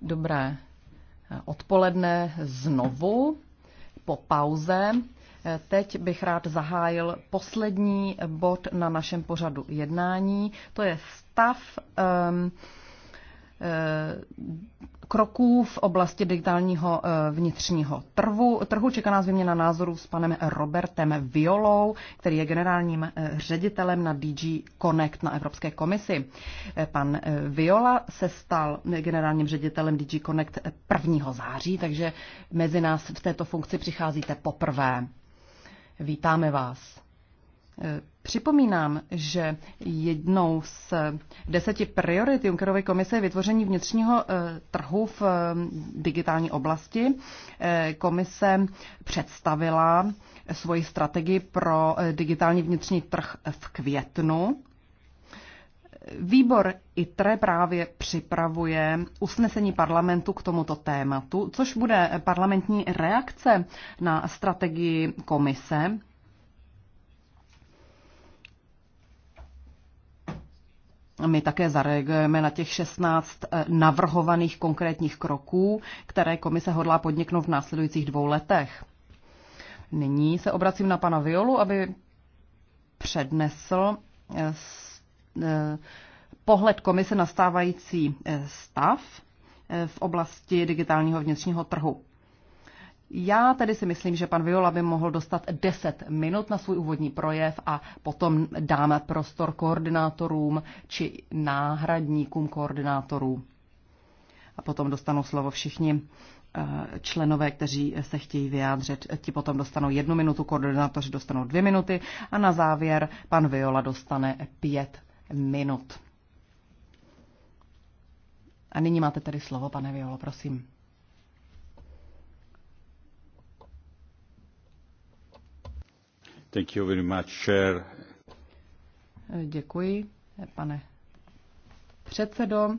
Dobré eh, odpoledne znovu po pauze. Eh, teď bych rád zahájil poslední bod na našem pořadu jednání. To je stav um, Eh, kroků v oblasti digitálního eh, vnitřního trhu. trhu. Čeká nás vyměna názorů s panem Robertem Violou, který je generálním eh, ředitelem na DG Connect na Evropské komisi. Pan Viola se stal generálním ředitelem DG Connect 1. září, takže mezi nás v této funkci přicházíte poprvé. Vítáme vás. Eh, připomínám, že jednou z eh, deseti priorit Junckerovy komise je vytvoření vnitřního eh, trhu v digitální oblasti. Komise představila svoji strategii pro digitální vnitřní trh v květnu. Výbor ITRE právě připravuje usnesení parlamentu k tomuto tématu, což bude parlamentní reakce na strategii komise My také zareagujeme na těch 16 eh, navrhovaných konkrétních kroků, které komise hodlá podniknout v následujících dvou letech. Nyní se obracím na pana Violu, aby přednesl eh, eh, pohled komise na stávající stav v oblasti digitálního vnitřního trhu. Já tedy si myslím, že pan Viola by mohl dostat 10 minut na svůj úvodní projev a potom dáme prostor koordinátorům či náhradníkům koordinátorů. A potom dostanou slovo všichni eh, členové, kteří se chtějí vyjádřit. Ti potom dostanou jednu minutu, koordinátoři dostanou dvě minuty a na závěr pan Viola dostane pět minut. A nyní máte tedy slovo, pane Violo, prosím. Thank you very much, Chair. Děkuji, pane předsedo,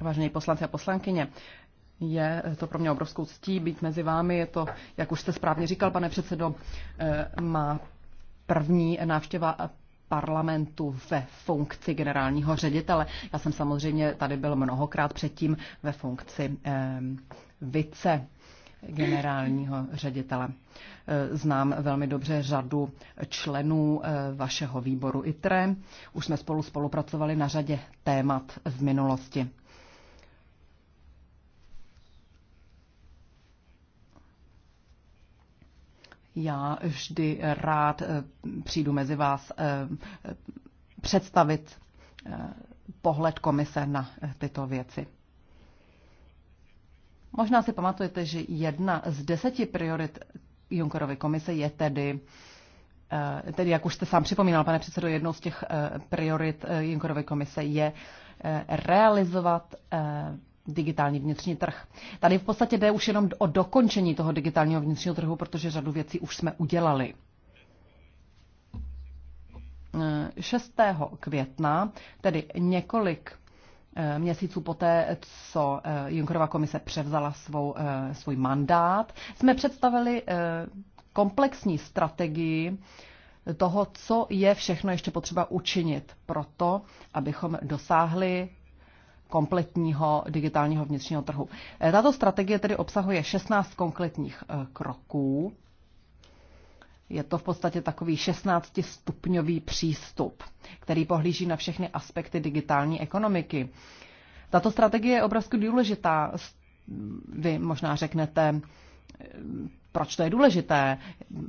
vážení poslanci a poslankyně. Je to pro mě obrovskou ctí být mezi vámi. Je to, jak už jste správně říkal, pane předsedo, eh, má první návštěva parlamentu ve funkci generálního ředitele. Já jsem samozřejmě tady byl mnohokrát předtím ve funkci eh, vice generálního ředitele. Eh, znám velmi dobře řadu členů eh, vašeho výboru ITRE. Už jsme spolu spolupracovali na řadě témat v minulosti. Já vždy rád eh, přijdu mezi vás představit pohled komise na tyto věci. Možná si pamatujete, že jedna z deseti priorit Junckerovy komise je tedy eh, tedy jak už jste sám připomínal, pane předsedo, jednou z těch eh, priorit eh, Junckerovy komise je realizovat digitální vnitřní trh. Tady v podstatě jde už jenom o dokončení toho digitálního vnitřního trhu, protože řadu věcí už jsme udělali. 6. května, tedy několik Eh, měsíců poté, co eh, Junckerova komise převzala svou, eh, svůj mandát, jsme představili komplexní strategii toho, co je všechno ještě potřeba učinit pro to, abychom dosáhli kompletního digitálního vnitřního trhu. Tato strategie tedy obsahuje 16 konkrétních kroků je to v podstatě takový 16-stupňový přístup, který pohlíží na všechny aspekty digitální ekonomiky. Tato strategie je obrovsky důležitá. Vy možná řeknete, proč to je důležité?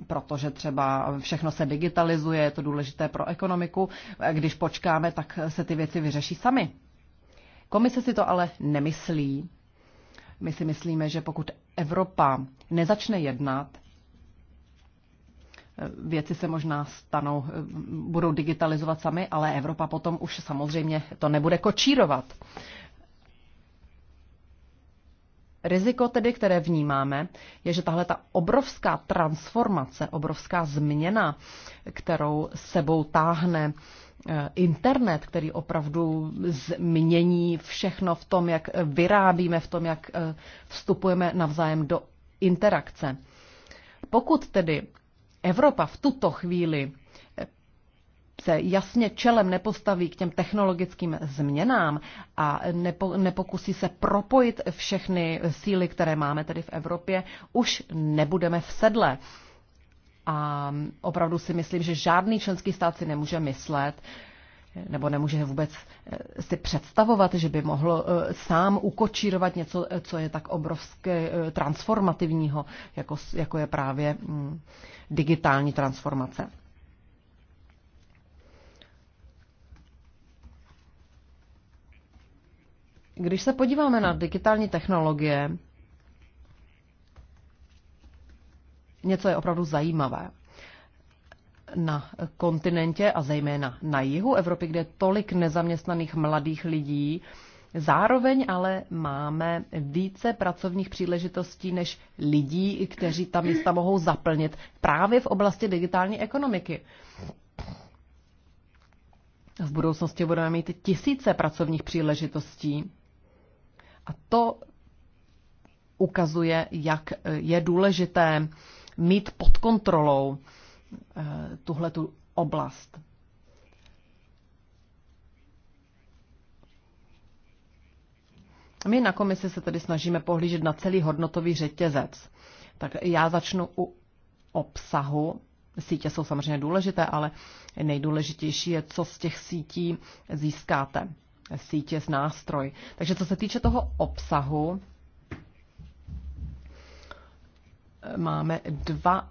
Protože třeba všechno se digitalizuje, je to důležité pro ekonomiku. Když počkáme, tak se ty věci vyřeší sami. Komise si to ale nemyslí. My si myslíme, že pokud Evropa nezačne jednat, věci se možná stanou, budou digitalizovat sami, ale Evropa potom už samozřejmě to nebude kočírovat. Riziko tedy, které vnímáme, je, že tahle ta obrovská transformace, obrovská změna, kterou sebou táhne eh, internet, který opravdu změní všechno v tom, jak vyrábíme, v tom, jak eh, vstupujeme navzájem do interakce. Pokud tedy Evropa v tuto chvíli eh, se jasně čelem nepostaví k těm technologickým změnám a nepo, nepokusí se propojit všechny síly, které máme tedy v Evropě, už nebudeme v sedle. A opravdu si myslím, že žádný členský stát si nemůže myslet, nebo nemůže vůbec eh, si představovat, že by mohl eh, sám ukočírovat něco, eh, co je tak obrovské transformativního, jako, jako je právě mm, digitální transformace. Když se podíváme na digitální technologie, něco je opravdu zajímavé na kontinentě a zejména na jihu Evropy, kde je tolik nezaměstnaných mladých lidí. Zároveň ale máme více pracovních příležitostí než lidí, kteří ta místa mohou zaplnit právě v oblasti digitální ekonomiky. V budoucnosti budeme mít tisíce pracovních příležitostí. A to ukazuje, jak je důležité mít pod kontrolou Eh, tuhletu oblast. My na komisi se tedy snažíme pohlížet na celý hodnotový řetězec. Tak já začnu u obsahu. Sítě jsou samozřejmě důležité, ale nejdůležitější je, co z těch sítí získáte. Sítě z nástroj. Takže co se týče toho obsahu, máme dva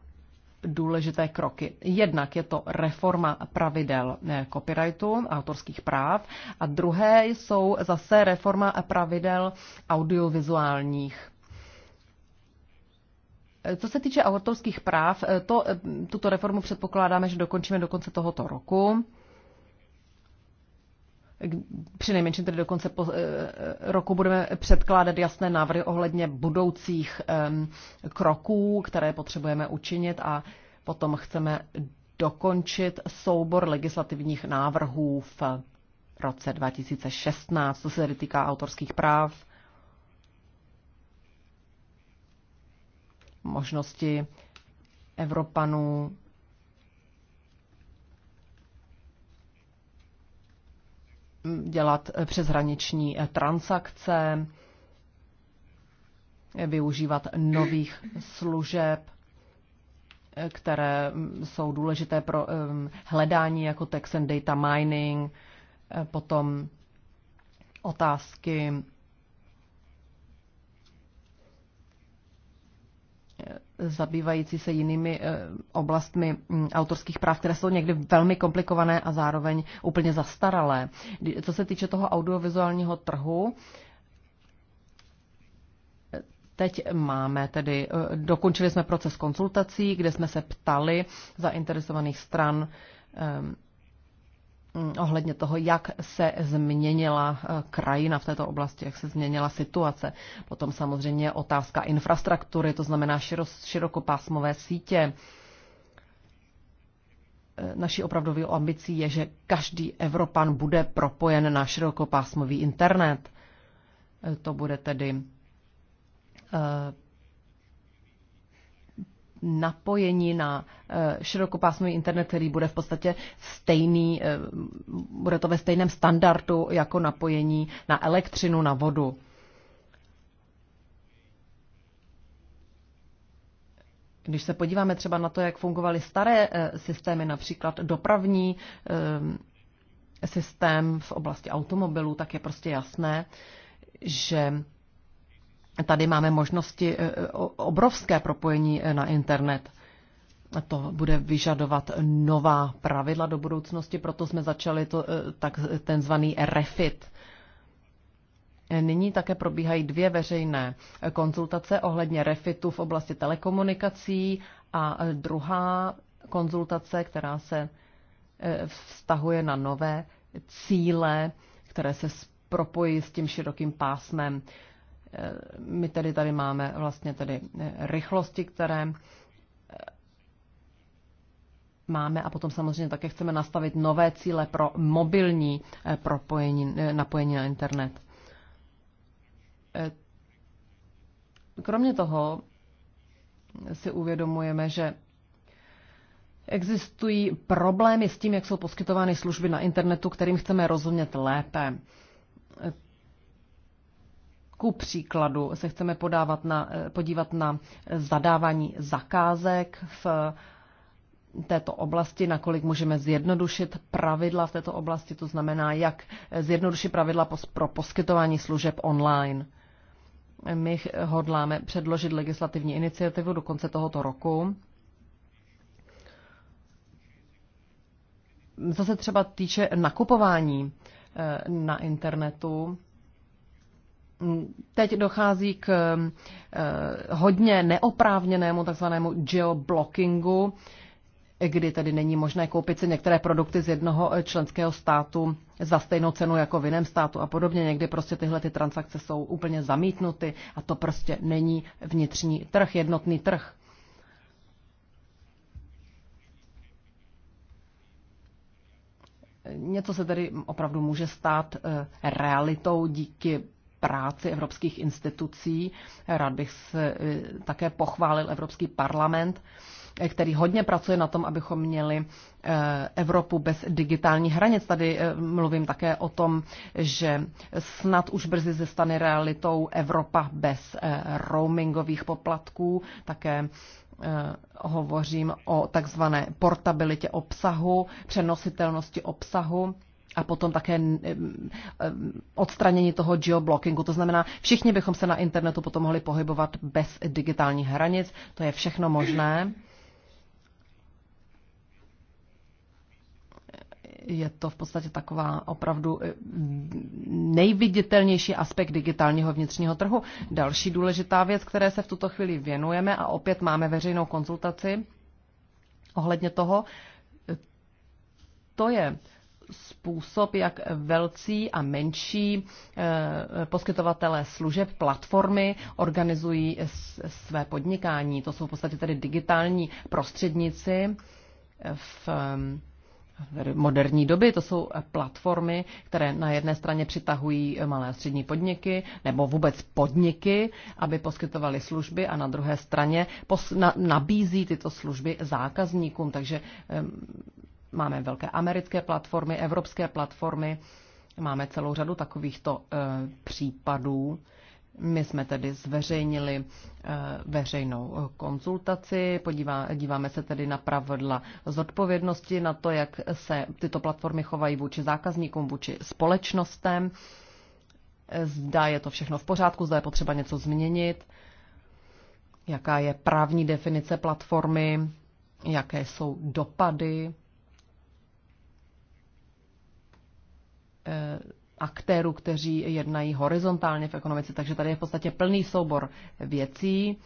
důležité kroky. Jednak je to reforma pravidel eh, copyrightu, autorských práv, a druhé jsou zase reforma pravidel audiovizuálních. Eh, co se týče autorských práv, eh, to, tuto reformu předpokládáme, že dokončíme do konce tohoto roku nejmenším tedy do konce eh, eh, roku budeme předkládat jasné návrhy ohledně budoucích kroků, které potřebujeme učinit a potom chceme dokončit soubor legislativních návrhů v roce 2016, co se tedy týká autorských práv, možnosti Evropanů dělat přeshraniční transakce, využívat nových služeb, které jsou důležité pro hledání jako text and data mining, potom otázky zabývající se jinými eh, oblastmi mm, autorských práv, které jsou někdy velmi komplikované a zároveň úplně zastaralé. Co se týče toho audiovizuálního trhu, Teď máme tedy, eh, dokončili jsme proces konzultací, kde jsme se ptali zainteresovaných stran eh, Mm, ohledně toho, jak se změnila eh, krajina v této oblasti, jak se změnila situace. Potom samozřejmě otázka infrastruktury, to znamená širokopásmové sítě. Eh, naší opravdovou ambicí je, že každý Evropan bude propojen na širokopásmový internet. Eh, to bude tedy napojení na eh, širokopásmový internet, který bude v podstatě stejný, eh, bude to ve stejném standardu jako napojení na elektřinu, na vodu. Když se podíváme třeba na to, jak fungovaly staré eh, systémy, například dopravní systém v oblasti automobilů, tak je prostě jasné, že Tady máme možnosti e, e, obrovské propojení e, na internet. To bude vyžadovat nová pravidla do budoucnosti, proto jsme začali to, tak, ten zvaný refit. Nyní také probíhají dvě veřejné konzultace ohledně refitu v oblasti telekomunikací a druhá konzultace, která se vztahuje na nové cíle, které se propojí s tím širokým pásmem my tedy tady máme vlastně tedy eh, rychlosti, které eh, máme a potom samozřejmě také chceme nastavit nové cíle pro mobilní eh, propojení, napojení na internet. Kromě toho si uvědomujeme, že existují problémy s tím, jak jsou poskytovány služby na internetu, kterým chceme rozumět lépe. Ku příkladu se chceme podávat na, eh, podívat na eh, zadávání zakázek v eh, této oblasti, nakolik můžeme zjednodušit pravidla v této oblasti, to znamená, jak zjednodušit pravidla pro poskytování služeb online. My hodláme předložit legislativní iniciativu do konce tohoto roku. Zase třeba týče nakupování na internetu, Mm, teď dochází k mm, eh, hodně neoprávněnému takzvanému geoblockingu, kdy tedy není možné koupit si některé produkty z jednoho eh, členského státu za stejnou cenu jako v jiném státu a podobně. Někdy prostě tyhle ty transakce jsou úplně zamítnuty a to prostě není vnitřní trh, jednotný trh. Něco se tedy opravdu může stát eh, realitou díky práci evropských institucí. Rád bych se e, také pochválil Evropský parlament, e, který hodně pracuje na tom, abychom měli e, Evropu bez digitálních hranic. Tady mluvím také o tom, že snad už brzy se stane realitou Evropa bez roamingových poplatků. Také hovořím o takzvané portabilitě obsahu, přenositelnosti obsahu a potom také mm, mm, odstranění toho geoblockingu. To znamená, všichni bychom se na internetu potom mohli pohybovat bez digitálních hranic. To je všechno možné. Je to v podstatě taková opravdu eh, mm, nejviditelnější aspekt digitálního vnitřního trhu. Další důležitá věc, které se v tuto chvíli věnujeme a opět máme veřejnou konzultaci ohledně toho, eh, to je způsob, jak velcí a menší eh, poskytovatelé služeb, platformy organizují své podnikání. To jsou v podstatě tedy digitální prostředníci v eh, moderní doby. To jsou eh, platformy, které na jedné straně přitahují malé a střední podniky nebo vůbec podniky, aby poskytovaly služby a na druhé straně pos- na- nabízí tyto služby zákazníkům. Takže Máme velké americké platformy, evropské platformy, máme celou řadu takovýchto eh, případů. My jsme tedy zveřejnili eh, veřejnou eh, konzultaci, podívá, díváme se tedy na pravidla zodpovědnosti, na to, jak se tyto platformy chovají vůči zákazníkům, vůči společnostem, zda je to všechno v pořádku, zda je potřeba něco změnit, jaká je právní definice platformy, jaké jsou dopady Eh, aktérů, kteří jednají horizontálně v ekonomice. Takže tady je v podstatě plný soubor věcí,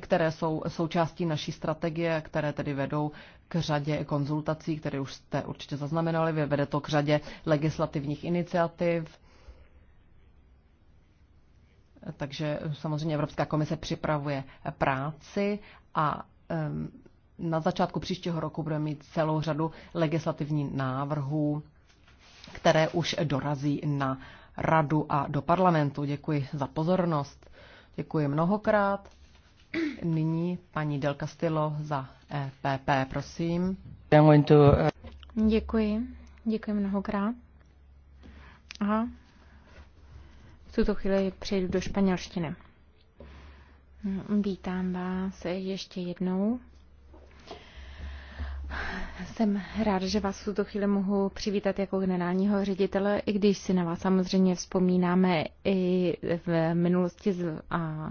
které jsou součástí naší strategie, které tedy vedou k řadě konzultací, které už jste určitě zaznamenali, vede to k řadě legislativních iniciativ. Takže samozřejmě Evropská komise připravuje práci a na začátku příštího roku budeme mít celou řadu legislativních návrhů které už dorazí na radu a do parlamentu. Děkuji za pozornost. Děkuji mnohokrát. Nyní paní Del Castillo za EPP, prosím. Děkuji. Děkuji mnohokrát. Aha. V tuto chvíli přejdu do španělštiny. Vítám vás ještě jednou. Jsem rád, že vás v tuto chvíli mohu přivítat jako generálního ředitele, i když si na vás samozřejmě vzpomínáme i v minulosti a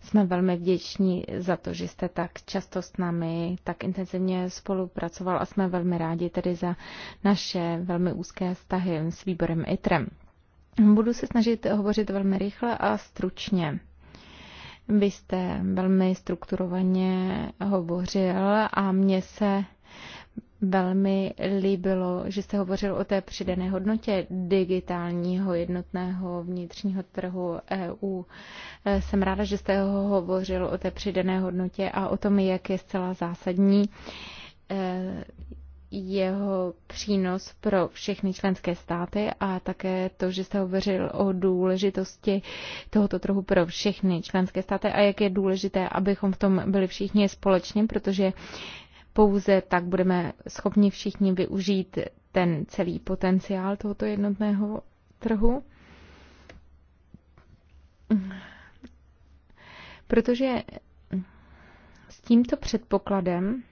jsme velmi vděční za to, že jste tak často s námi tak intenzivně spolupracoval a jsme velmi rádi tedy za naše velmi úzké vztahy s výborem ITREM. Budu se snažit hovořit velmi rychle a stručně. Vy jste velmi strukturovaně hovořil a mně se velmi líbilo, že jste hovořil o té přidané hodnotě digitálního jednotného vnitřního trhu EU. Jsem ráda, že jste ho hovořil o té přidané hodnotě a o tom, jak je zcela zásadní eh, jeho přínos pro všechny členské státy a také to, že jste hovořil o důležitosti tohoto trhu pro všechny členské státy a jak je důležité, abychom v tom byli všichni společně, protože pouze tak budeme schopni všichni využít ten celý potenciál tohoto jednotného trhu. Protože s tímto předpokladem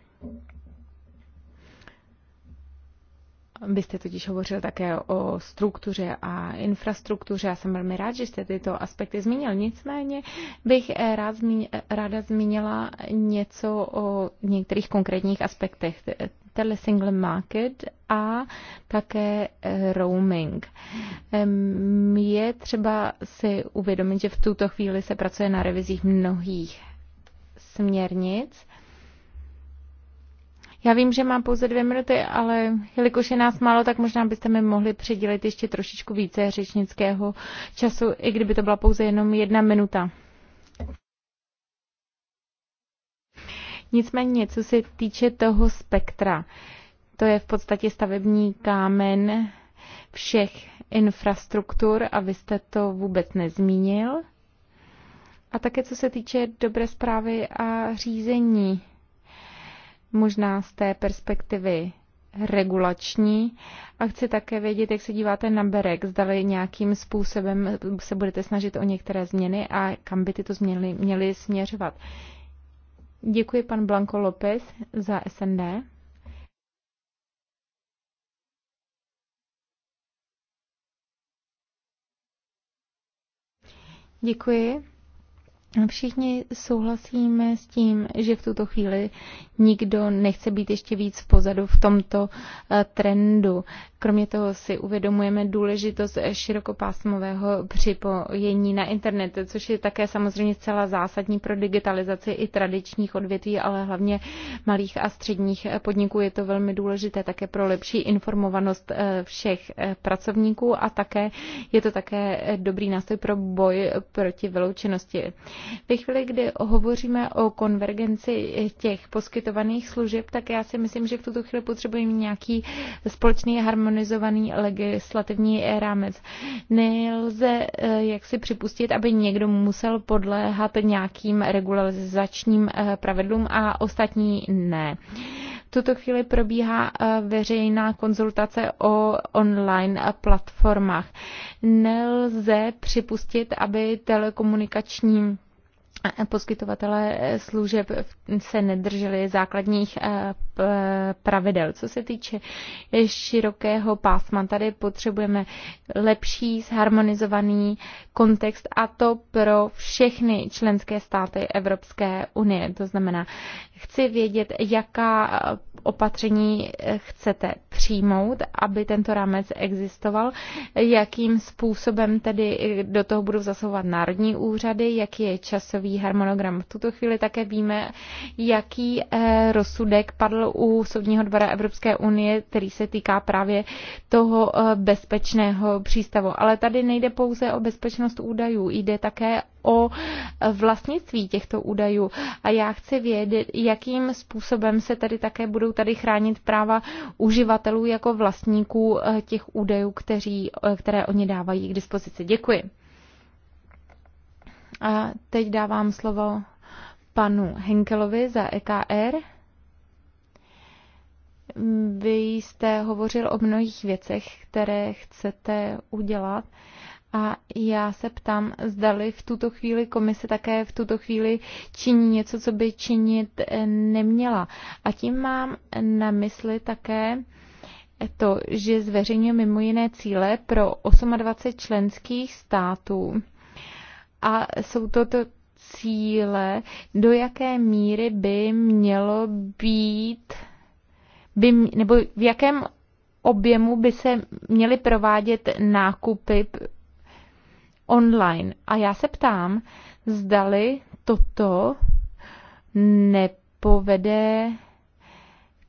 Vy jste totiž hovořil také o struktuře a infrastruktuře. Já jsem velmi rád, že jste tyto aspekty zmínil. Nicméně bych eh, rád zmi- eh, ráda zmínila něco o některých konkrétních aspektech. Tele single market a také eh, roaming. Je třeba si uvědomit, že v tuto chvíli se pracuje na revizích mnohých směrnic já vím, že mám pouze dvě minuty, ale jelikož je nás málo, tak možná byste mi mohli přidělit ještě trošičku více řečnického času, i kdyby to byla pouze jenom jedna minuta. Nicméně, co se týče toho spektra, to je v podstatě stavební kámen všech infrastruktur a vy jste to vůbec nezmínil. A také co se týče dobré zprávy a řízení možná z té perspektivy regulační a chci také vědět, jak se díváte na Berek, zdali nějakým způsobem se budete snažit o některé změny a kam by tyto změny měly směřovat. Děkuji pan Blanco López za SND. Děkuji. Všichni souhlasíme s tím, že v tuto chvíli nikdo nechce být ještě víc pozadu v tomto eh, trendu. Kromě toho si uvědomujeme důležitost eh, širokopásmového připojení na internet, což je také samozřejmě zcela zásadní pro digitalizaci i tradičních odvětví, ale hlavně malých a středních eh, podniků. Je to velmi důležité také pro lepší informovanost všech pracovníků a také je to také dobrý nástroj pro boj proti vyloučenosti. Ve chvíli, kdy hovoříme o konvergenci eh, těch poskytovaných služeb, tak já si myslím, že v tuto chvíli potřebujeme nějaký společný harmonizovaný legislativní rámec. Nelze eh, jak si připustit, aby někdo musel podléhat nějakým regularizačním eh, pravidlům a ostatní ne V tuto chvíli probíhá veřejná konzultace o online platformách. Nelze připustit, aby telekomunikační poskytovatelé eh, služeb se nedrželi základních eh, pravidel. Co se týče eh, širokého pásma, tady potřebujeme lepší zharmonizovaný kontext a to pro všechny členské státy Evropské unie. To znamená, chci vědět, jaká opatření chcete přijmout, aby tento rámec existoval, jakým způsobem tedy do toho budou zasahovat národní úřady, jaký je časový časový harmonogram. V tuto chvíli také víme, jaký eh, rozsudek padl u Soudního dvora Evropské unie, který se týká právě toho eh, bezpečného přístavu. Ale tady nejde pouze o bezpečnost údajů, jde také o eh, vlastnictví těchto údajů. A já chci vědět, jakým způsobem se tady také budou tady chránit práva uživatelů jako vlastníků těch údajů, kteří, které oni dávají k dispozici. Děkuji. A teď dávám slovo panu Henkelovi za EKR. Vy jste hovořil o mnohých věcech, které chcete udělat. A já se ptám, zdali v tuto chvíli komise také v tuto chvíli činí něco, co by činit eh, neměla. A tím mám na mysli také to, že zveřejňuje mimo jiné cíle pro 28 členských států a jsou to, to cíle, do jaké míry by mělo být, by, nebo v jakém objemu by se měly provádět nákupy online. A já se ptám, zdali toto nepovede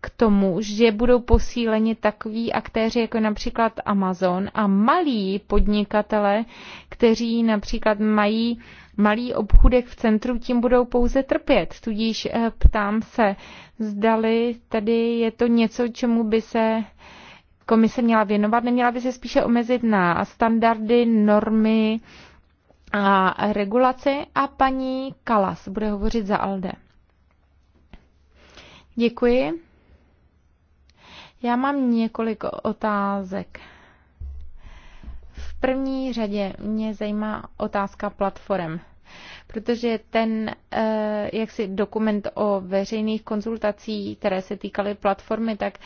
k tomu, že budou posíleni takoví aktéři, jako například Amazon a malí podnikatele, kteří například mají malý obchůdek v centru, tím budou pouze trpět. Tudíž eh, ptám se, zdali tady je to něco, čemu by se komise měla věnovat, neměla by se spíše omezit na standardy, normy a regulaci. A paní Kalas bude hovořit za ALDE. Děkuji. Já mám několik otázek. V první řadě mě zajímá otázka platform protože ten eh, jaksi dokument o veřejných konzultacích, které se týkaly platformy, tak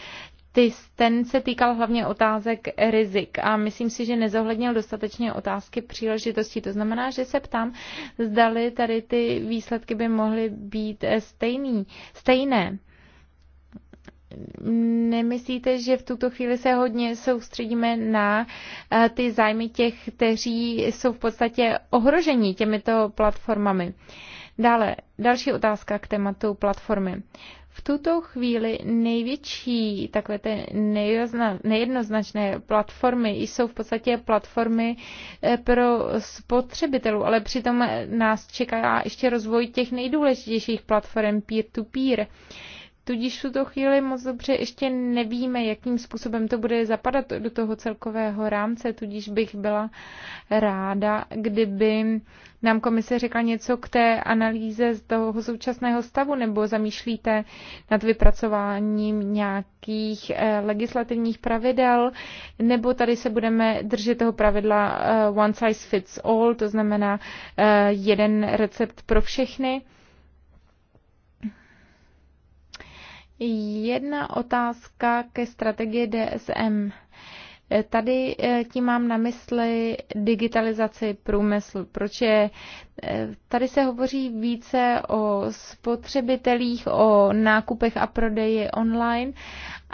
ty, ten se týkal hlavně otázek rizik a myslím si, že nezohlednil dostatečně otázky příležitostí. To znamená, že se ptám, zdali tady ty výsledky by mohly být eh, stejný, stejné nemyslíte, že v tuto chvíli se hodně soustředíme na eh, ty zájmy těch, kteří jsou v podstatě ohroženi těmito platformami? Dále, další otázka k tématu platformy. V tuto chvíli největší takové ty nejednoznačné platformy jsou v podstatě platformy eh, pro spotřebitelů, ale přitom eh, nás čeká ještě rozvoj těch nejdůležitějších platform peer-to-peer. -peer. -to peer peer Tudíž v tuto chvíli moc dobře ještě nevíme, jakým způsobem to bude zapadat do toho celkového rámce, tudíž bych byla ráda, kdyby nám komise řekla něco k té analýze z toho současného stavu, nebo zamýšlíte nad vypracováním nějakých eh, legislativních pravidel, nebo tady se budeme držet toho pravidla eh, one size fits all, to znamená eh, jeden recept pro všechny. Jedna otázka ke strategii DSM. Eh, tady eh, tím mám na mysli digitalizaci průmyslu, proč je, eh, tady se hovoří více o spotřebitelích, o nákupech a prodeji online,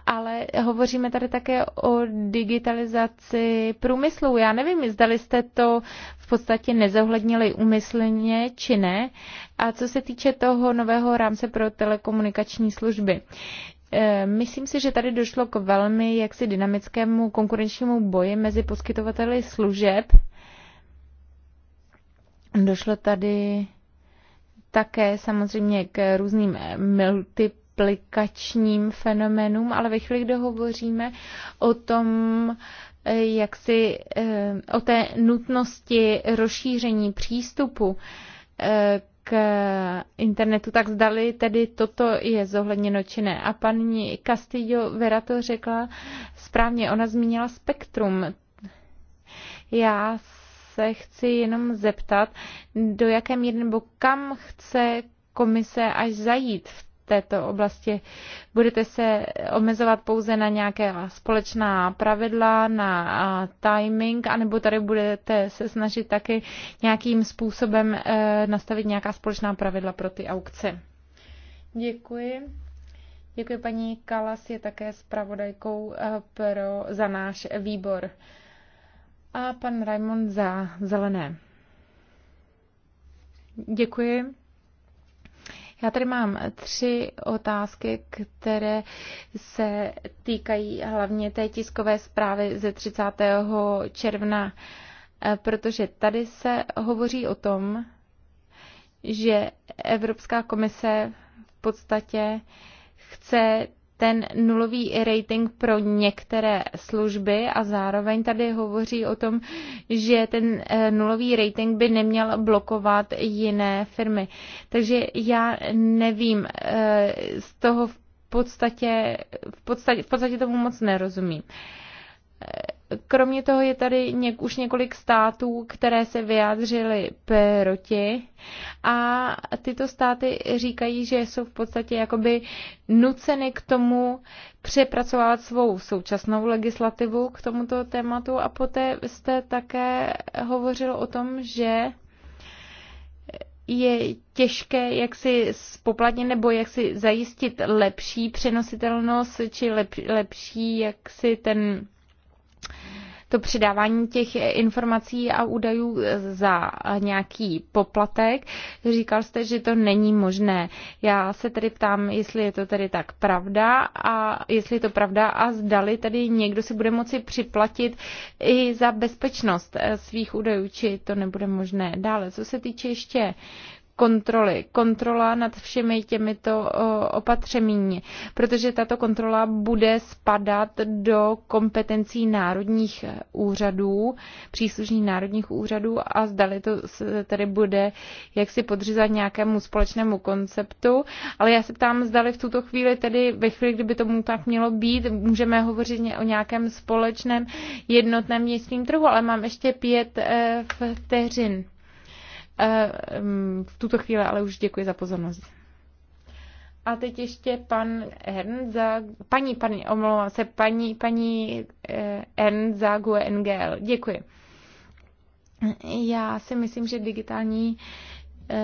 ale hovoříme tady také o digitalizaci průmyslu. Já nevím, zdali jste to v podstatě nezohlednili umyslně či ne. A co se týče toho nového rámce pro telekomunikační služby, Eh, myslím si, že tady došlo k velmi jaksi dynamickému konkurenčnímu boji mezi poskytovateli služeb. Došlo tady také samozřejmě k různým eh, multiplikačním fenoménům, ale ve chvíli, kdy hovoříme o tom, eh, jak si o té nutnosti rozšíření přístupu k internetu, tak zdali tedy toto je zohledněno či ne. A paní Castillo Vera to řekla správně, ona zmínila spektrum. Já se chci jenom zeptat, do jaké míry nebo kam chce komise až zajít v této oblasti. Budete se omezovat pouze na nějaké společná pravidla, na timing, anebo tady budete se snažit taky nějakým způsobem e, nastavit nějaká společná pravidla pro ty aukce. Děkuji. Děkuji paní Kalas, je také zpravodajkou e, pro, za náš výbor. A pan Raimond za zelené. Děkuji. Já tady mám tři otázky, které se týkají hlavně té tiskové zprávy ze 30. června, eh, protože tady se hovoří o tom, že Evropská komise v podstatě chce ten nulový rating pro některé služby a zároveň tady hovoří o tom, že ten eh, nulový rating by neměl blokovat jiné firmy. Takže já nevím, eh, z toho v podstatě, v podstatě, v podstatě tomu moc nerozumím. Kromě toho je tady něk, už několik států, které se vyjádřily proti a tyto státy říkají, že jsou v podstatě jakoby nuceny k tomu přepracovat svou současnou legislativu k tomuto tématu a poté jste také hovořil o tom, že je těžké jak si spoplatnit nebo jak si zajistit lepší přenositelnost či lep, lepší jak si ten to předávání těch informací a údajů za nějaký poplatek. Říkal jste, že to není možné. Já se tedy ptám, jestli je to tedy tak pravda a jestli je to pravda a zdali tedy někdo si bude moci připlatit i za bezpečnost svých údajů, či to nebude možné. Dále, co se týče ještě kontroly. Kontrola nad všemi těmito opatřeními, protože tato kontrola bude spadat do kompetencí národních úřadů, příslušných národních úřadů a zdali to tedy bude jaksi podřizat nějakému společnému konceptu. Ale já se ptám, zdali v tuto chvíli, tedy ve chvíli, kdyby tomu tak mělo být, můžeme hovořit o nějakém společném jednotném městním trhu, ale mám ještě pět eh, vteřin. Eh, v tuto chvíli ale už děkuji za pozornost. A teď ještě pan Ernza, za, paní, paní, omlouvám se, paní, paní eh, Ernza za Děkuji. Já si myslím, že digitální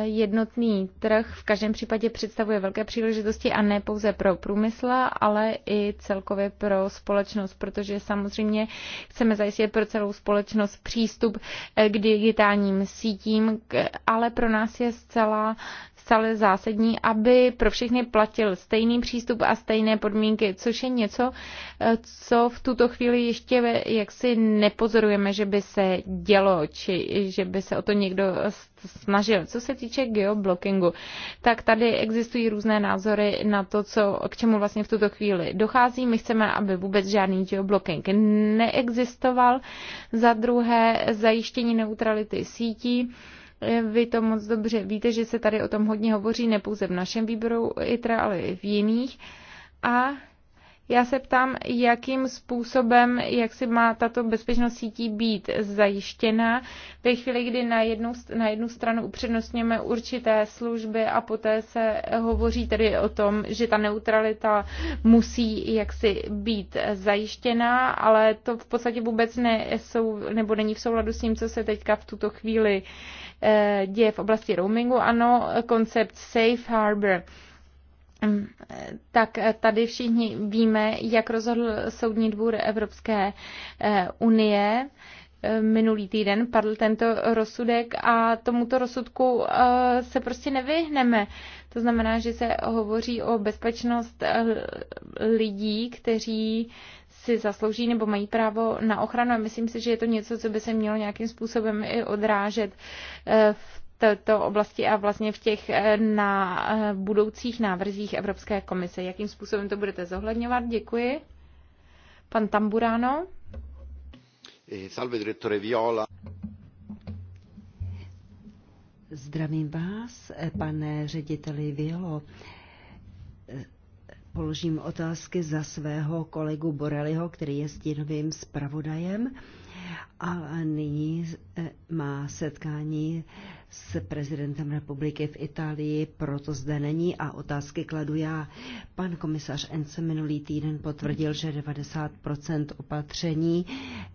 jednotný trh v každém případě představuje velké příležitosti a ne pouze pro průmysl, ale i celkově pro společnost, protože samozřejmě chceme zajistit pro celou společnost přístup k digitálním sítím, ale pro nás je zcela stále zásadní, aby pro všechny platil stejný přístup a stejné podmínky, což je něco, eh, co v tuto chvíli ještě eh, jaksi nepozorujeme, že by se dělo, či že by se o to někdo snažil. Co se týče geoblockingu, tak tady existují různé názory na to, co, k čemu vlastně v tuto chvíli dochází. My chceme, aby vůbec žádný geoblocking neexistoval. Za druhé, zajištění neutrality sítí. Vy to moc dobře víte, že se tady o tom hodně hovoří, ne pouze v našem výboru ITRA, ale i v jiných. A já se ptám, jakým způsobem, jak si má tato bezpečnost sítí být zajištěna ve chvíli, kdy na jednu, na jednu stranu upřednostňujeme určité služby a poté se hovoří tedy o tom, že ta neutralita musí jaksi být zajištěna, ale to v podstatě vůbec ne, jsou, nebo není v souladu s tím, co se teďka v tuto chvíli eh, děje v oblasti roamingu. Ano, koncept Safe Harbor tak eh, tady všichni víme, jak rozhodl Soudní dvůr Evropské eh, unie. Eh, minulý týden padl tento rozsudek a tomuto rozsudku se prostě nevyhneme. To znamená, že se hovoří o bezpečnost lidí, kteří si zaslouží nebo mají právo na ochranu. A myslím si, že je to něco, co by se mělo nějakým způsobem i odrážet v této oblasti a vlastně v těch eh, na eh, budoucích návrzích Evropské komise. Jakým způsobem to budete zohledňovat? Děkuji. Pan Tamburano. Eh, salve, direttore Viola. Zdravím vás, pane řediteli Violo. Položím otázky za svého kolegu Boreliho, který je stínovým zpravodajem a nyní má setkání s prezidentem republiky v Itálii, proto zde není a otázky kladu já. Pan komisař Ence minulý týden potvrdil, že 90 opatření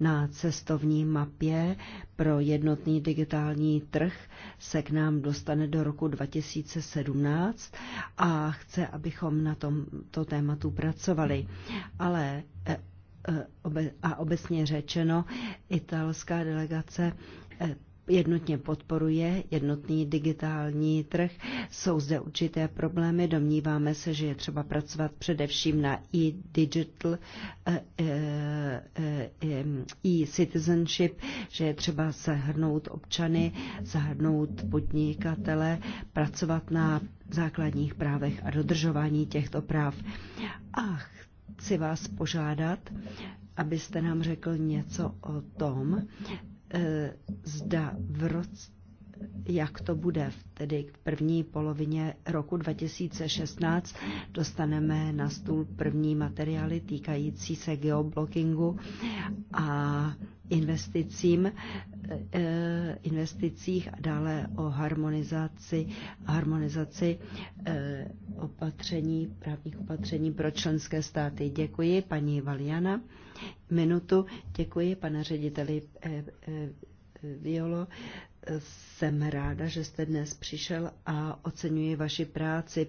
na cestovní mapě pro jednotný digitální trh se k nám dostane do roku 2017 a chce, abychom na tomto tématu pracovali. Ale e, e, a obecně řečeno, italská delegace e, jednotně podporuje jednotný digitální trh. Jsou zde určité problémy, domníváme se, že je třeba pracovat především na e-digital, eh, eh, eh, e-citizenship, že je třeba zahrnout občany, zahrnout podnikatele, pracovat na základních právech a dodržování těchto práv. A chci vás požádat, abyste nám řekl něco o tom, Eh, zda v roce, jak to bude v tedy k první polovině roku 2016, dostaneme na stůl první materiály týkající se geoblockingu a investicím, eh, investicích a dále o harmonizaci, harmonizaci eh, opatření, právních opatření pro členské státy. Děkuji, paní Valiana. Minutu. Děkuji, pane řediteli eh, Violo. Jsem ráda, že jste dnes přišel a oceňuji vaši práci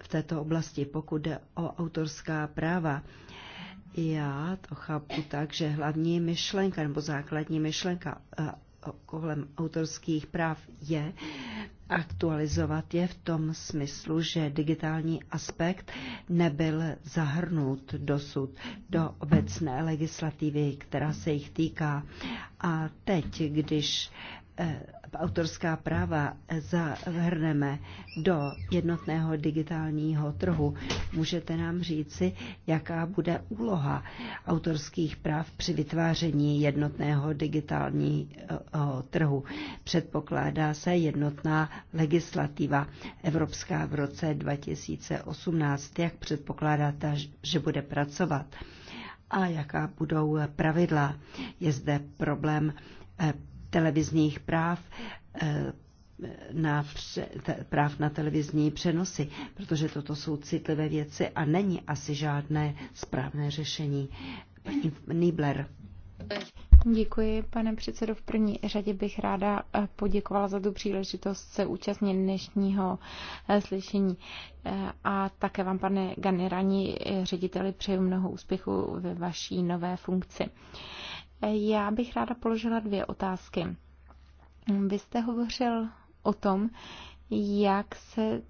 v této oblasti, pokud jde o autorská práva já to chápu tak, že hlavní myšlenka nebo základní myšlenka eh, kolem autorských práv je aktualizovat je v tom smyslu, že digitální aspekt nebyl zahrnut dosud do obecné legislativy, která se jich týká. A teď, když eh, autorská práva zahrneme do jednotného digitálního trhu, můžete nám říci, jaká bude úloha autorských práv při vytváření jednotného digitálního trhu. Předpokládá se jednotná legislativa evropská v roce 2018. Jak předpokládáte, že bude pracovat? A jaká budou pravidla? Je zde problém televizních práv eh, na pře, te, práv na televizní přenosy, protože toto jsou citlivé věci a není asi žádné správné řešení. Paní Nibler. Děkuji, pane předsedo. V první řadě bych ráda eh, poděkovala za tu příležitost se účastnit dnešního eh, slyšení. A také vám, pane generální řediteli, přeju mnoho úspěchu ve vaší nové funkci. Já bych ráda položila dvě otázky. Vy jste hovořil o tom, jak se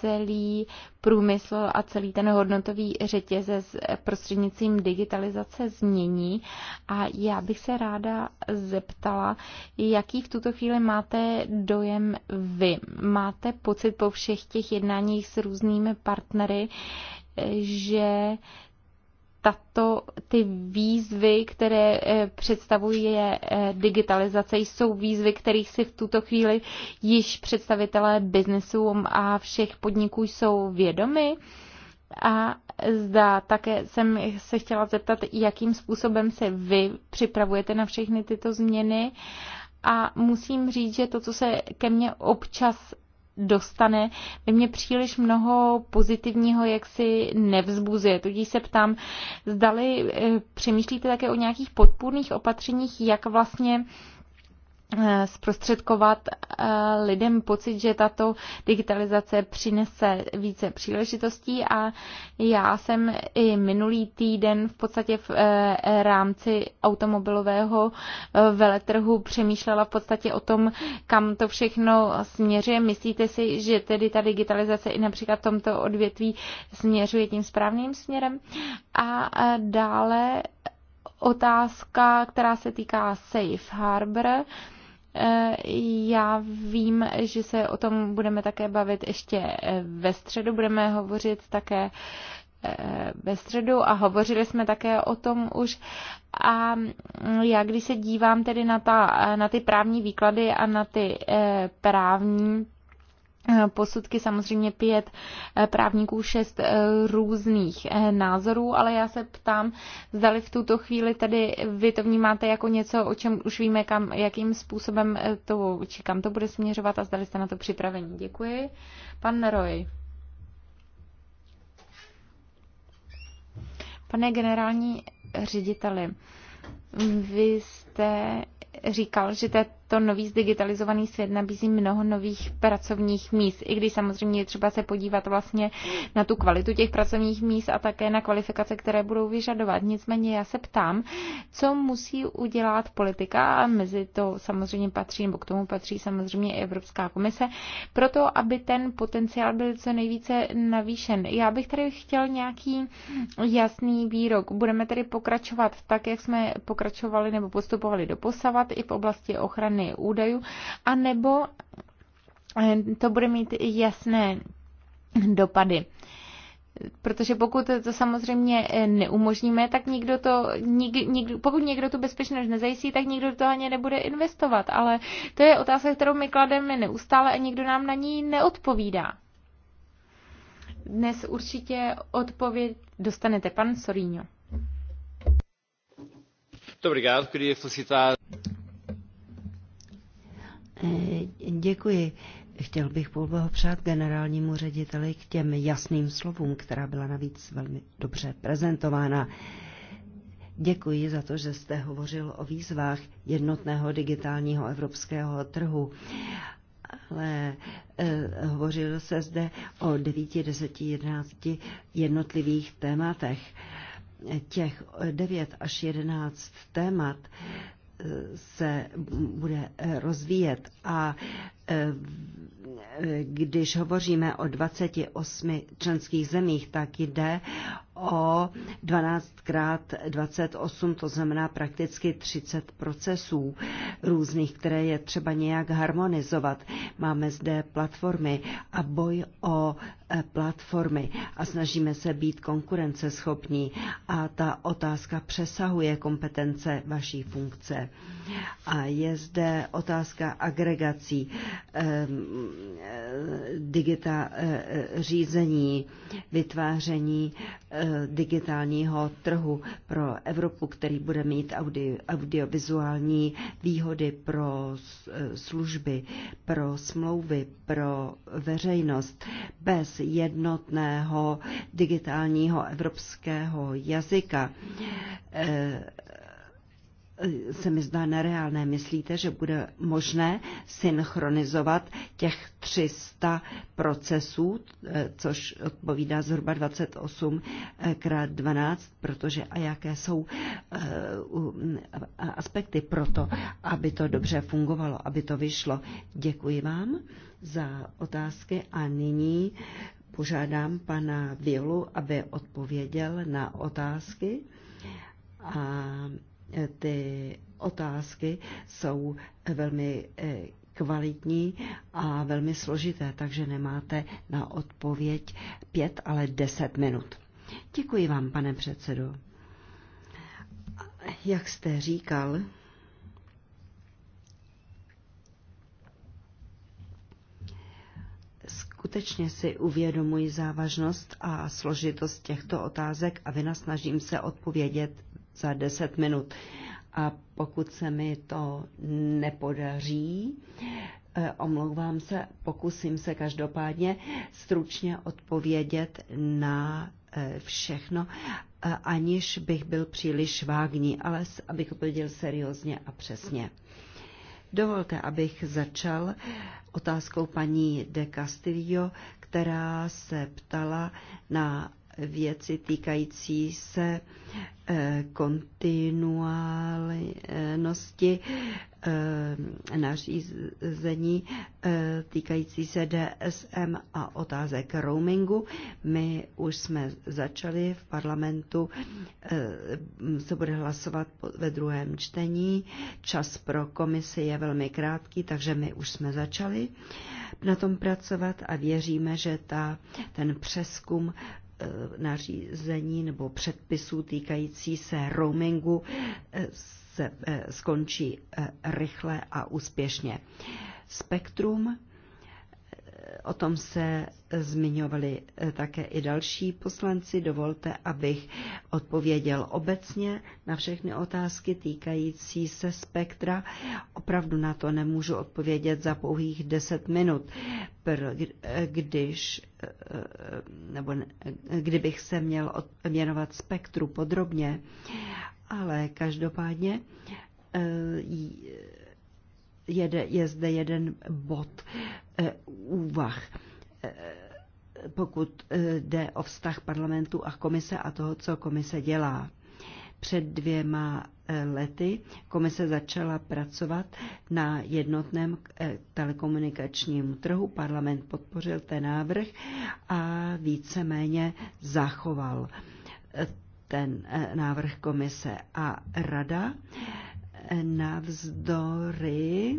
celý průmysl a celý ten hodnotový řetězec prostřednictvím digitalizace změní. A já bych se ráda zeptala, jaký v tuto chvíli máte dojem vy? Máte pocit po všech těch jednáních s různými partnery, že tato, ty výzvy, které eh, představuje eh, digitalizace, jsou výzvy, kterých si v tuto chvíli již představitelé biznesů a všech podniků jsou vědomi. A zda také jsem se chtěla zeptat, jakým způsobem se vy připravujete na všechny tyto změny. A musím říct, že to, co se ke mně občas dostane, ve mně příliš mnoho pozitivního jak si nevzbuzuje. Tudíž se ptám, zdali eh, přemýšlíte také o nějakých podpůrných opatřeních, jak vlastně Eh, zprostředkovat eh, lidem pocit, že tato digitalizace přinese více příležitostí a já jsem i minulý týden v podstatě v eh, rámci automobilového veletrhu přemýšlela v podstatě o tom, kam to všechno směřuje. Myslíte si, že tedy ta digitalizace i například v tomto odvětví směřuje tím správným směrem? A dále otázka, která se týká Safe Harbor Eh, já vím, že se o tom budeme také bavit ještě eh, ve středu. Budeme hovořit také eh, ve středu a hovořili jsme také o tom už. A já když se dívám tedy na, ta, na ty právní výklady a na ty právní posudky samozřejmě pět eh, právníků, šest eh, různých eh, názorů, ale já se ptám, zdali v tuto chvíli tady vy to vnímáte jako něco, o čem už víme, kam, jakým způsobem to, či kam to bude směřovat a zdali jste na to připraveni. Děkuji. Pan Roy. Pane generální řediteli, vy jste říkal, že té tento nový zdigitalizovaný svět nabízí mnoho nových pracovních míst, i když samozřejmě je třeba se podívat vlastně na tu kvalitu těch pracovních míst a také na kvalifikace, které budou vyžadovat. Nicméně já se ptám, co musí udělat politika a mezi to samozřejmě patří, nebo k tomu patří samozřejmě i Evropská komise, proto, aby ten potenciál byl co nejvíce navýšen. Já bych tady chtěl nějaký jasný výrok. Budeme tedy pokračovat tak, jak jsme pokračovali nebo postupovali do posavat i v oblasti ochrany ochrany údajů, anebo eh, to bude mít jasné dopady. Protože pokud to samozřejmě eh, neumožníme, tak nikdo to, nik, nik, pokud někdo tu bezpečnost nezajistí, tak nikdo do toho ani nebude investovat. Ale to je otázka, kterou my klademe neustále a nikdo nám na ní neodpovídá. Dnes určitě odpověď dostanete, pan Sorino. Eh, děkuji. Chtěl bych poblahopřát generálnímu řediteli k těm jasným slovům, která byla navíc velmi dobře prezentována. Děkuji za to, že jste hovořil o výzvách jednotného digitálního evropského trhu. Ale eh, hovořil se zde o 9, 10, 11 jednotlivých tématech. Těch 9 až 11 témat se bude rozvíjet a e, když hovoříme o 28 členských zemích, tak jde o 12 krát 28, to znamená prakticky 30 procesů různých, které je třeba nějak harmonizovat. Máme zde platformy a boj o e, platformy a snažíme se být konkurenceschopní a ta otázka přesahuje kompetence vaší funkce. A je zde otázka agregací, e, digita, e, řízení, vytváření Eh, digitálního trhu pro Evropu, který bude mít audio, audiovizuální výhody pro eh, služby, pro smlouvy, pro veřejnost. Bez jednotného digitálního evropského jazyka eh, se mi zdá nereálné. Myslíte, že bude možné synchronizovat těch 300 procesů, eh, což odpovídá zhruba 28 krát 12, protože a jaké jsou eh, aspekty pro to, aby to dobře fungovalo, aby to vyšlo. Děkuji vám za otázky a nyní požádám pana Vilu, aby odpověděl na otázky. A ty otázky jsou velmi eh, kvalitní a velmi složité, takže nemáte na odpověď pět, ale deset minut. Děkuji vám, pane předsedo. Jak jste říkal, skutečně si uvědomuji závažnost a složitost těchto otázek a vynasnažím se odpovědět za 10 minut. A pokud se mi to nepodaří, eh, omlouvám se, pokusím se každopádně stručně odpovědět na eh, všechno, eh, aniž bych byl příliš vágní, ale abych odpověděl seriózně a přesně. Dovolte, abych začal otázkou paní de Castillo, která se ptala na věci týkající se eh, kontinuálnosti eh, nařízení eh, týkající se DSM a otázek roamingu. My už jsme začali v parlamentu, se bude hlasovat ve druhém čtení. Čas pro komisi je velmi krátký, takže my už jsme začali na tom pracovat a věříme, že ta, ten přeskum Eh, nařízení nebo předpisů týkající se roamingu eh, se eh, skončí rychle a úspěšně. Spektrum O tom se zmiňovali eh, také i další poslanci. Dovolte, abych odpověděl obecně na všechny otázky týkající se spektra. Opravdu na to nemůžu odpovědět za pouhých 10 minut, eh, když eh, nebo kdybych se měl věnovat spektru podrobně. Ale každopádně jede, je zde jeden bod eh, úvah eh, pokud eh, jde o vztah parlamentu a komise a toho, co komise dělá. Před dvěma lety komise začala pracovat na jednotném telekomunikačním trhu. Parlament podpořil ten návrh a víceméně zachoval ten návrh komise a rada navzdory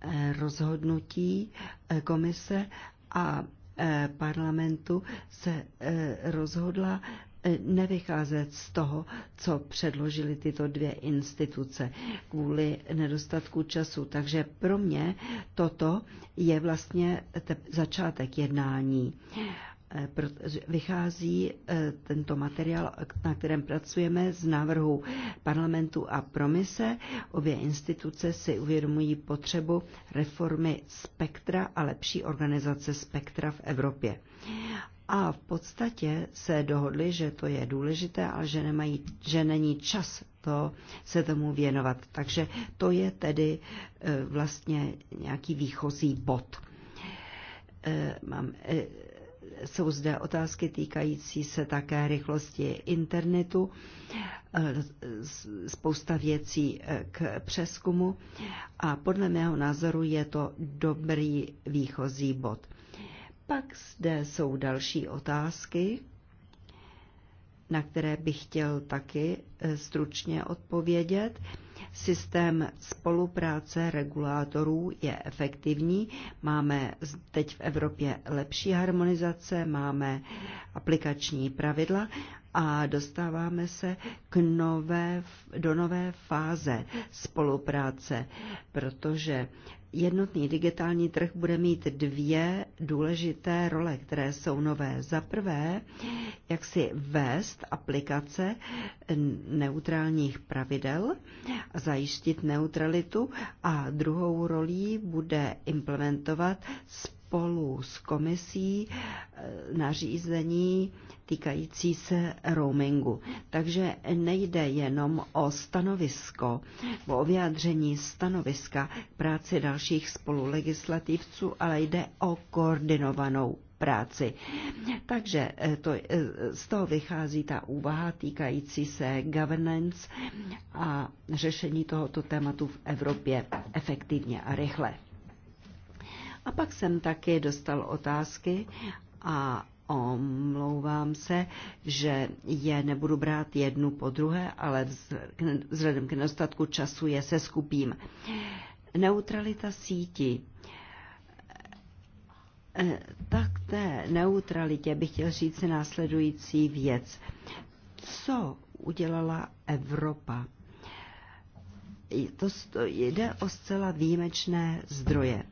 eh, rozhodnutí eh, komise a eh, parlamentu se rozhodla nevycházet z toho, co předložili tyto dvě instituce kvůli nedostatku času. Takže pro mě toto je vlastně začátek jednání. Eh, vychází eh, tento materiál, na kterém pracujeme, z návrhu parlamentu a promise. Obě instituce si uvědomují potřebu reformy spektra a lepší organizace spektra v Evropě. A v podstatě se dohodli, že to je důležité, ale že, nemají, že není čas to, se tomu věnovat. Takže to je tedy eh, vlastně nějaký výchozí bod. Mám, jsou zde otázky týkající se také rychlosti internetu, eh, spousta věcí eh, k přeskumu a podle mého názoru je to dobrý výchozí bod. Pak zde jsou další otázky, na které bych chtěl taky eh, stručně odpovědět. Systém spolupráce regulátorů je efektivní. Máme teď v Evropě lepší harmonizace, máme aplikační pravidla a dostáváme se k nové, do nové fáze spolupráce, protože Jednotný digitální trh bude mít dvě důležité role, které jsou nové. Za prvé, jak si vést aplikace neutrálních pravidel a zajistit neutralitu a druhou rolí bude implementovat spolu s komisí eh, nařízení týkající se roamingu. Takže nejde jenom o stanovisko, o vyjádření stanoviska práci dalších spolulegislativců, ale jde o koordinovanou práci. Takže eh, to, eh, z toho vychází ta úvaha týkající se governance a řešení tohoto tématu v Evropě efektivně a rychle. A pak jsem taky dostal otázky a omlouvám se, že je nebudu brát jednu po druhé, ale vzhledem k nedostatku času je se skupím. Neutralita síti. E, tak té neutralitě bych chtěl říct si následující věc. Co udělala Evropa? To jde o zcela výjimečné zdroje.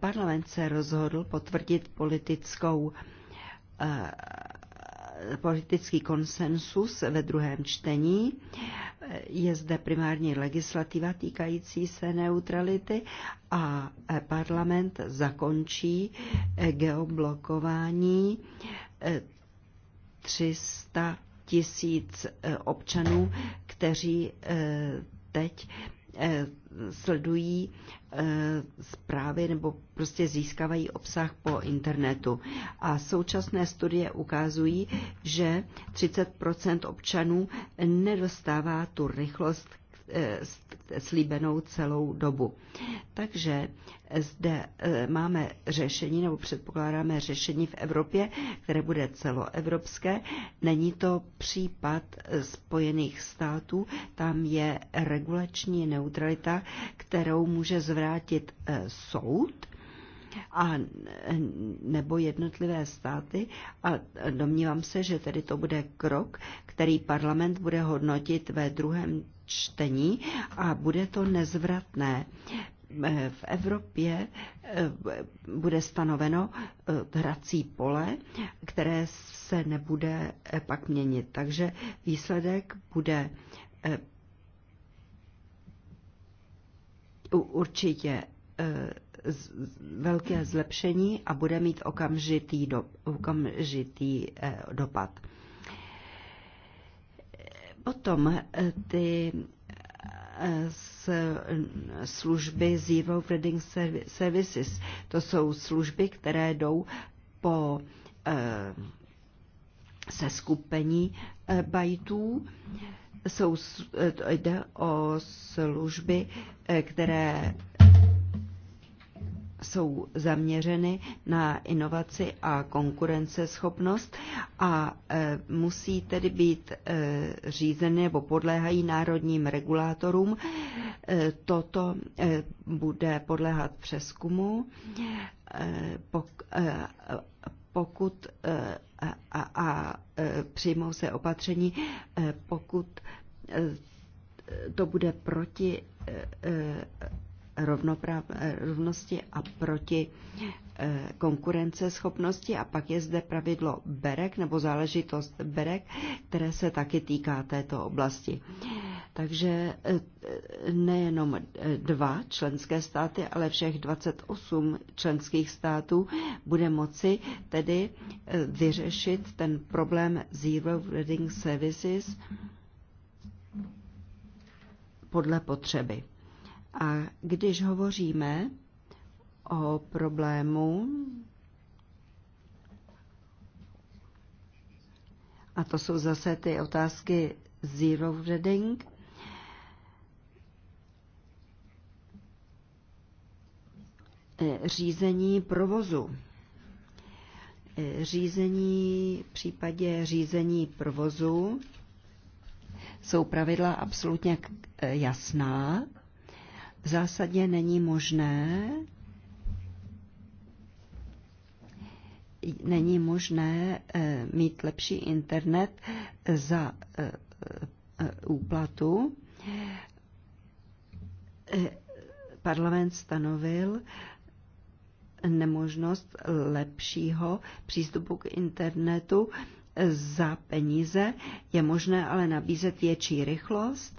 Parlament se rozhodl potvrdit politickou eh, politický konsensus ve druhém čtení. Je zde primární legislativa týkající se neutrality a parlament zakončí eh, geoblokování 300 eh, tisíc občanů, kteří teď sledují Eh, zprávy nebo prostě získávají obsah po internetu. A současné studie ukazují, že 30 občanů nedostává tu rychlost, Eh, slíbenou celou dobu. Takže zde eh, máme řešení nebo předpokládáme řešení v Evropě, které bude celoevropské. Není to případ eh, Spojených států, tam je regulační neutralita, kterou může zvrátit soud a nebo jednotlivé státy a domnívám se, že tedy to bude krok, který parlament bude hodnotit ve druhém čtení a bude to nezvratné. E, v Evropě e, bude stanoveno e, hrací pole, které se nebude pak měnit. Takže výsledek bude určitě velké zlepšení a bude mít okamžitý, do, okamžitý eh, dopad. Potom eh, ty eh, služby Zero Reading Services. To jsou služby, které jdou po se skupení bajtů. Jsou, jde o služby, které jsou zaměřeny na inovaci a konkurenceschopnost a e, musí tedy být e, řízeny nebo podléhají národním regulátorům. E, toto bude podléhat přeskumu, pokud a, a, a přijmou se opatření, pokud to bude proti Eh, rovnosti a proti eh, konkurenceschopnosti a pak je zde pravidlo BEREK nebo záležitost BEREK, které se taky týká této oblasti. Takže eh, nejenom dva členské státy, ale všech 28 členských států bude moci tedy vyřešit ten problém Zero Reading Services podle potřeby. A když hovoříme o problému, a to jsou zase ty otázky zero reading, e, řízení provozu. E, řízení, v případě řízení provozu jsou pravidla absolutně e, jasná zásadě není možné není možné eh, mít lepší internet za eh, eh, úplatu. Parlament stanovil nemožnost lepšího přístupu k internetu za peníze. Je možné ale nabízet větší rychlost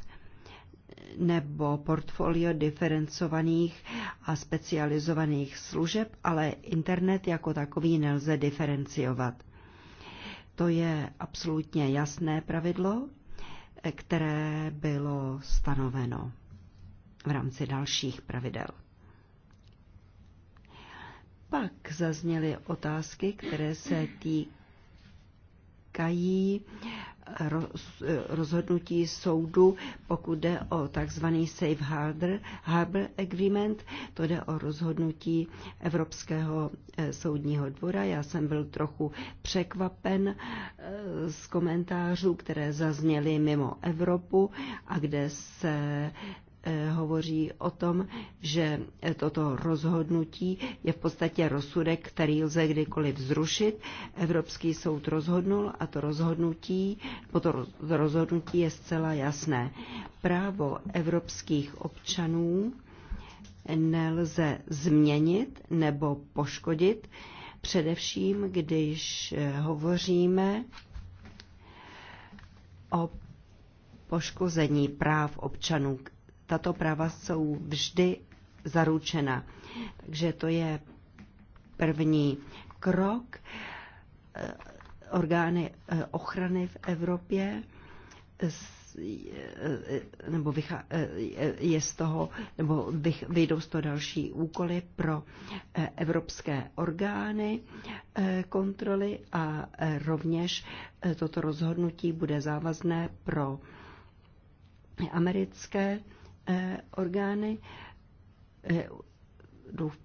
nebo portfolio diferencovaných a specializovaných služeb, ale internet jako takový nelze diferenciovat. To je absolutně jasné pravidlo, které bylo stanoveno v rámci dalších pravidel. Pak zazněly otázky, které se týkají rozhodnutí soudu, pokud jde o takzvaný Safe Harbor, Harbor Agreement, to jde o rozhodnutí Evropského eh, soudního dvora. Já jsem byl trochu překvapen eh, z komentářů, které zazněly mimo Evropu a kde se Eh, hovoří o tom, že eh, toto rozhodnutí je v podstatě rozsudek, který lze kdykoliv zrušit. Evropský soud rozhodnul a to rozhodnutí, po to rozhodnutí je zcela jasné. Právo evropských občanů nelze změnit nebo poškodit, především když eh, hovoříme o poškození práv občanů tato práva jsou vždy zaručena. Takže to je první krok. Eh, orgány eh, ochrany v Evropě eh, nebo je z toho, nebo vyjdou z toho další úkoly pro evropské orgány kontroly a rovněž toto rozhodnutí bude závazné pro americké Eh, orgány. Eh,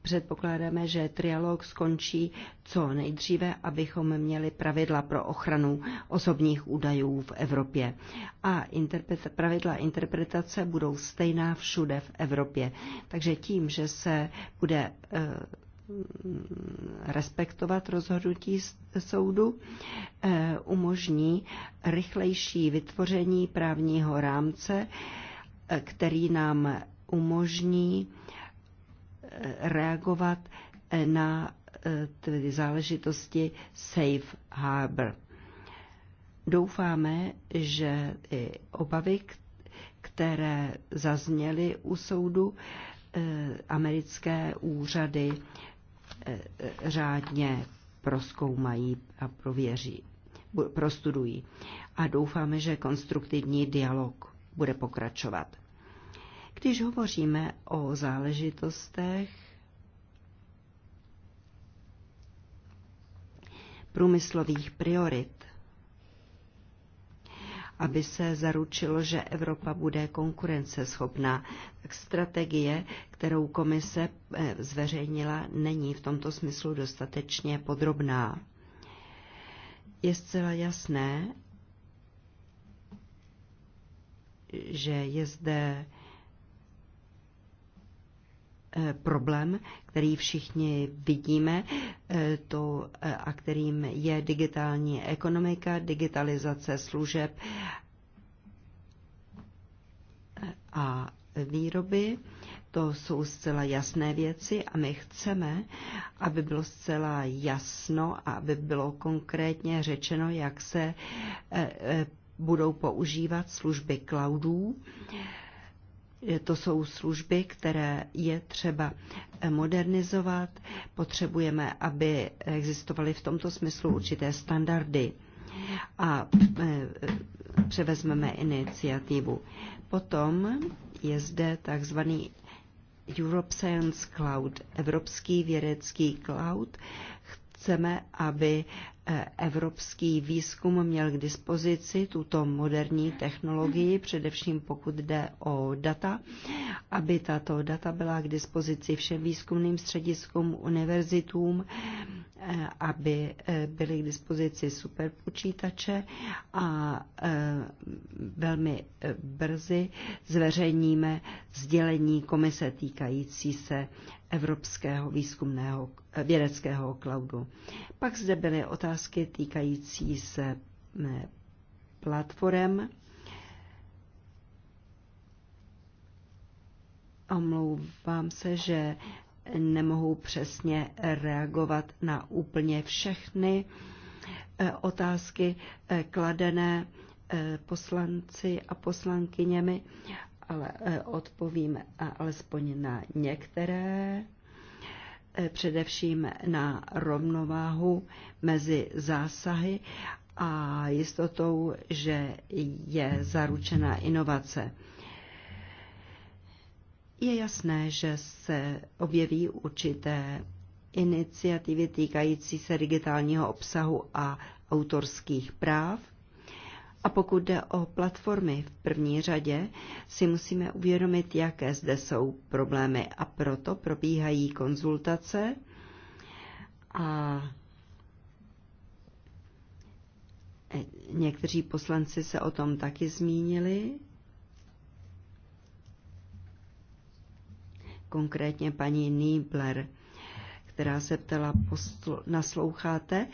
předpokládáme, že trialog skončí co nejdříve, abychom měli pravidla pro ochranu osobních údajů v Evropě. A interpreta, pravidla interpretace budou stejná všude v Evropě. Takže tím, že se bude eh, respektovat rozhodnutí soudu, umožní rychlejší vytvoření právního rámce, který nám umožní eh, reagovat eh, na eh, tedy záležitosti Safe Harbor. Doufáme, že i obavy, které zazněly u soudu, americké úřady řádně proskoumají a prověří, prostudují. A doufáme, že konstruktivní dialog bude pokračovat. Když hovoříme o záležitostech průmyslových priorit, aby se zaručilo, že Evropa bude konkurenceschopná. Tak strategie, kterou komise eh, zveřejnila, není v tomto smyslu dostatečně podrobná. Je zcela jasné, že je zde eh, problém, který všichni vidíme eh, to, eh, a kterým je digitální ekonomika, digitalizace služeb a výroby. To jsou zcela jasné věci a my chceme, aby bylo zcela jasno a aby bylo konkrétně řečeno, jak se budou používat služby cloudů. To jsou služby, které je třeba modernizovat. Potřebujeme, aby existovaly v tomto smyslu určité standardy. A eh, převezmeme iniciativu. Potom je zde takzvaný Europe Science Cloud, Evropský vědecký cloud. Chceme, aby evropský výzkum měl k dispozici tuto moderní technologii, především pokud jde o data, aby tato data byla k dispozici všem výzkumným střediskům, univerzitům, eh, aby eh, byly k dispozici superpočítače a eh, velmi brzy zveřejníme sdělení komise týkající se Evropského výzkumného vědeckého cloudu. Pak zde byly otázky týkající se platform. Omlouvám se, že nemohu přesně reagovat na úplně všechny eh, otázky eh, kladené eh, poslanci a poslankyněmi, ale eh, odpovím alespoň na některé, eh, především na rovnováhu mezi zásahy a jistotou, že je zaručena inovace. Je jasné, že se objeví určité iniciativy týkající se digitálního obsahu a autorských práv, a pokud jde o platformy v první řadě, si musíme uvědomit, jaké zde jsou problémy a proto probíhají konzultace a někteří poslanci se o tom taky zmínili. Konkrétně paní Niebler, která se ptala, nasloucháte?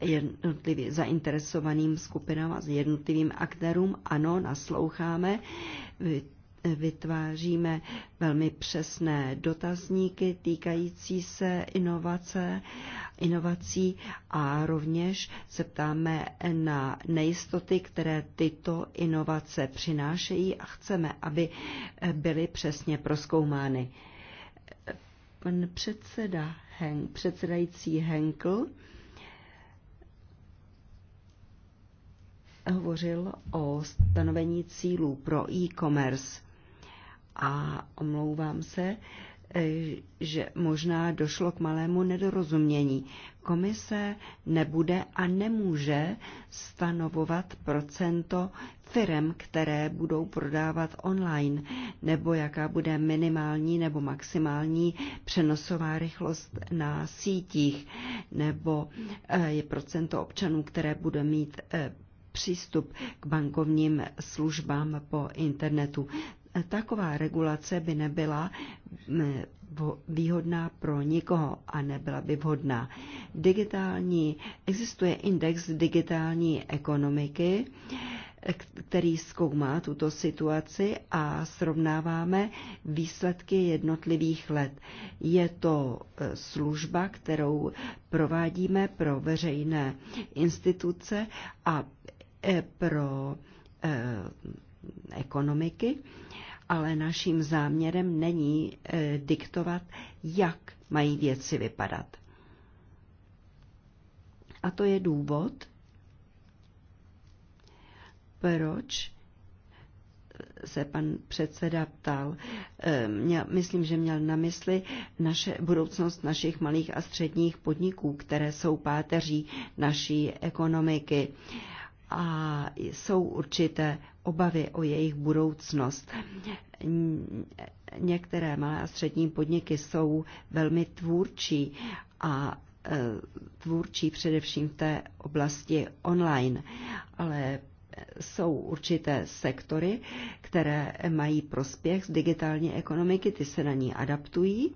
jednotlivým zainteresovaným skupinám a jednotlivým aktérům. Ano, nasloucháme, vytváříme velmi přesné dotazníky týkající se inovace, inovací a rovněž se ptáme na nejistoty, které tyto inovace přinášejí a chceme, aby byly přesně proskoumány. Pan předseda Henk, předsedající Henkel hovořil o stanovení cílů pro e-commerce. A omlouvám se, e, že možná došlo k malému nedorozumění. Komise nebude a nemůže stanovovat procento firm, které budou prodávat online, nebo jaká bude minimální nebo maximální přenosová rychlost na sítích, nebo e, je procento občanů, které bude mít e, přístup k bankovním službám po internetu. Taková regulace by nebyla mm, výhodná pro nikoho a nebyla by vhodná. Digitální, existuje index digitální ekonomiky, který zkoumá tuto situaci a srovnáváme výsledky jednotlivých let. Je to e, služba, kterou provádíme pro veřejné instituce a E, pro e, ekonomiky, ale naším záměrem není e, diktovat, jak mají věci vypadat. A to je důvod, proč se pan předseda ptal. Měl, myslím, že měl na mysli naše, budoucnost našich malých a středních podniků, které jsou páteří naší ekonomiky a jsou určité obavy o jejich budoucnost. Některé malé a střední podniky jsou velmi tvůrčí a e, tvůrčí především v té oblasti online, ale jsou určité sektory, které mají prospěch z digitální ekonomiky, ty se na ní adaptují,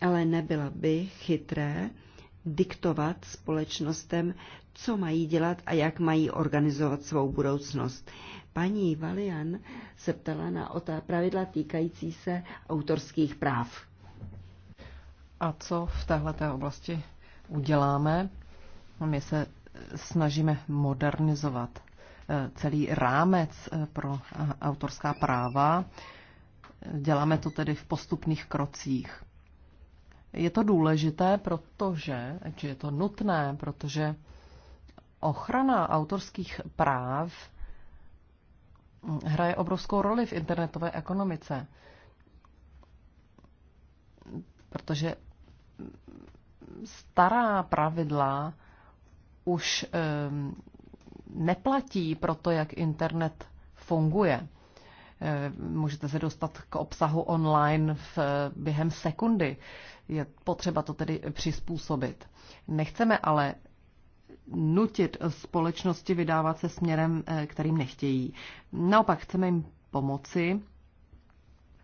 ale nebyla by chytré diktovat společnostem, co mají dělat a jak mají organizovat svou budoucnost. Paní Valian se ptala na otá pravidla týkající se autorských práv. A co v této oblasti uděláme? No, my se snažíme modernizovat eh, celý rámec eh, pro eh, autorská práva. Děláme to tedy v postupných krocích. Je to důležité, protože, či je to nutné, protože ochrana autorských práv hraje obrovskou roli v internetové ekonomice. Protože stará pravidla už ehm, neplatí pro to, jak internet funguje. Ehm, můžete se dostat k obsahu online v, během sekundy. Je potřeba to tedy přizpůsobit. Nechceme ale nutit společnosti vydávat se směrem, eh, kterým nechtějí. Naopak chceme jim pomoci,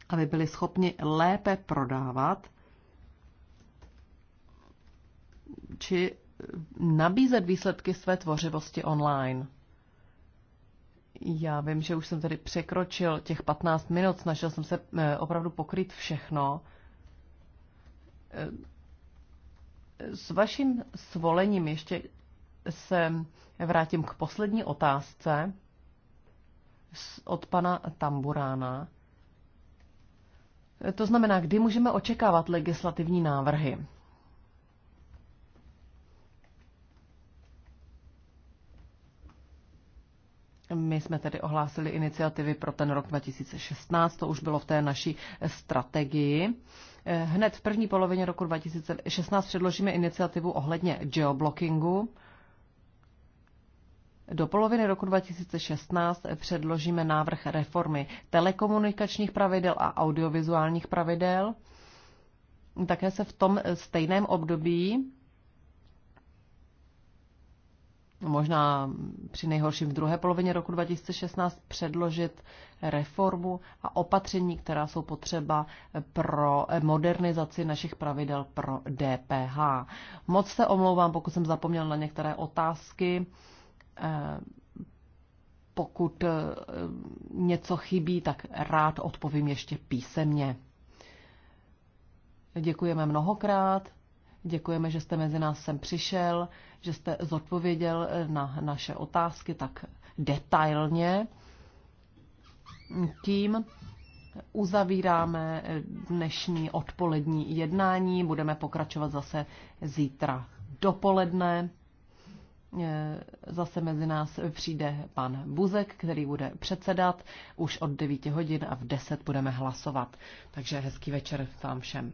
aby byli schopni lépe prodávat či nabízet výsledky své tvořivosti online. Já vím, že už jsem tady překročil těch 15 minut, snažil jsem se eh, opravdu pokrýt všechno. S vaším svolením ještě se vrátím k poslední otázce od pana Tamburána. To znamená, kdy můžeme očekávat legislativní návrhy? My jsme tedy ohlásili iniciativy pro ten rok 2016, to už bylo v té naší strategii Hned v první polovině roku 2016 předložíme iniciativu ohledně geoblockingu. Do poloviny roku 2016 předložíme návrh reformy telekomunikačních pravidel a audiovizuálních pravidel. Také se v tom stejném období možná při nejhorším v druhé polovině roku 2016 předložit reformu a opatření, která jsou potřeba pro modernizaci našich pravidel pro DPH. Moc se omlouvám, pokud jsem zapomněl na některé otázky. Eh, pokud eh, něco chybí, tak rád odpovím ještě písemně. Děkujeme mnohokrát. Děkujeme, že jste mezi nás sem přišel, že jste zodpověděl eh, na naše otázky tak detailně tím uzavíráme dnešní odpolední jednání. Budeme pokračovat zase zítra dopoledne. Eh, zase mezi nás přijde pan Buzek, který bude předsedat už od 9 hodin a v 10 budeme hlasovat. Takže hezký večer vám všem.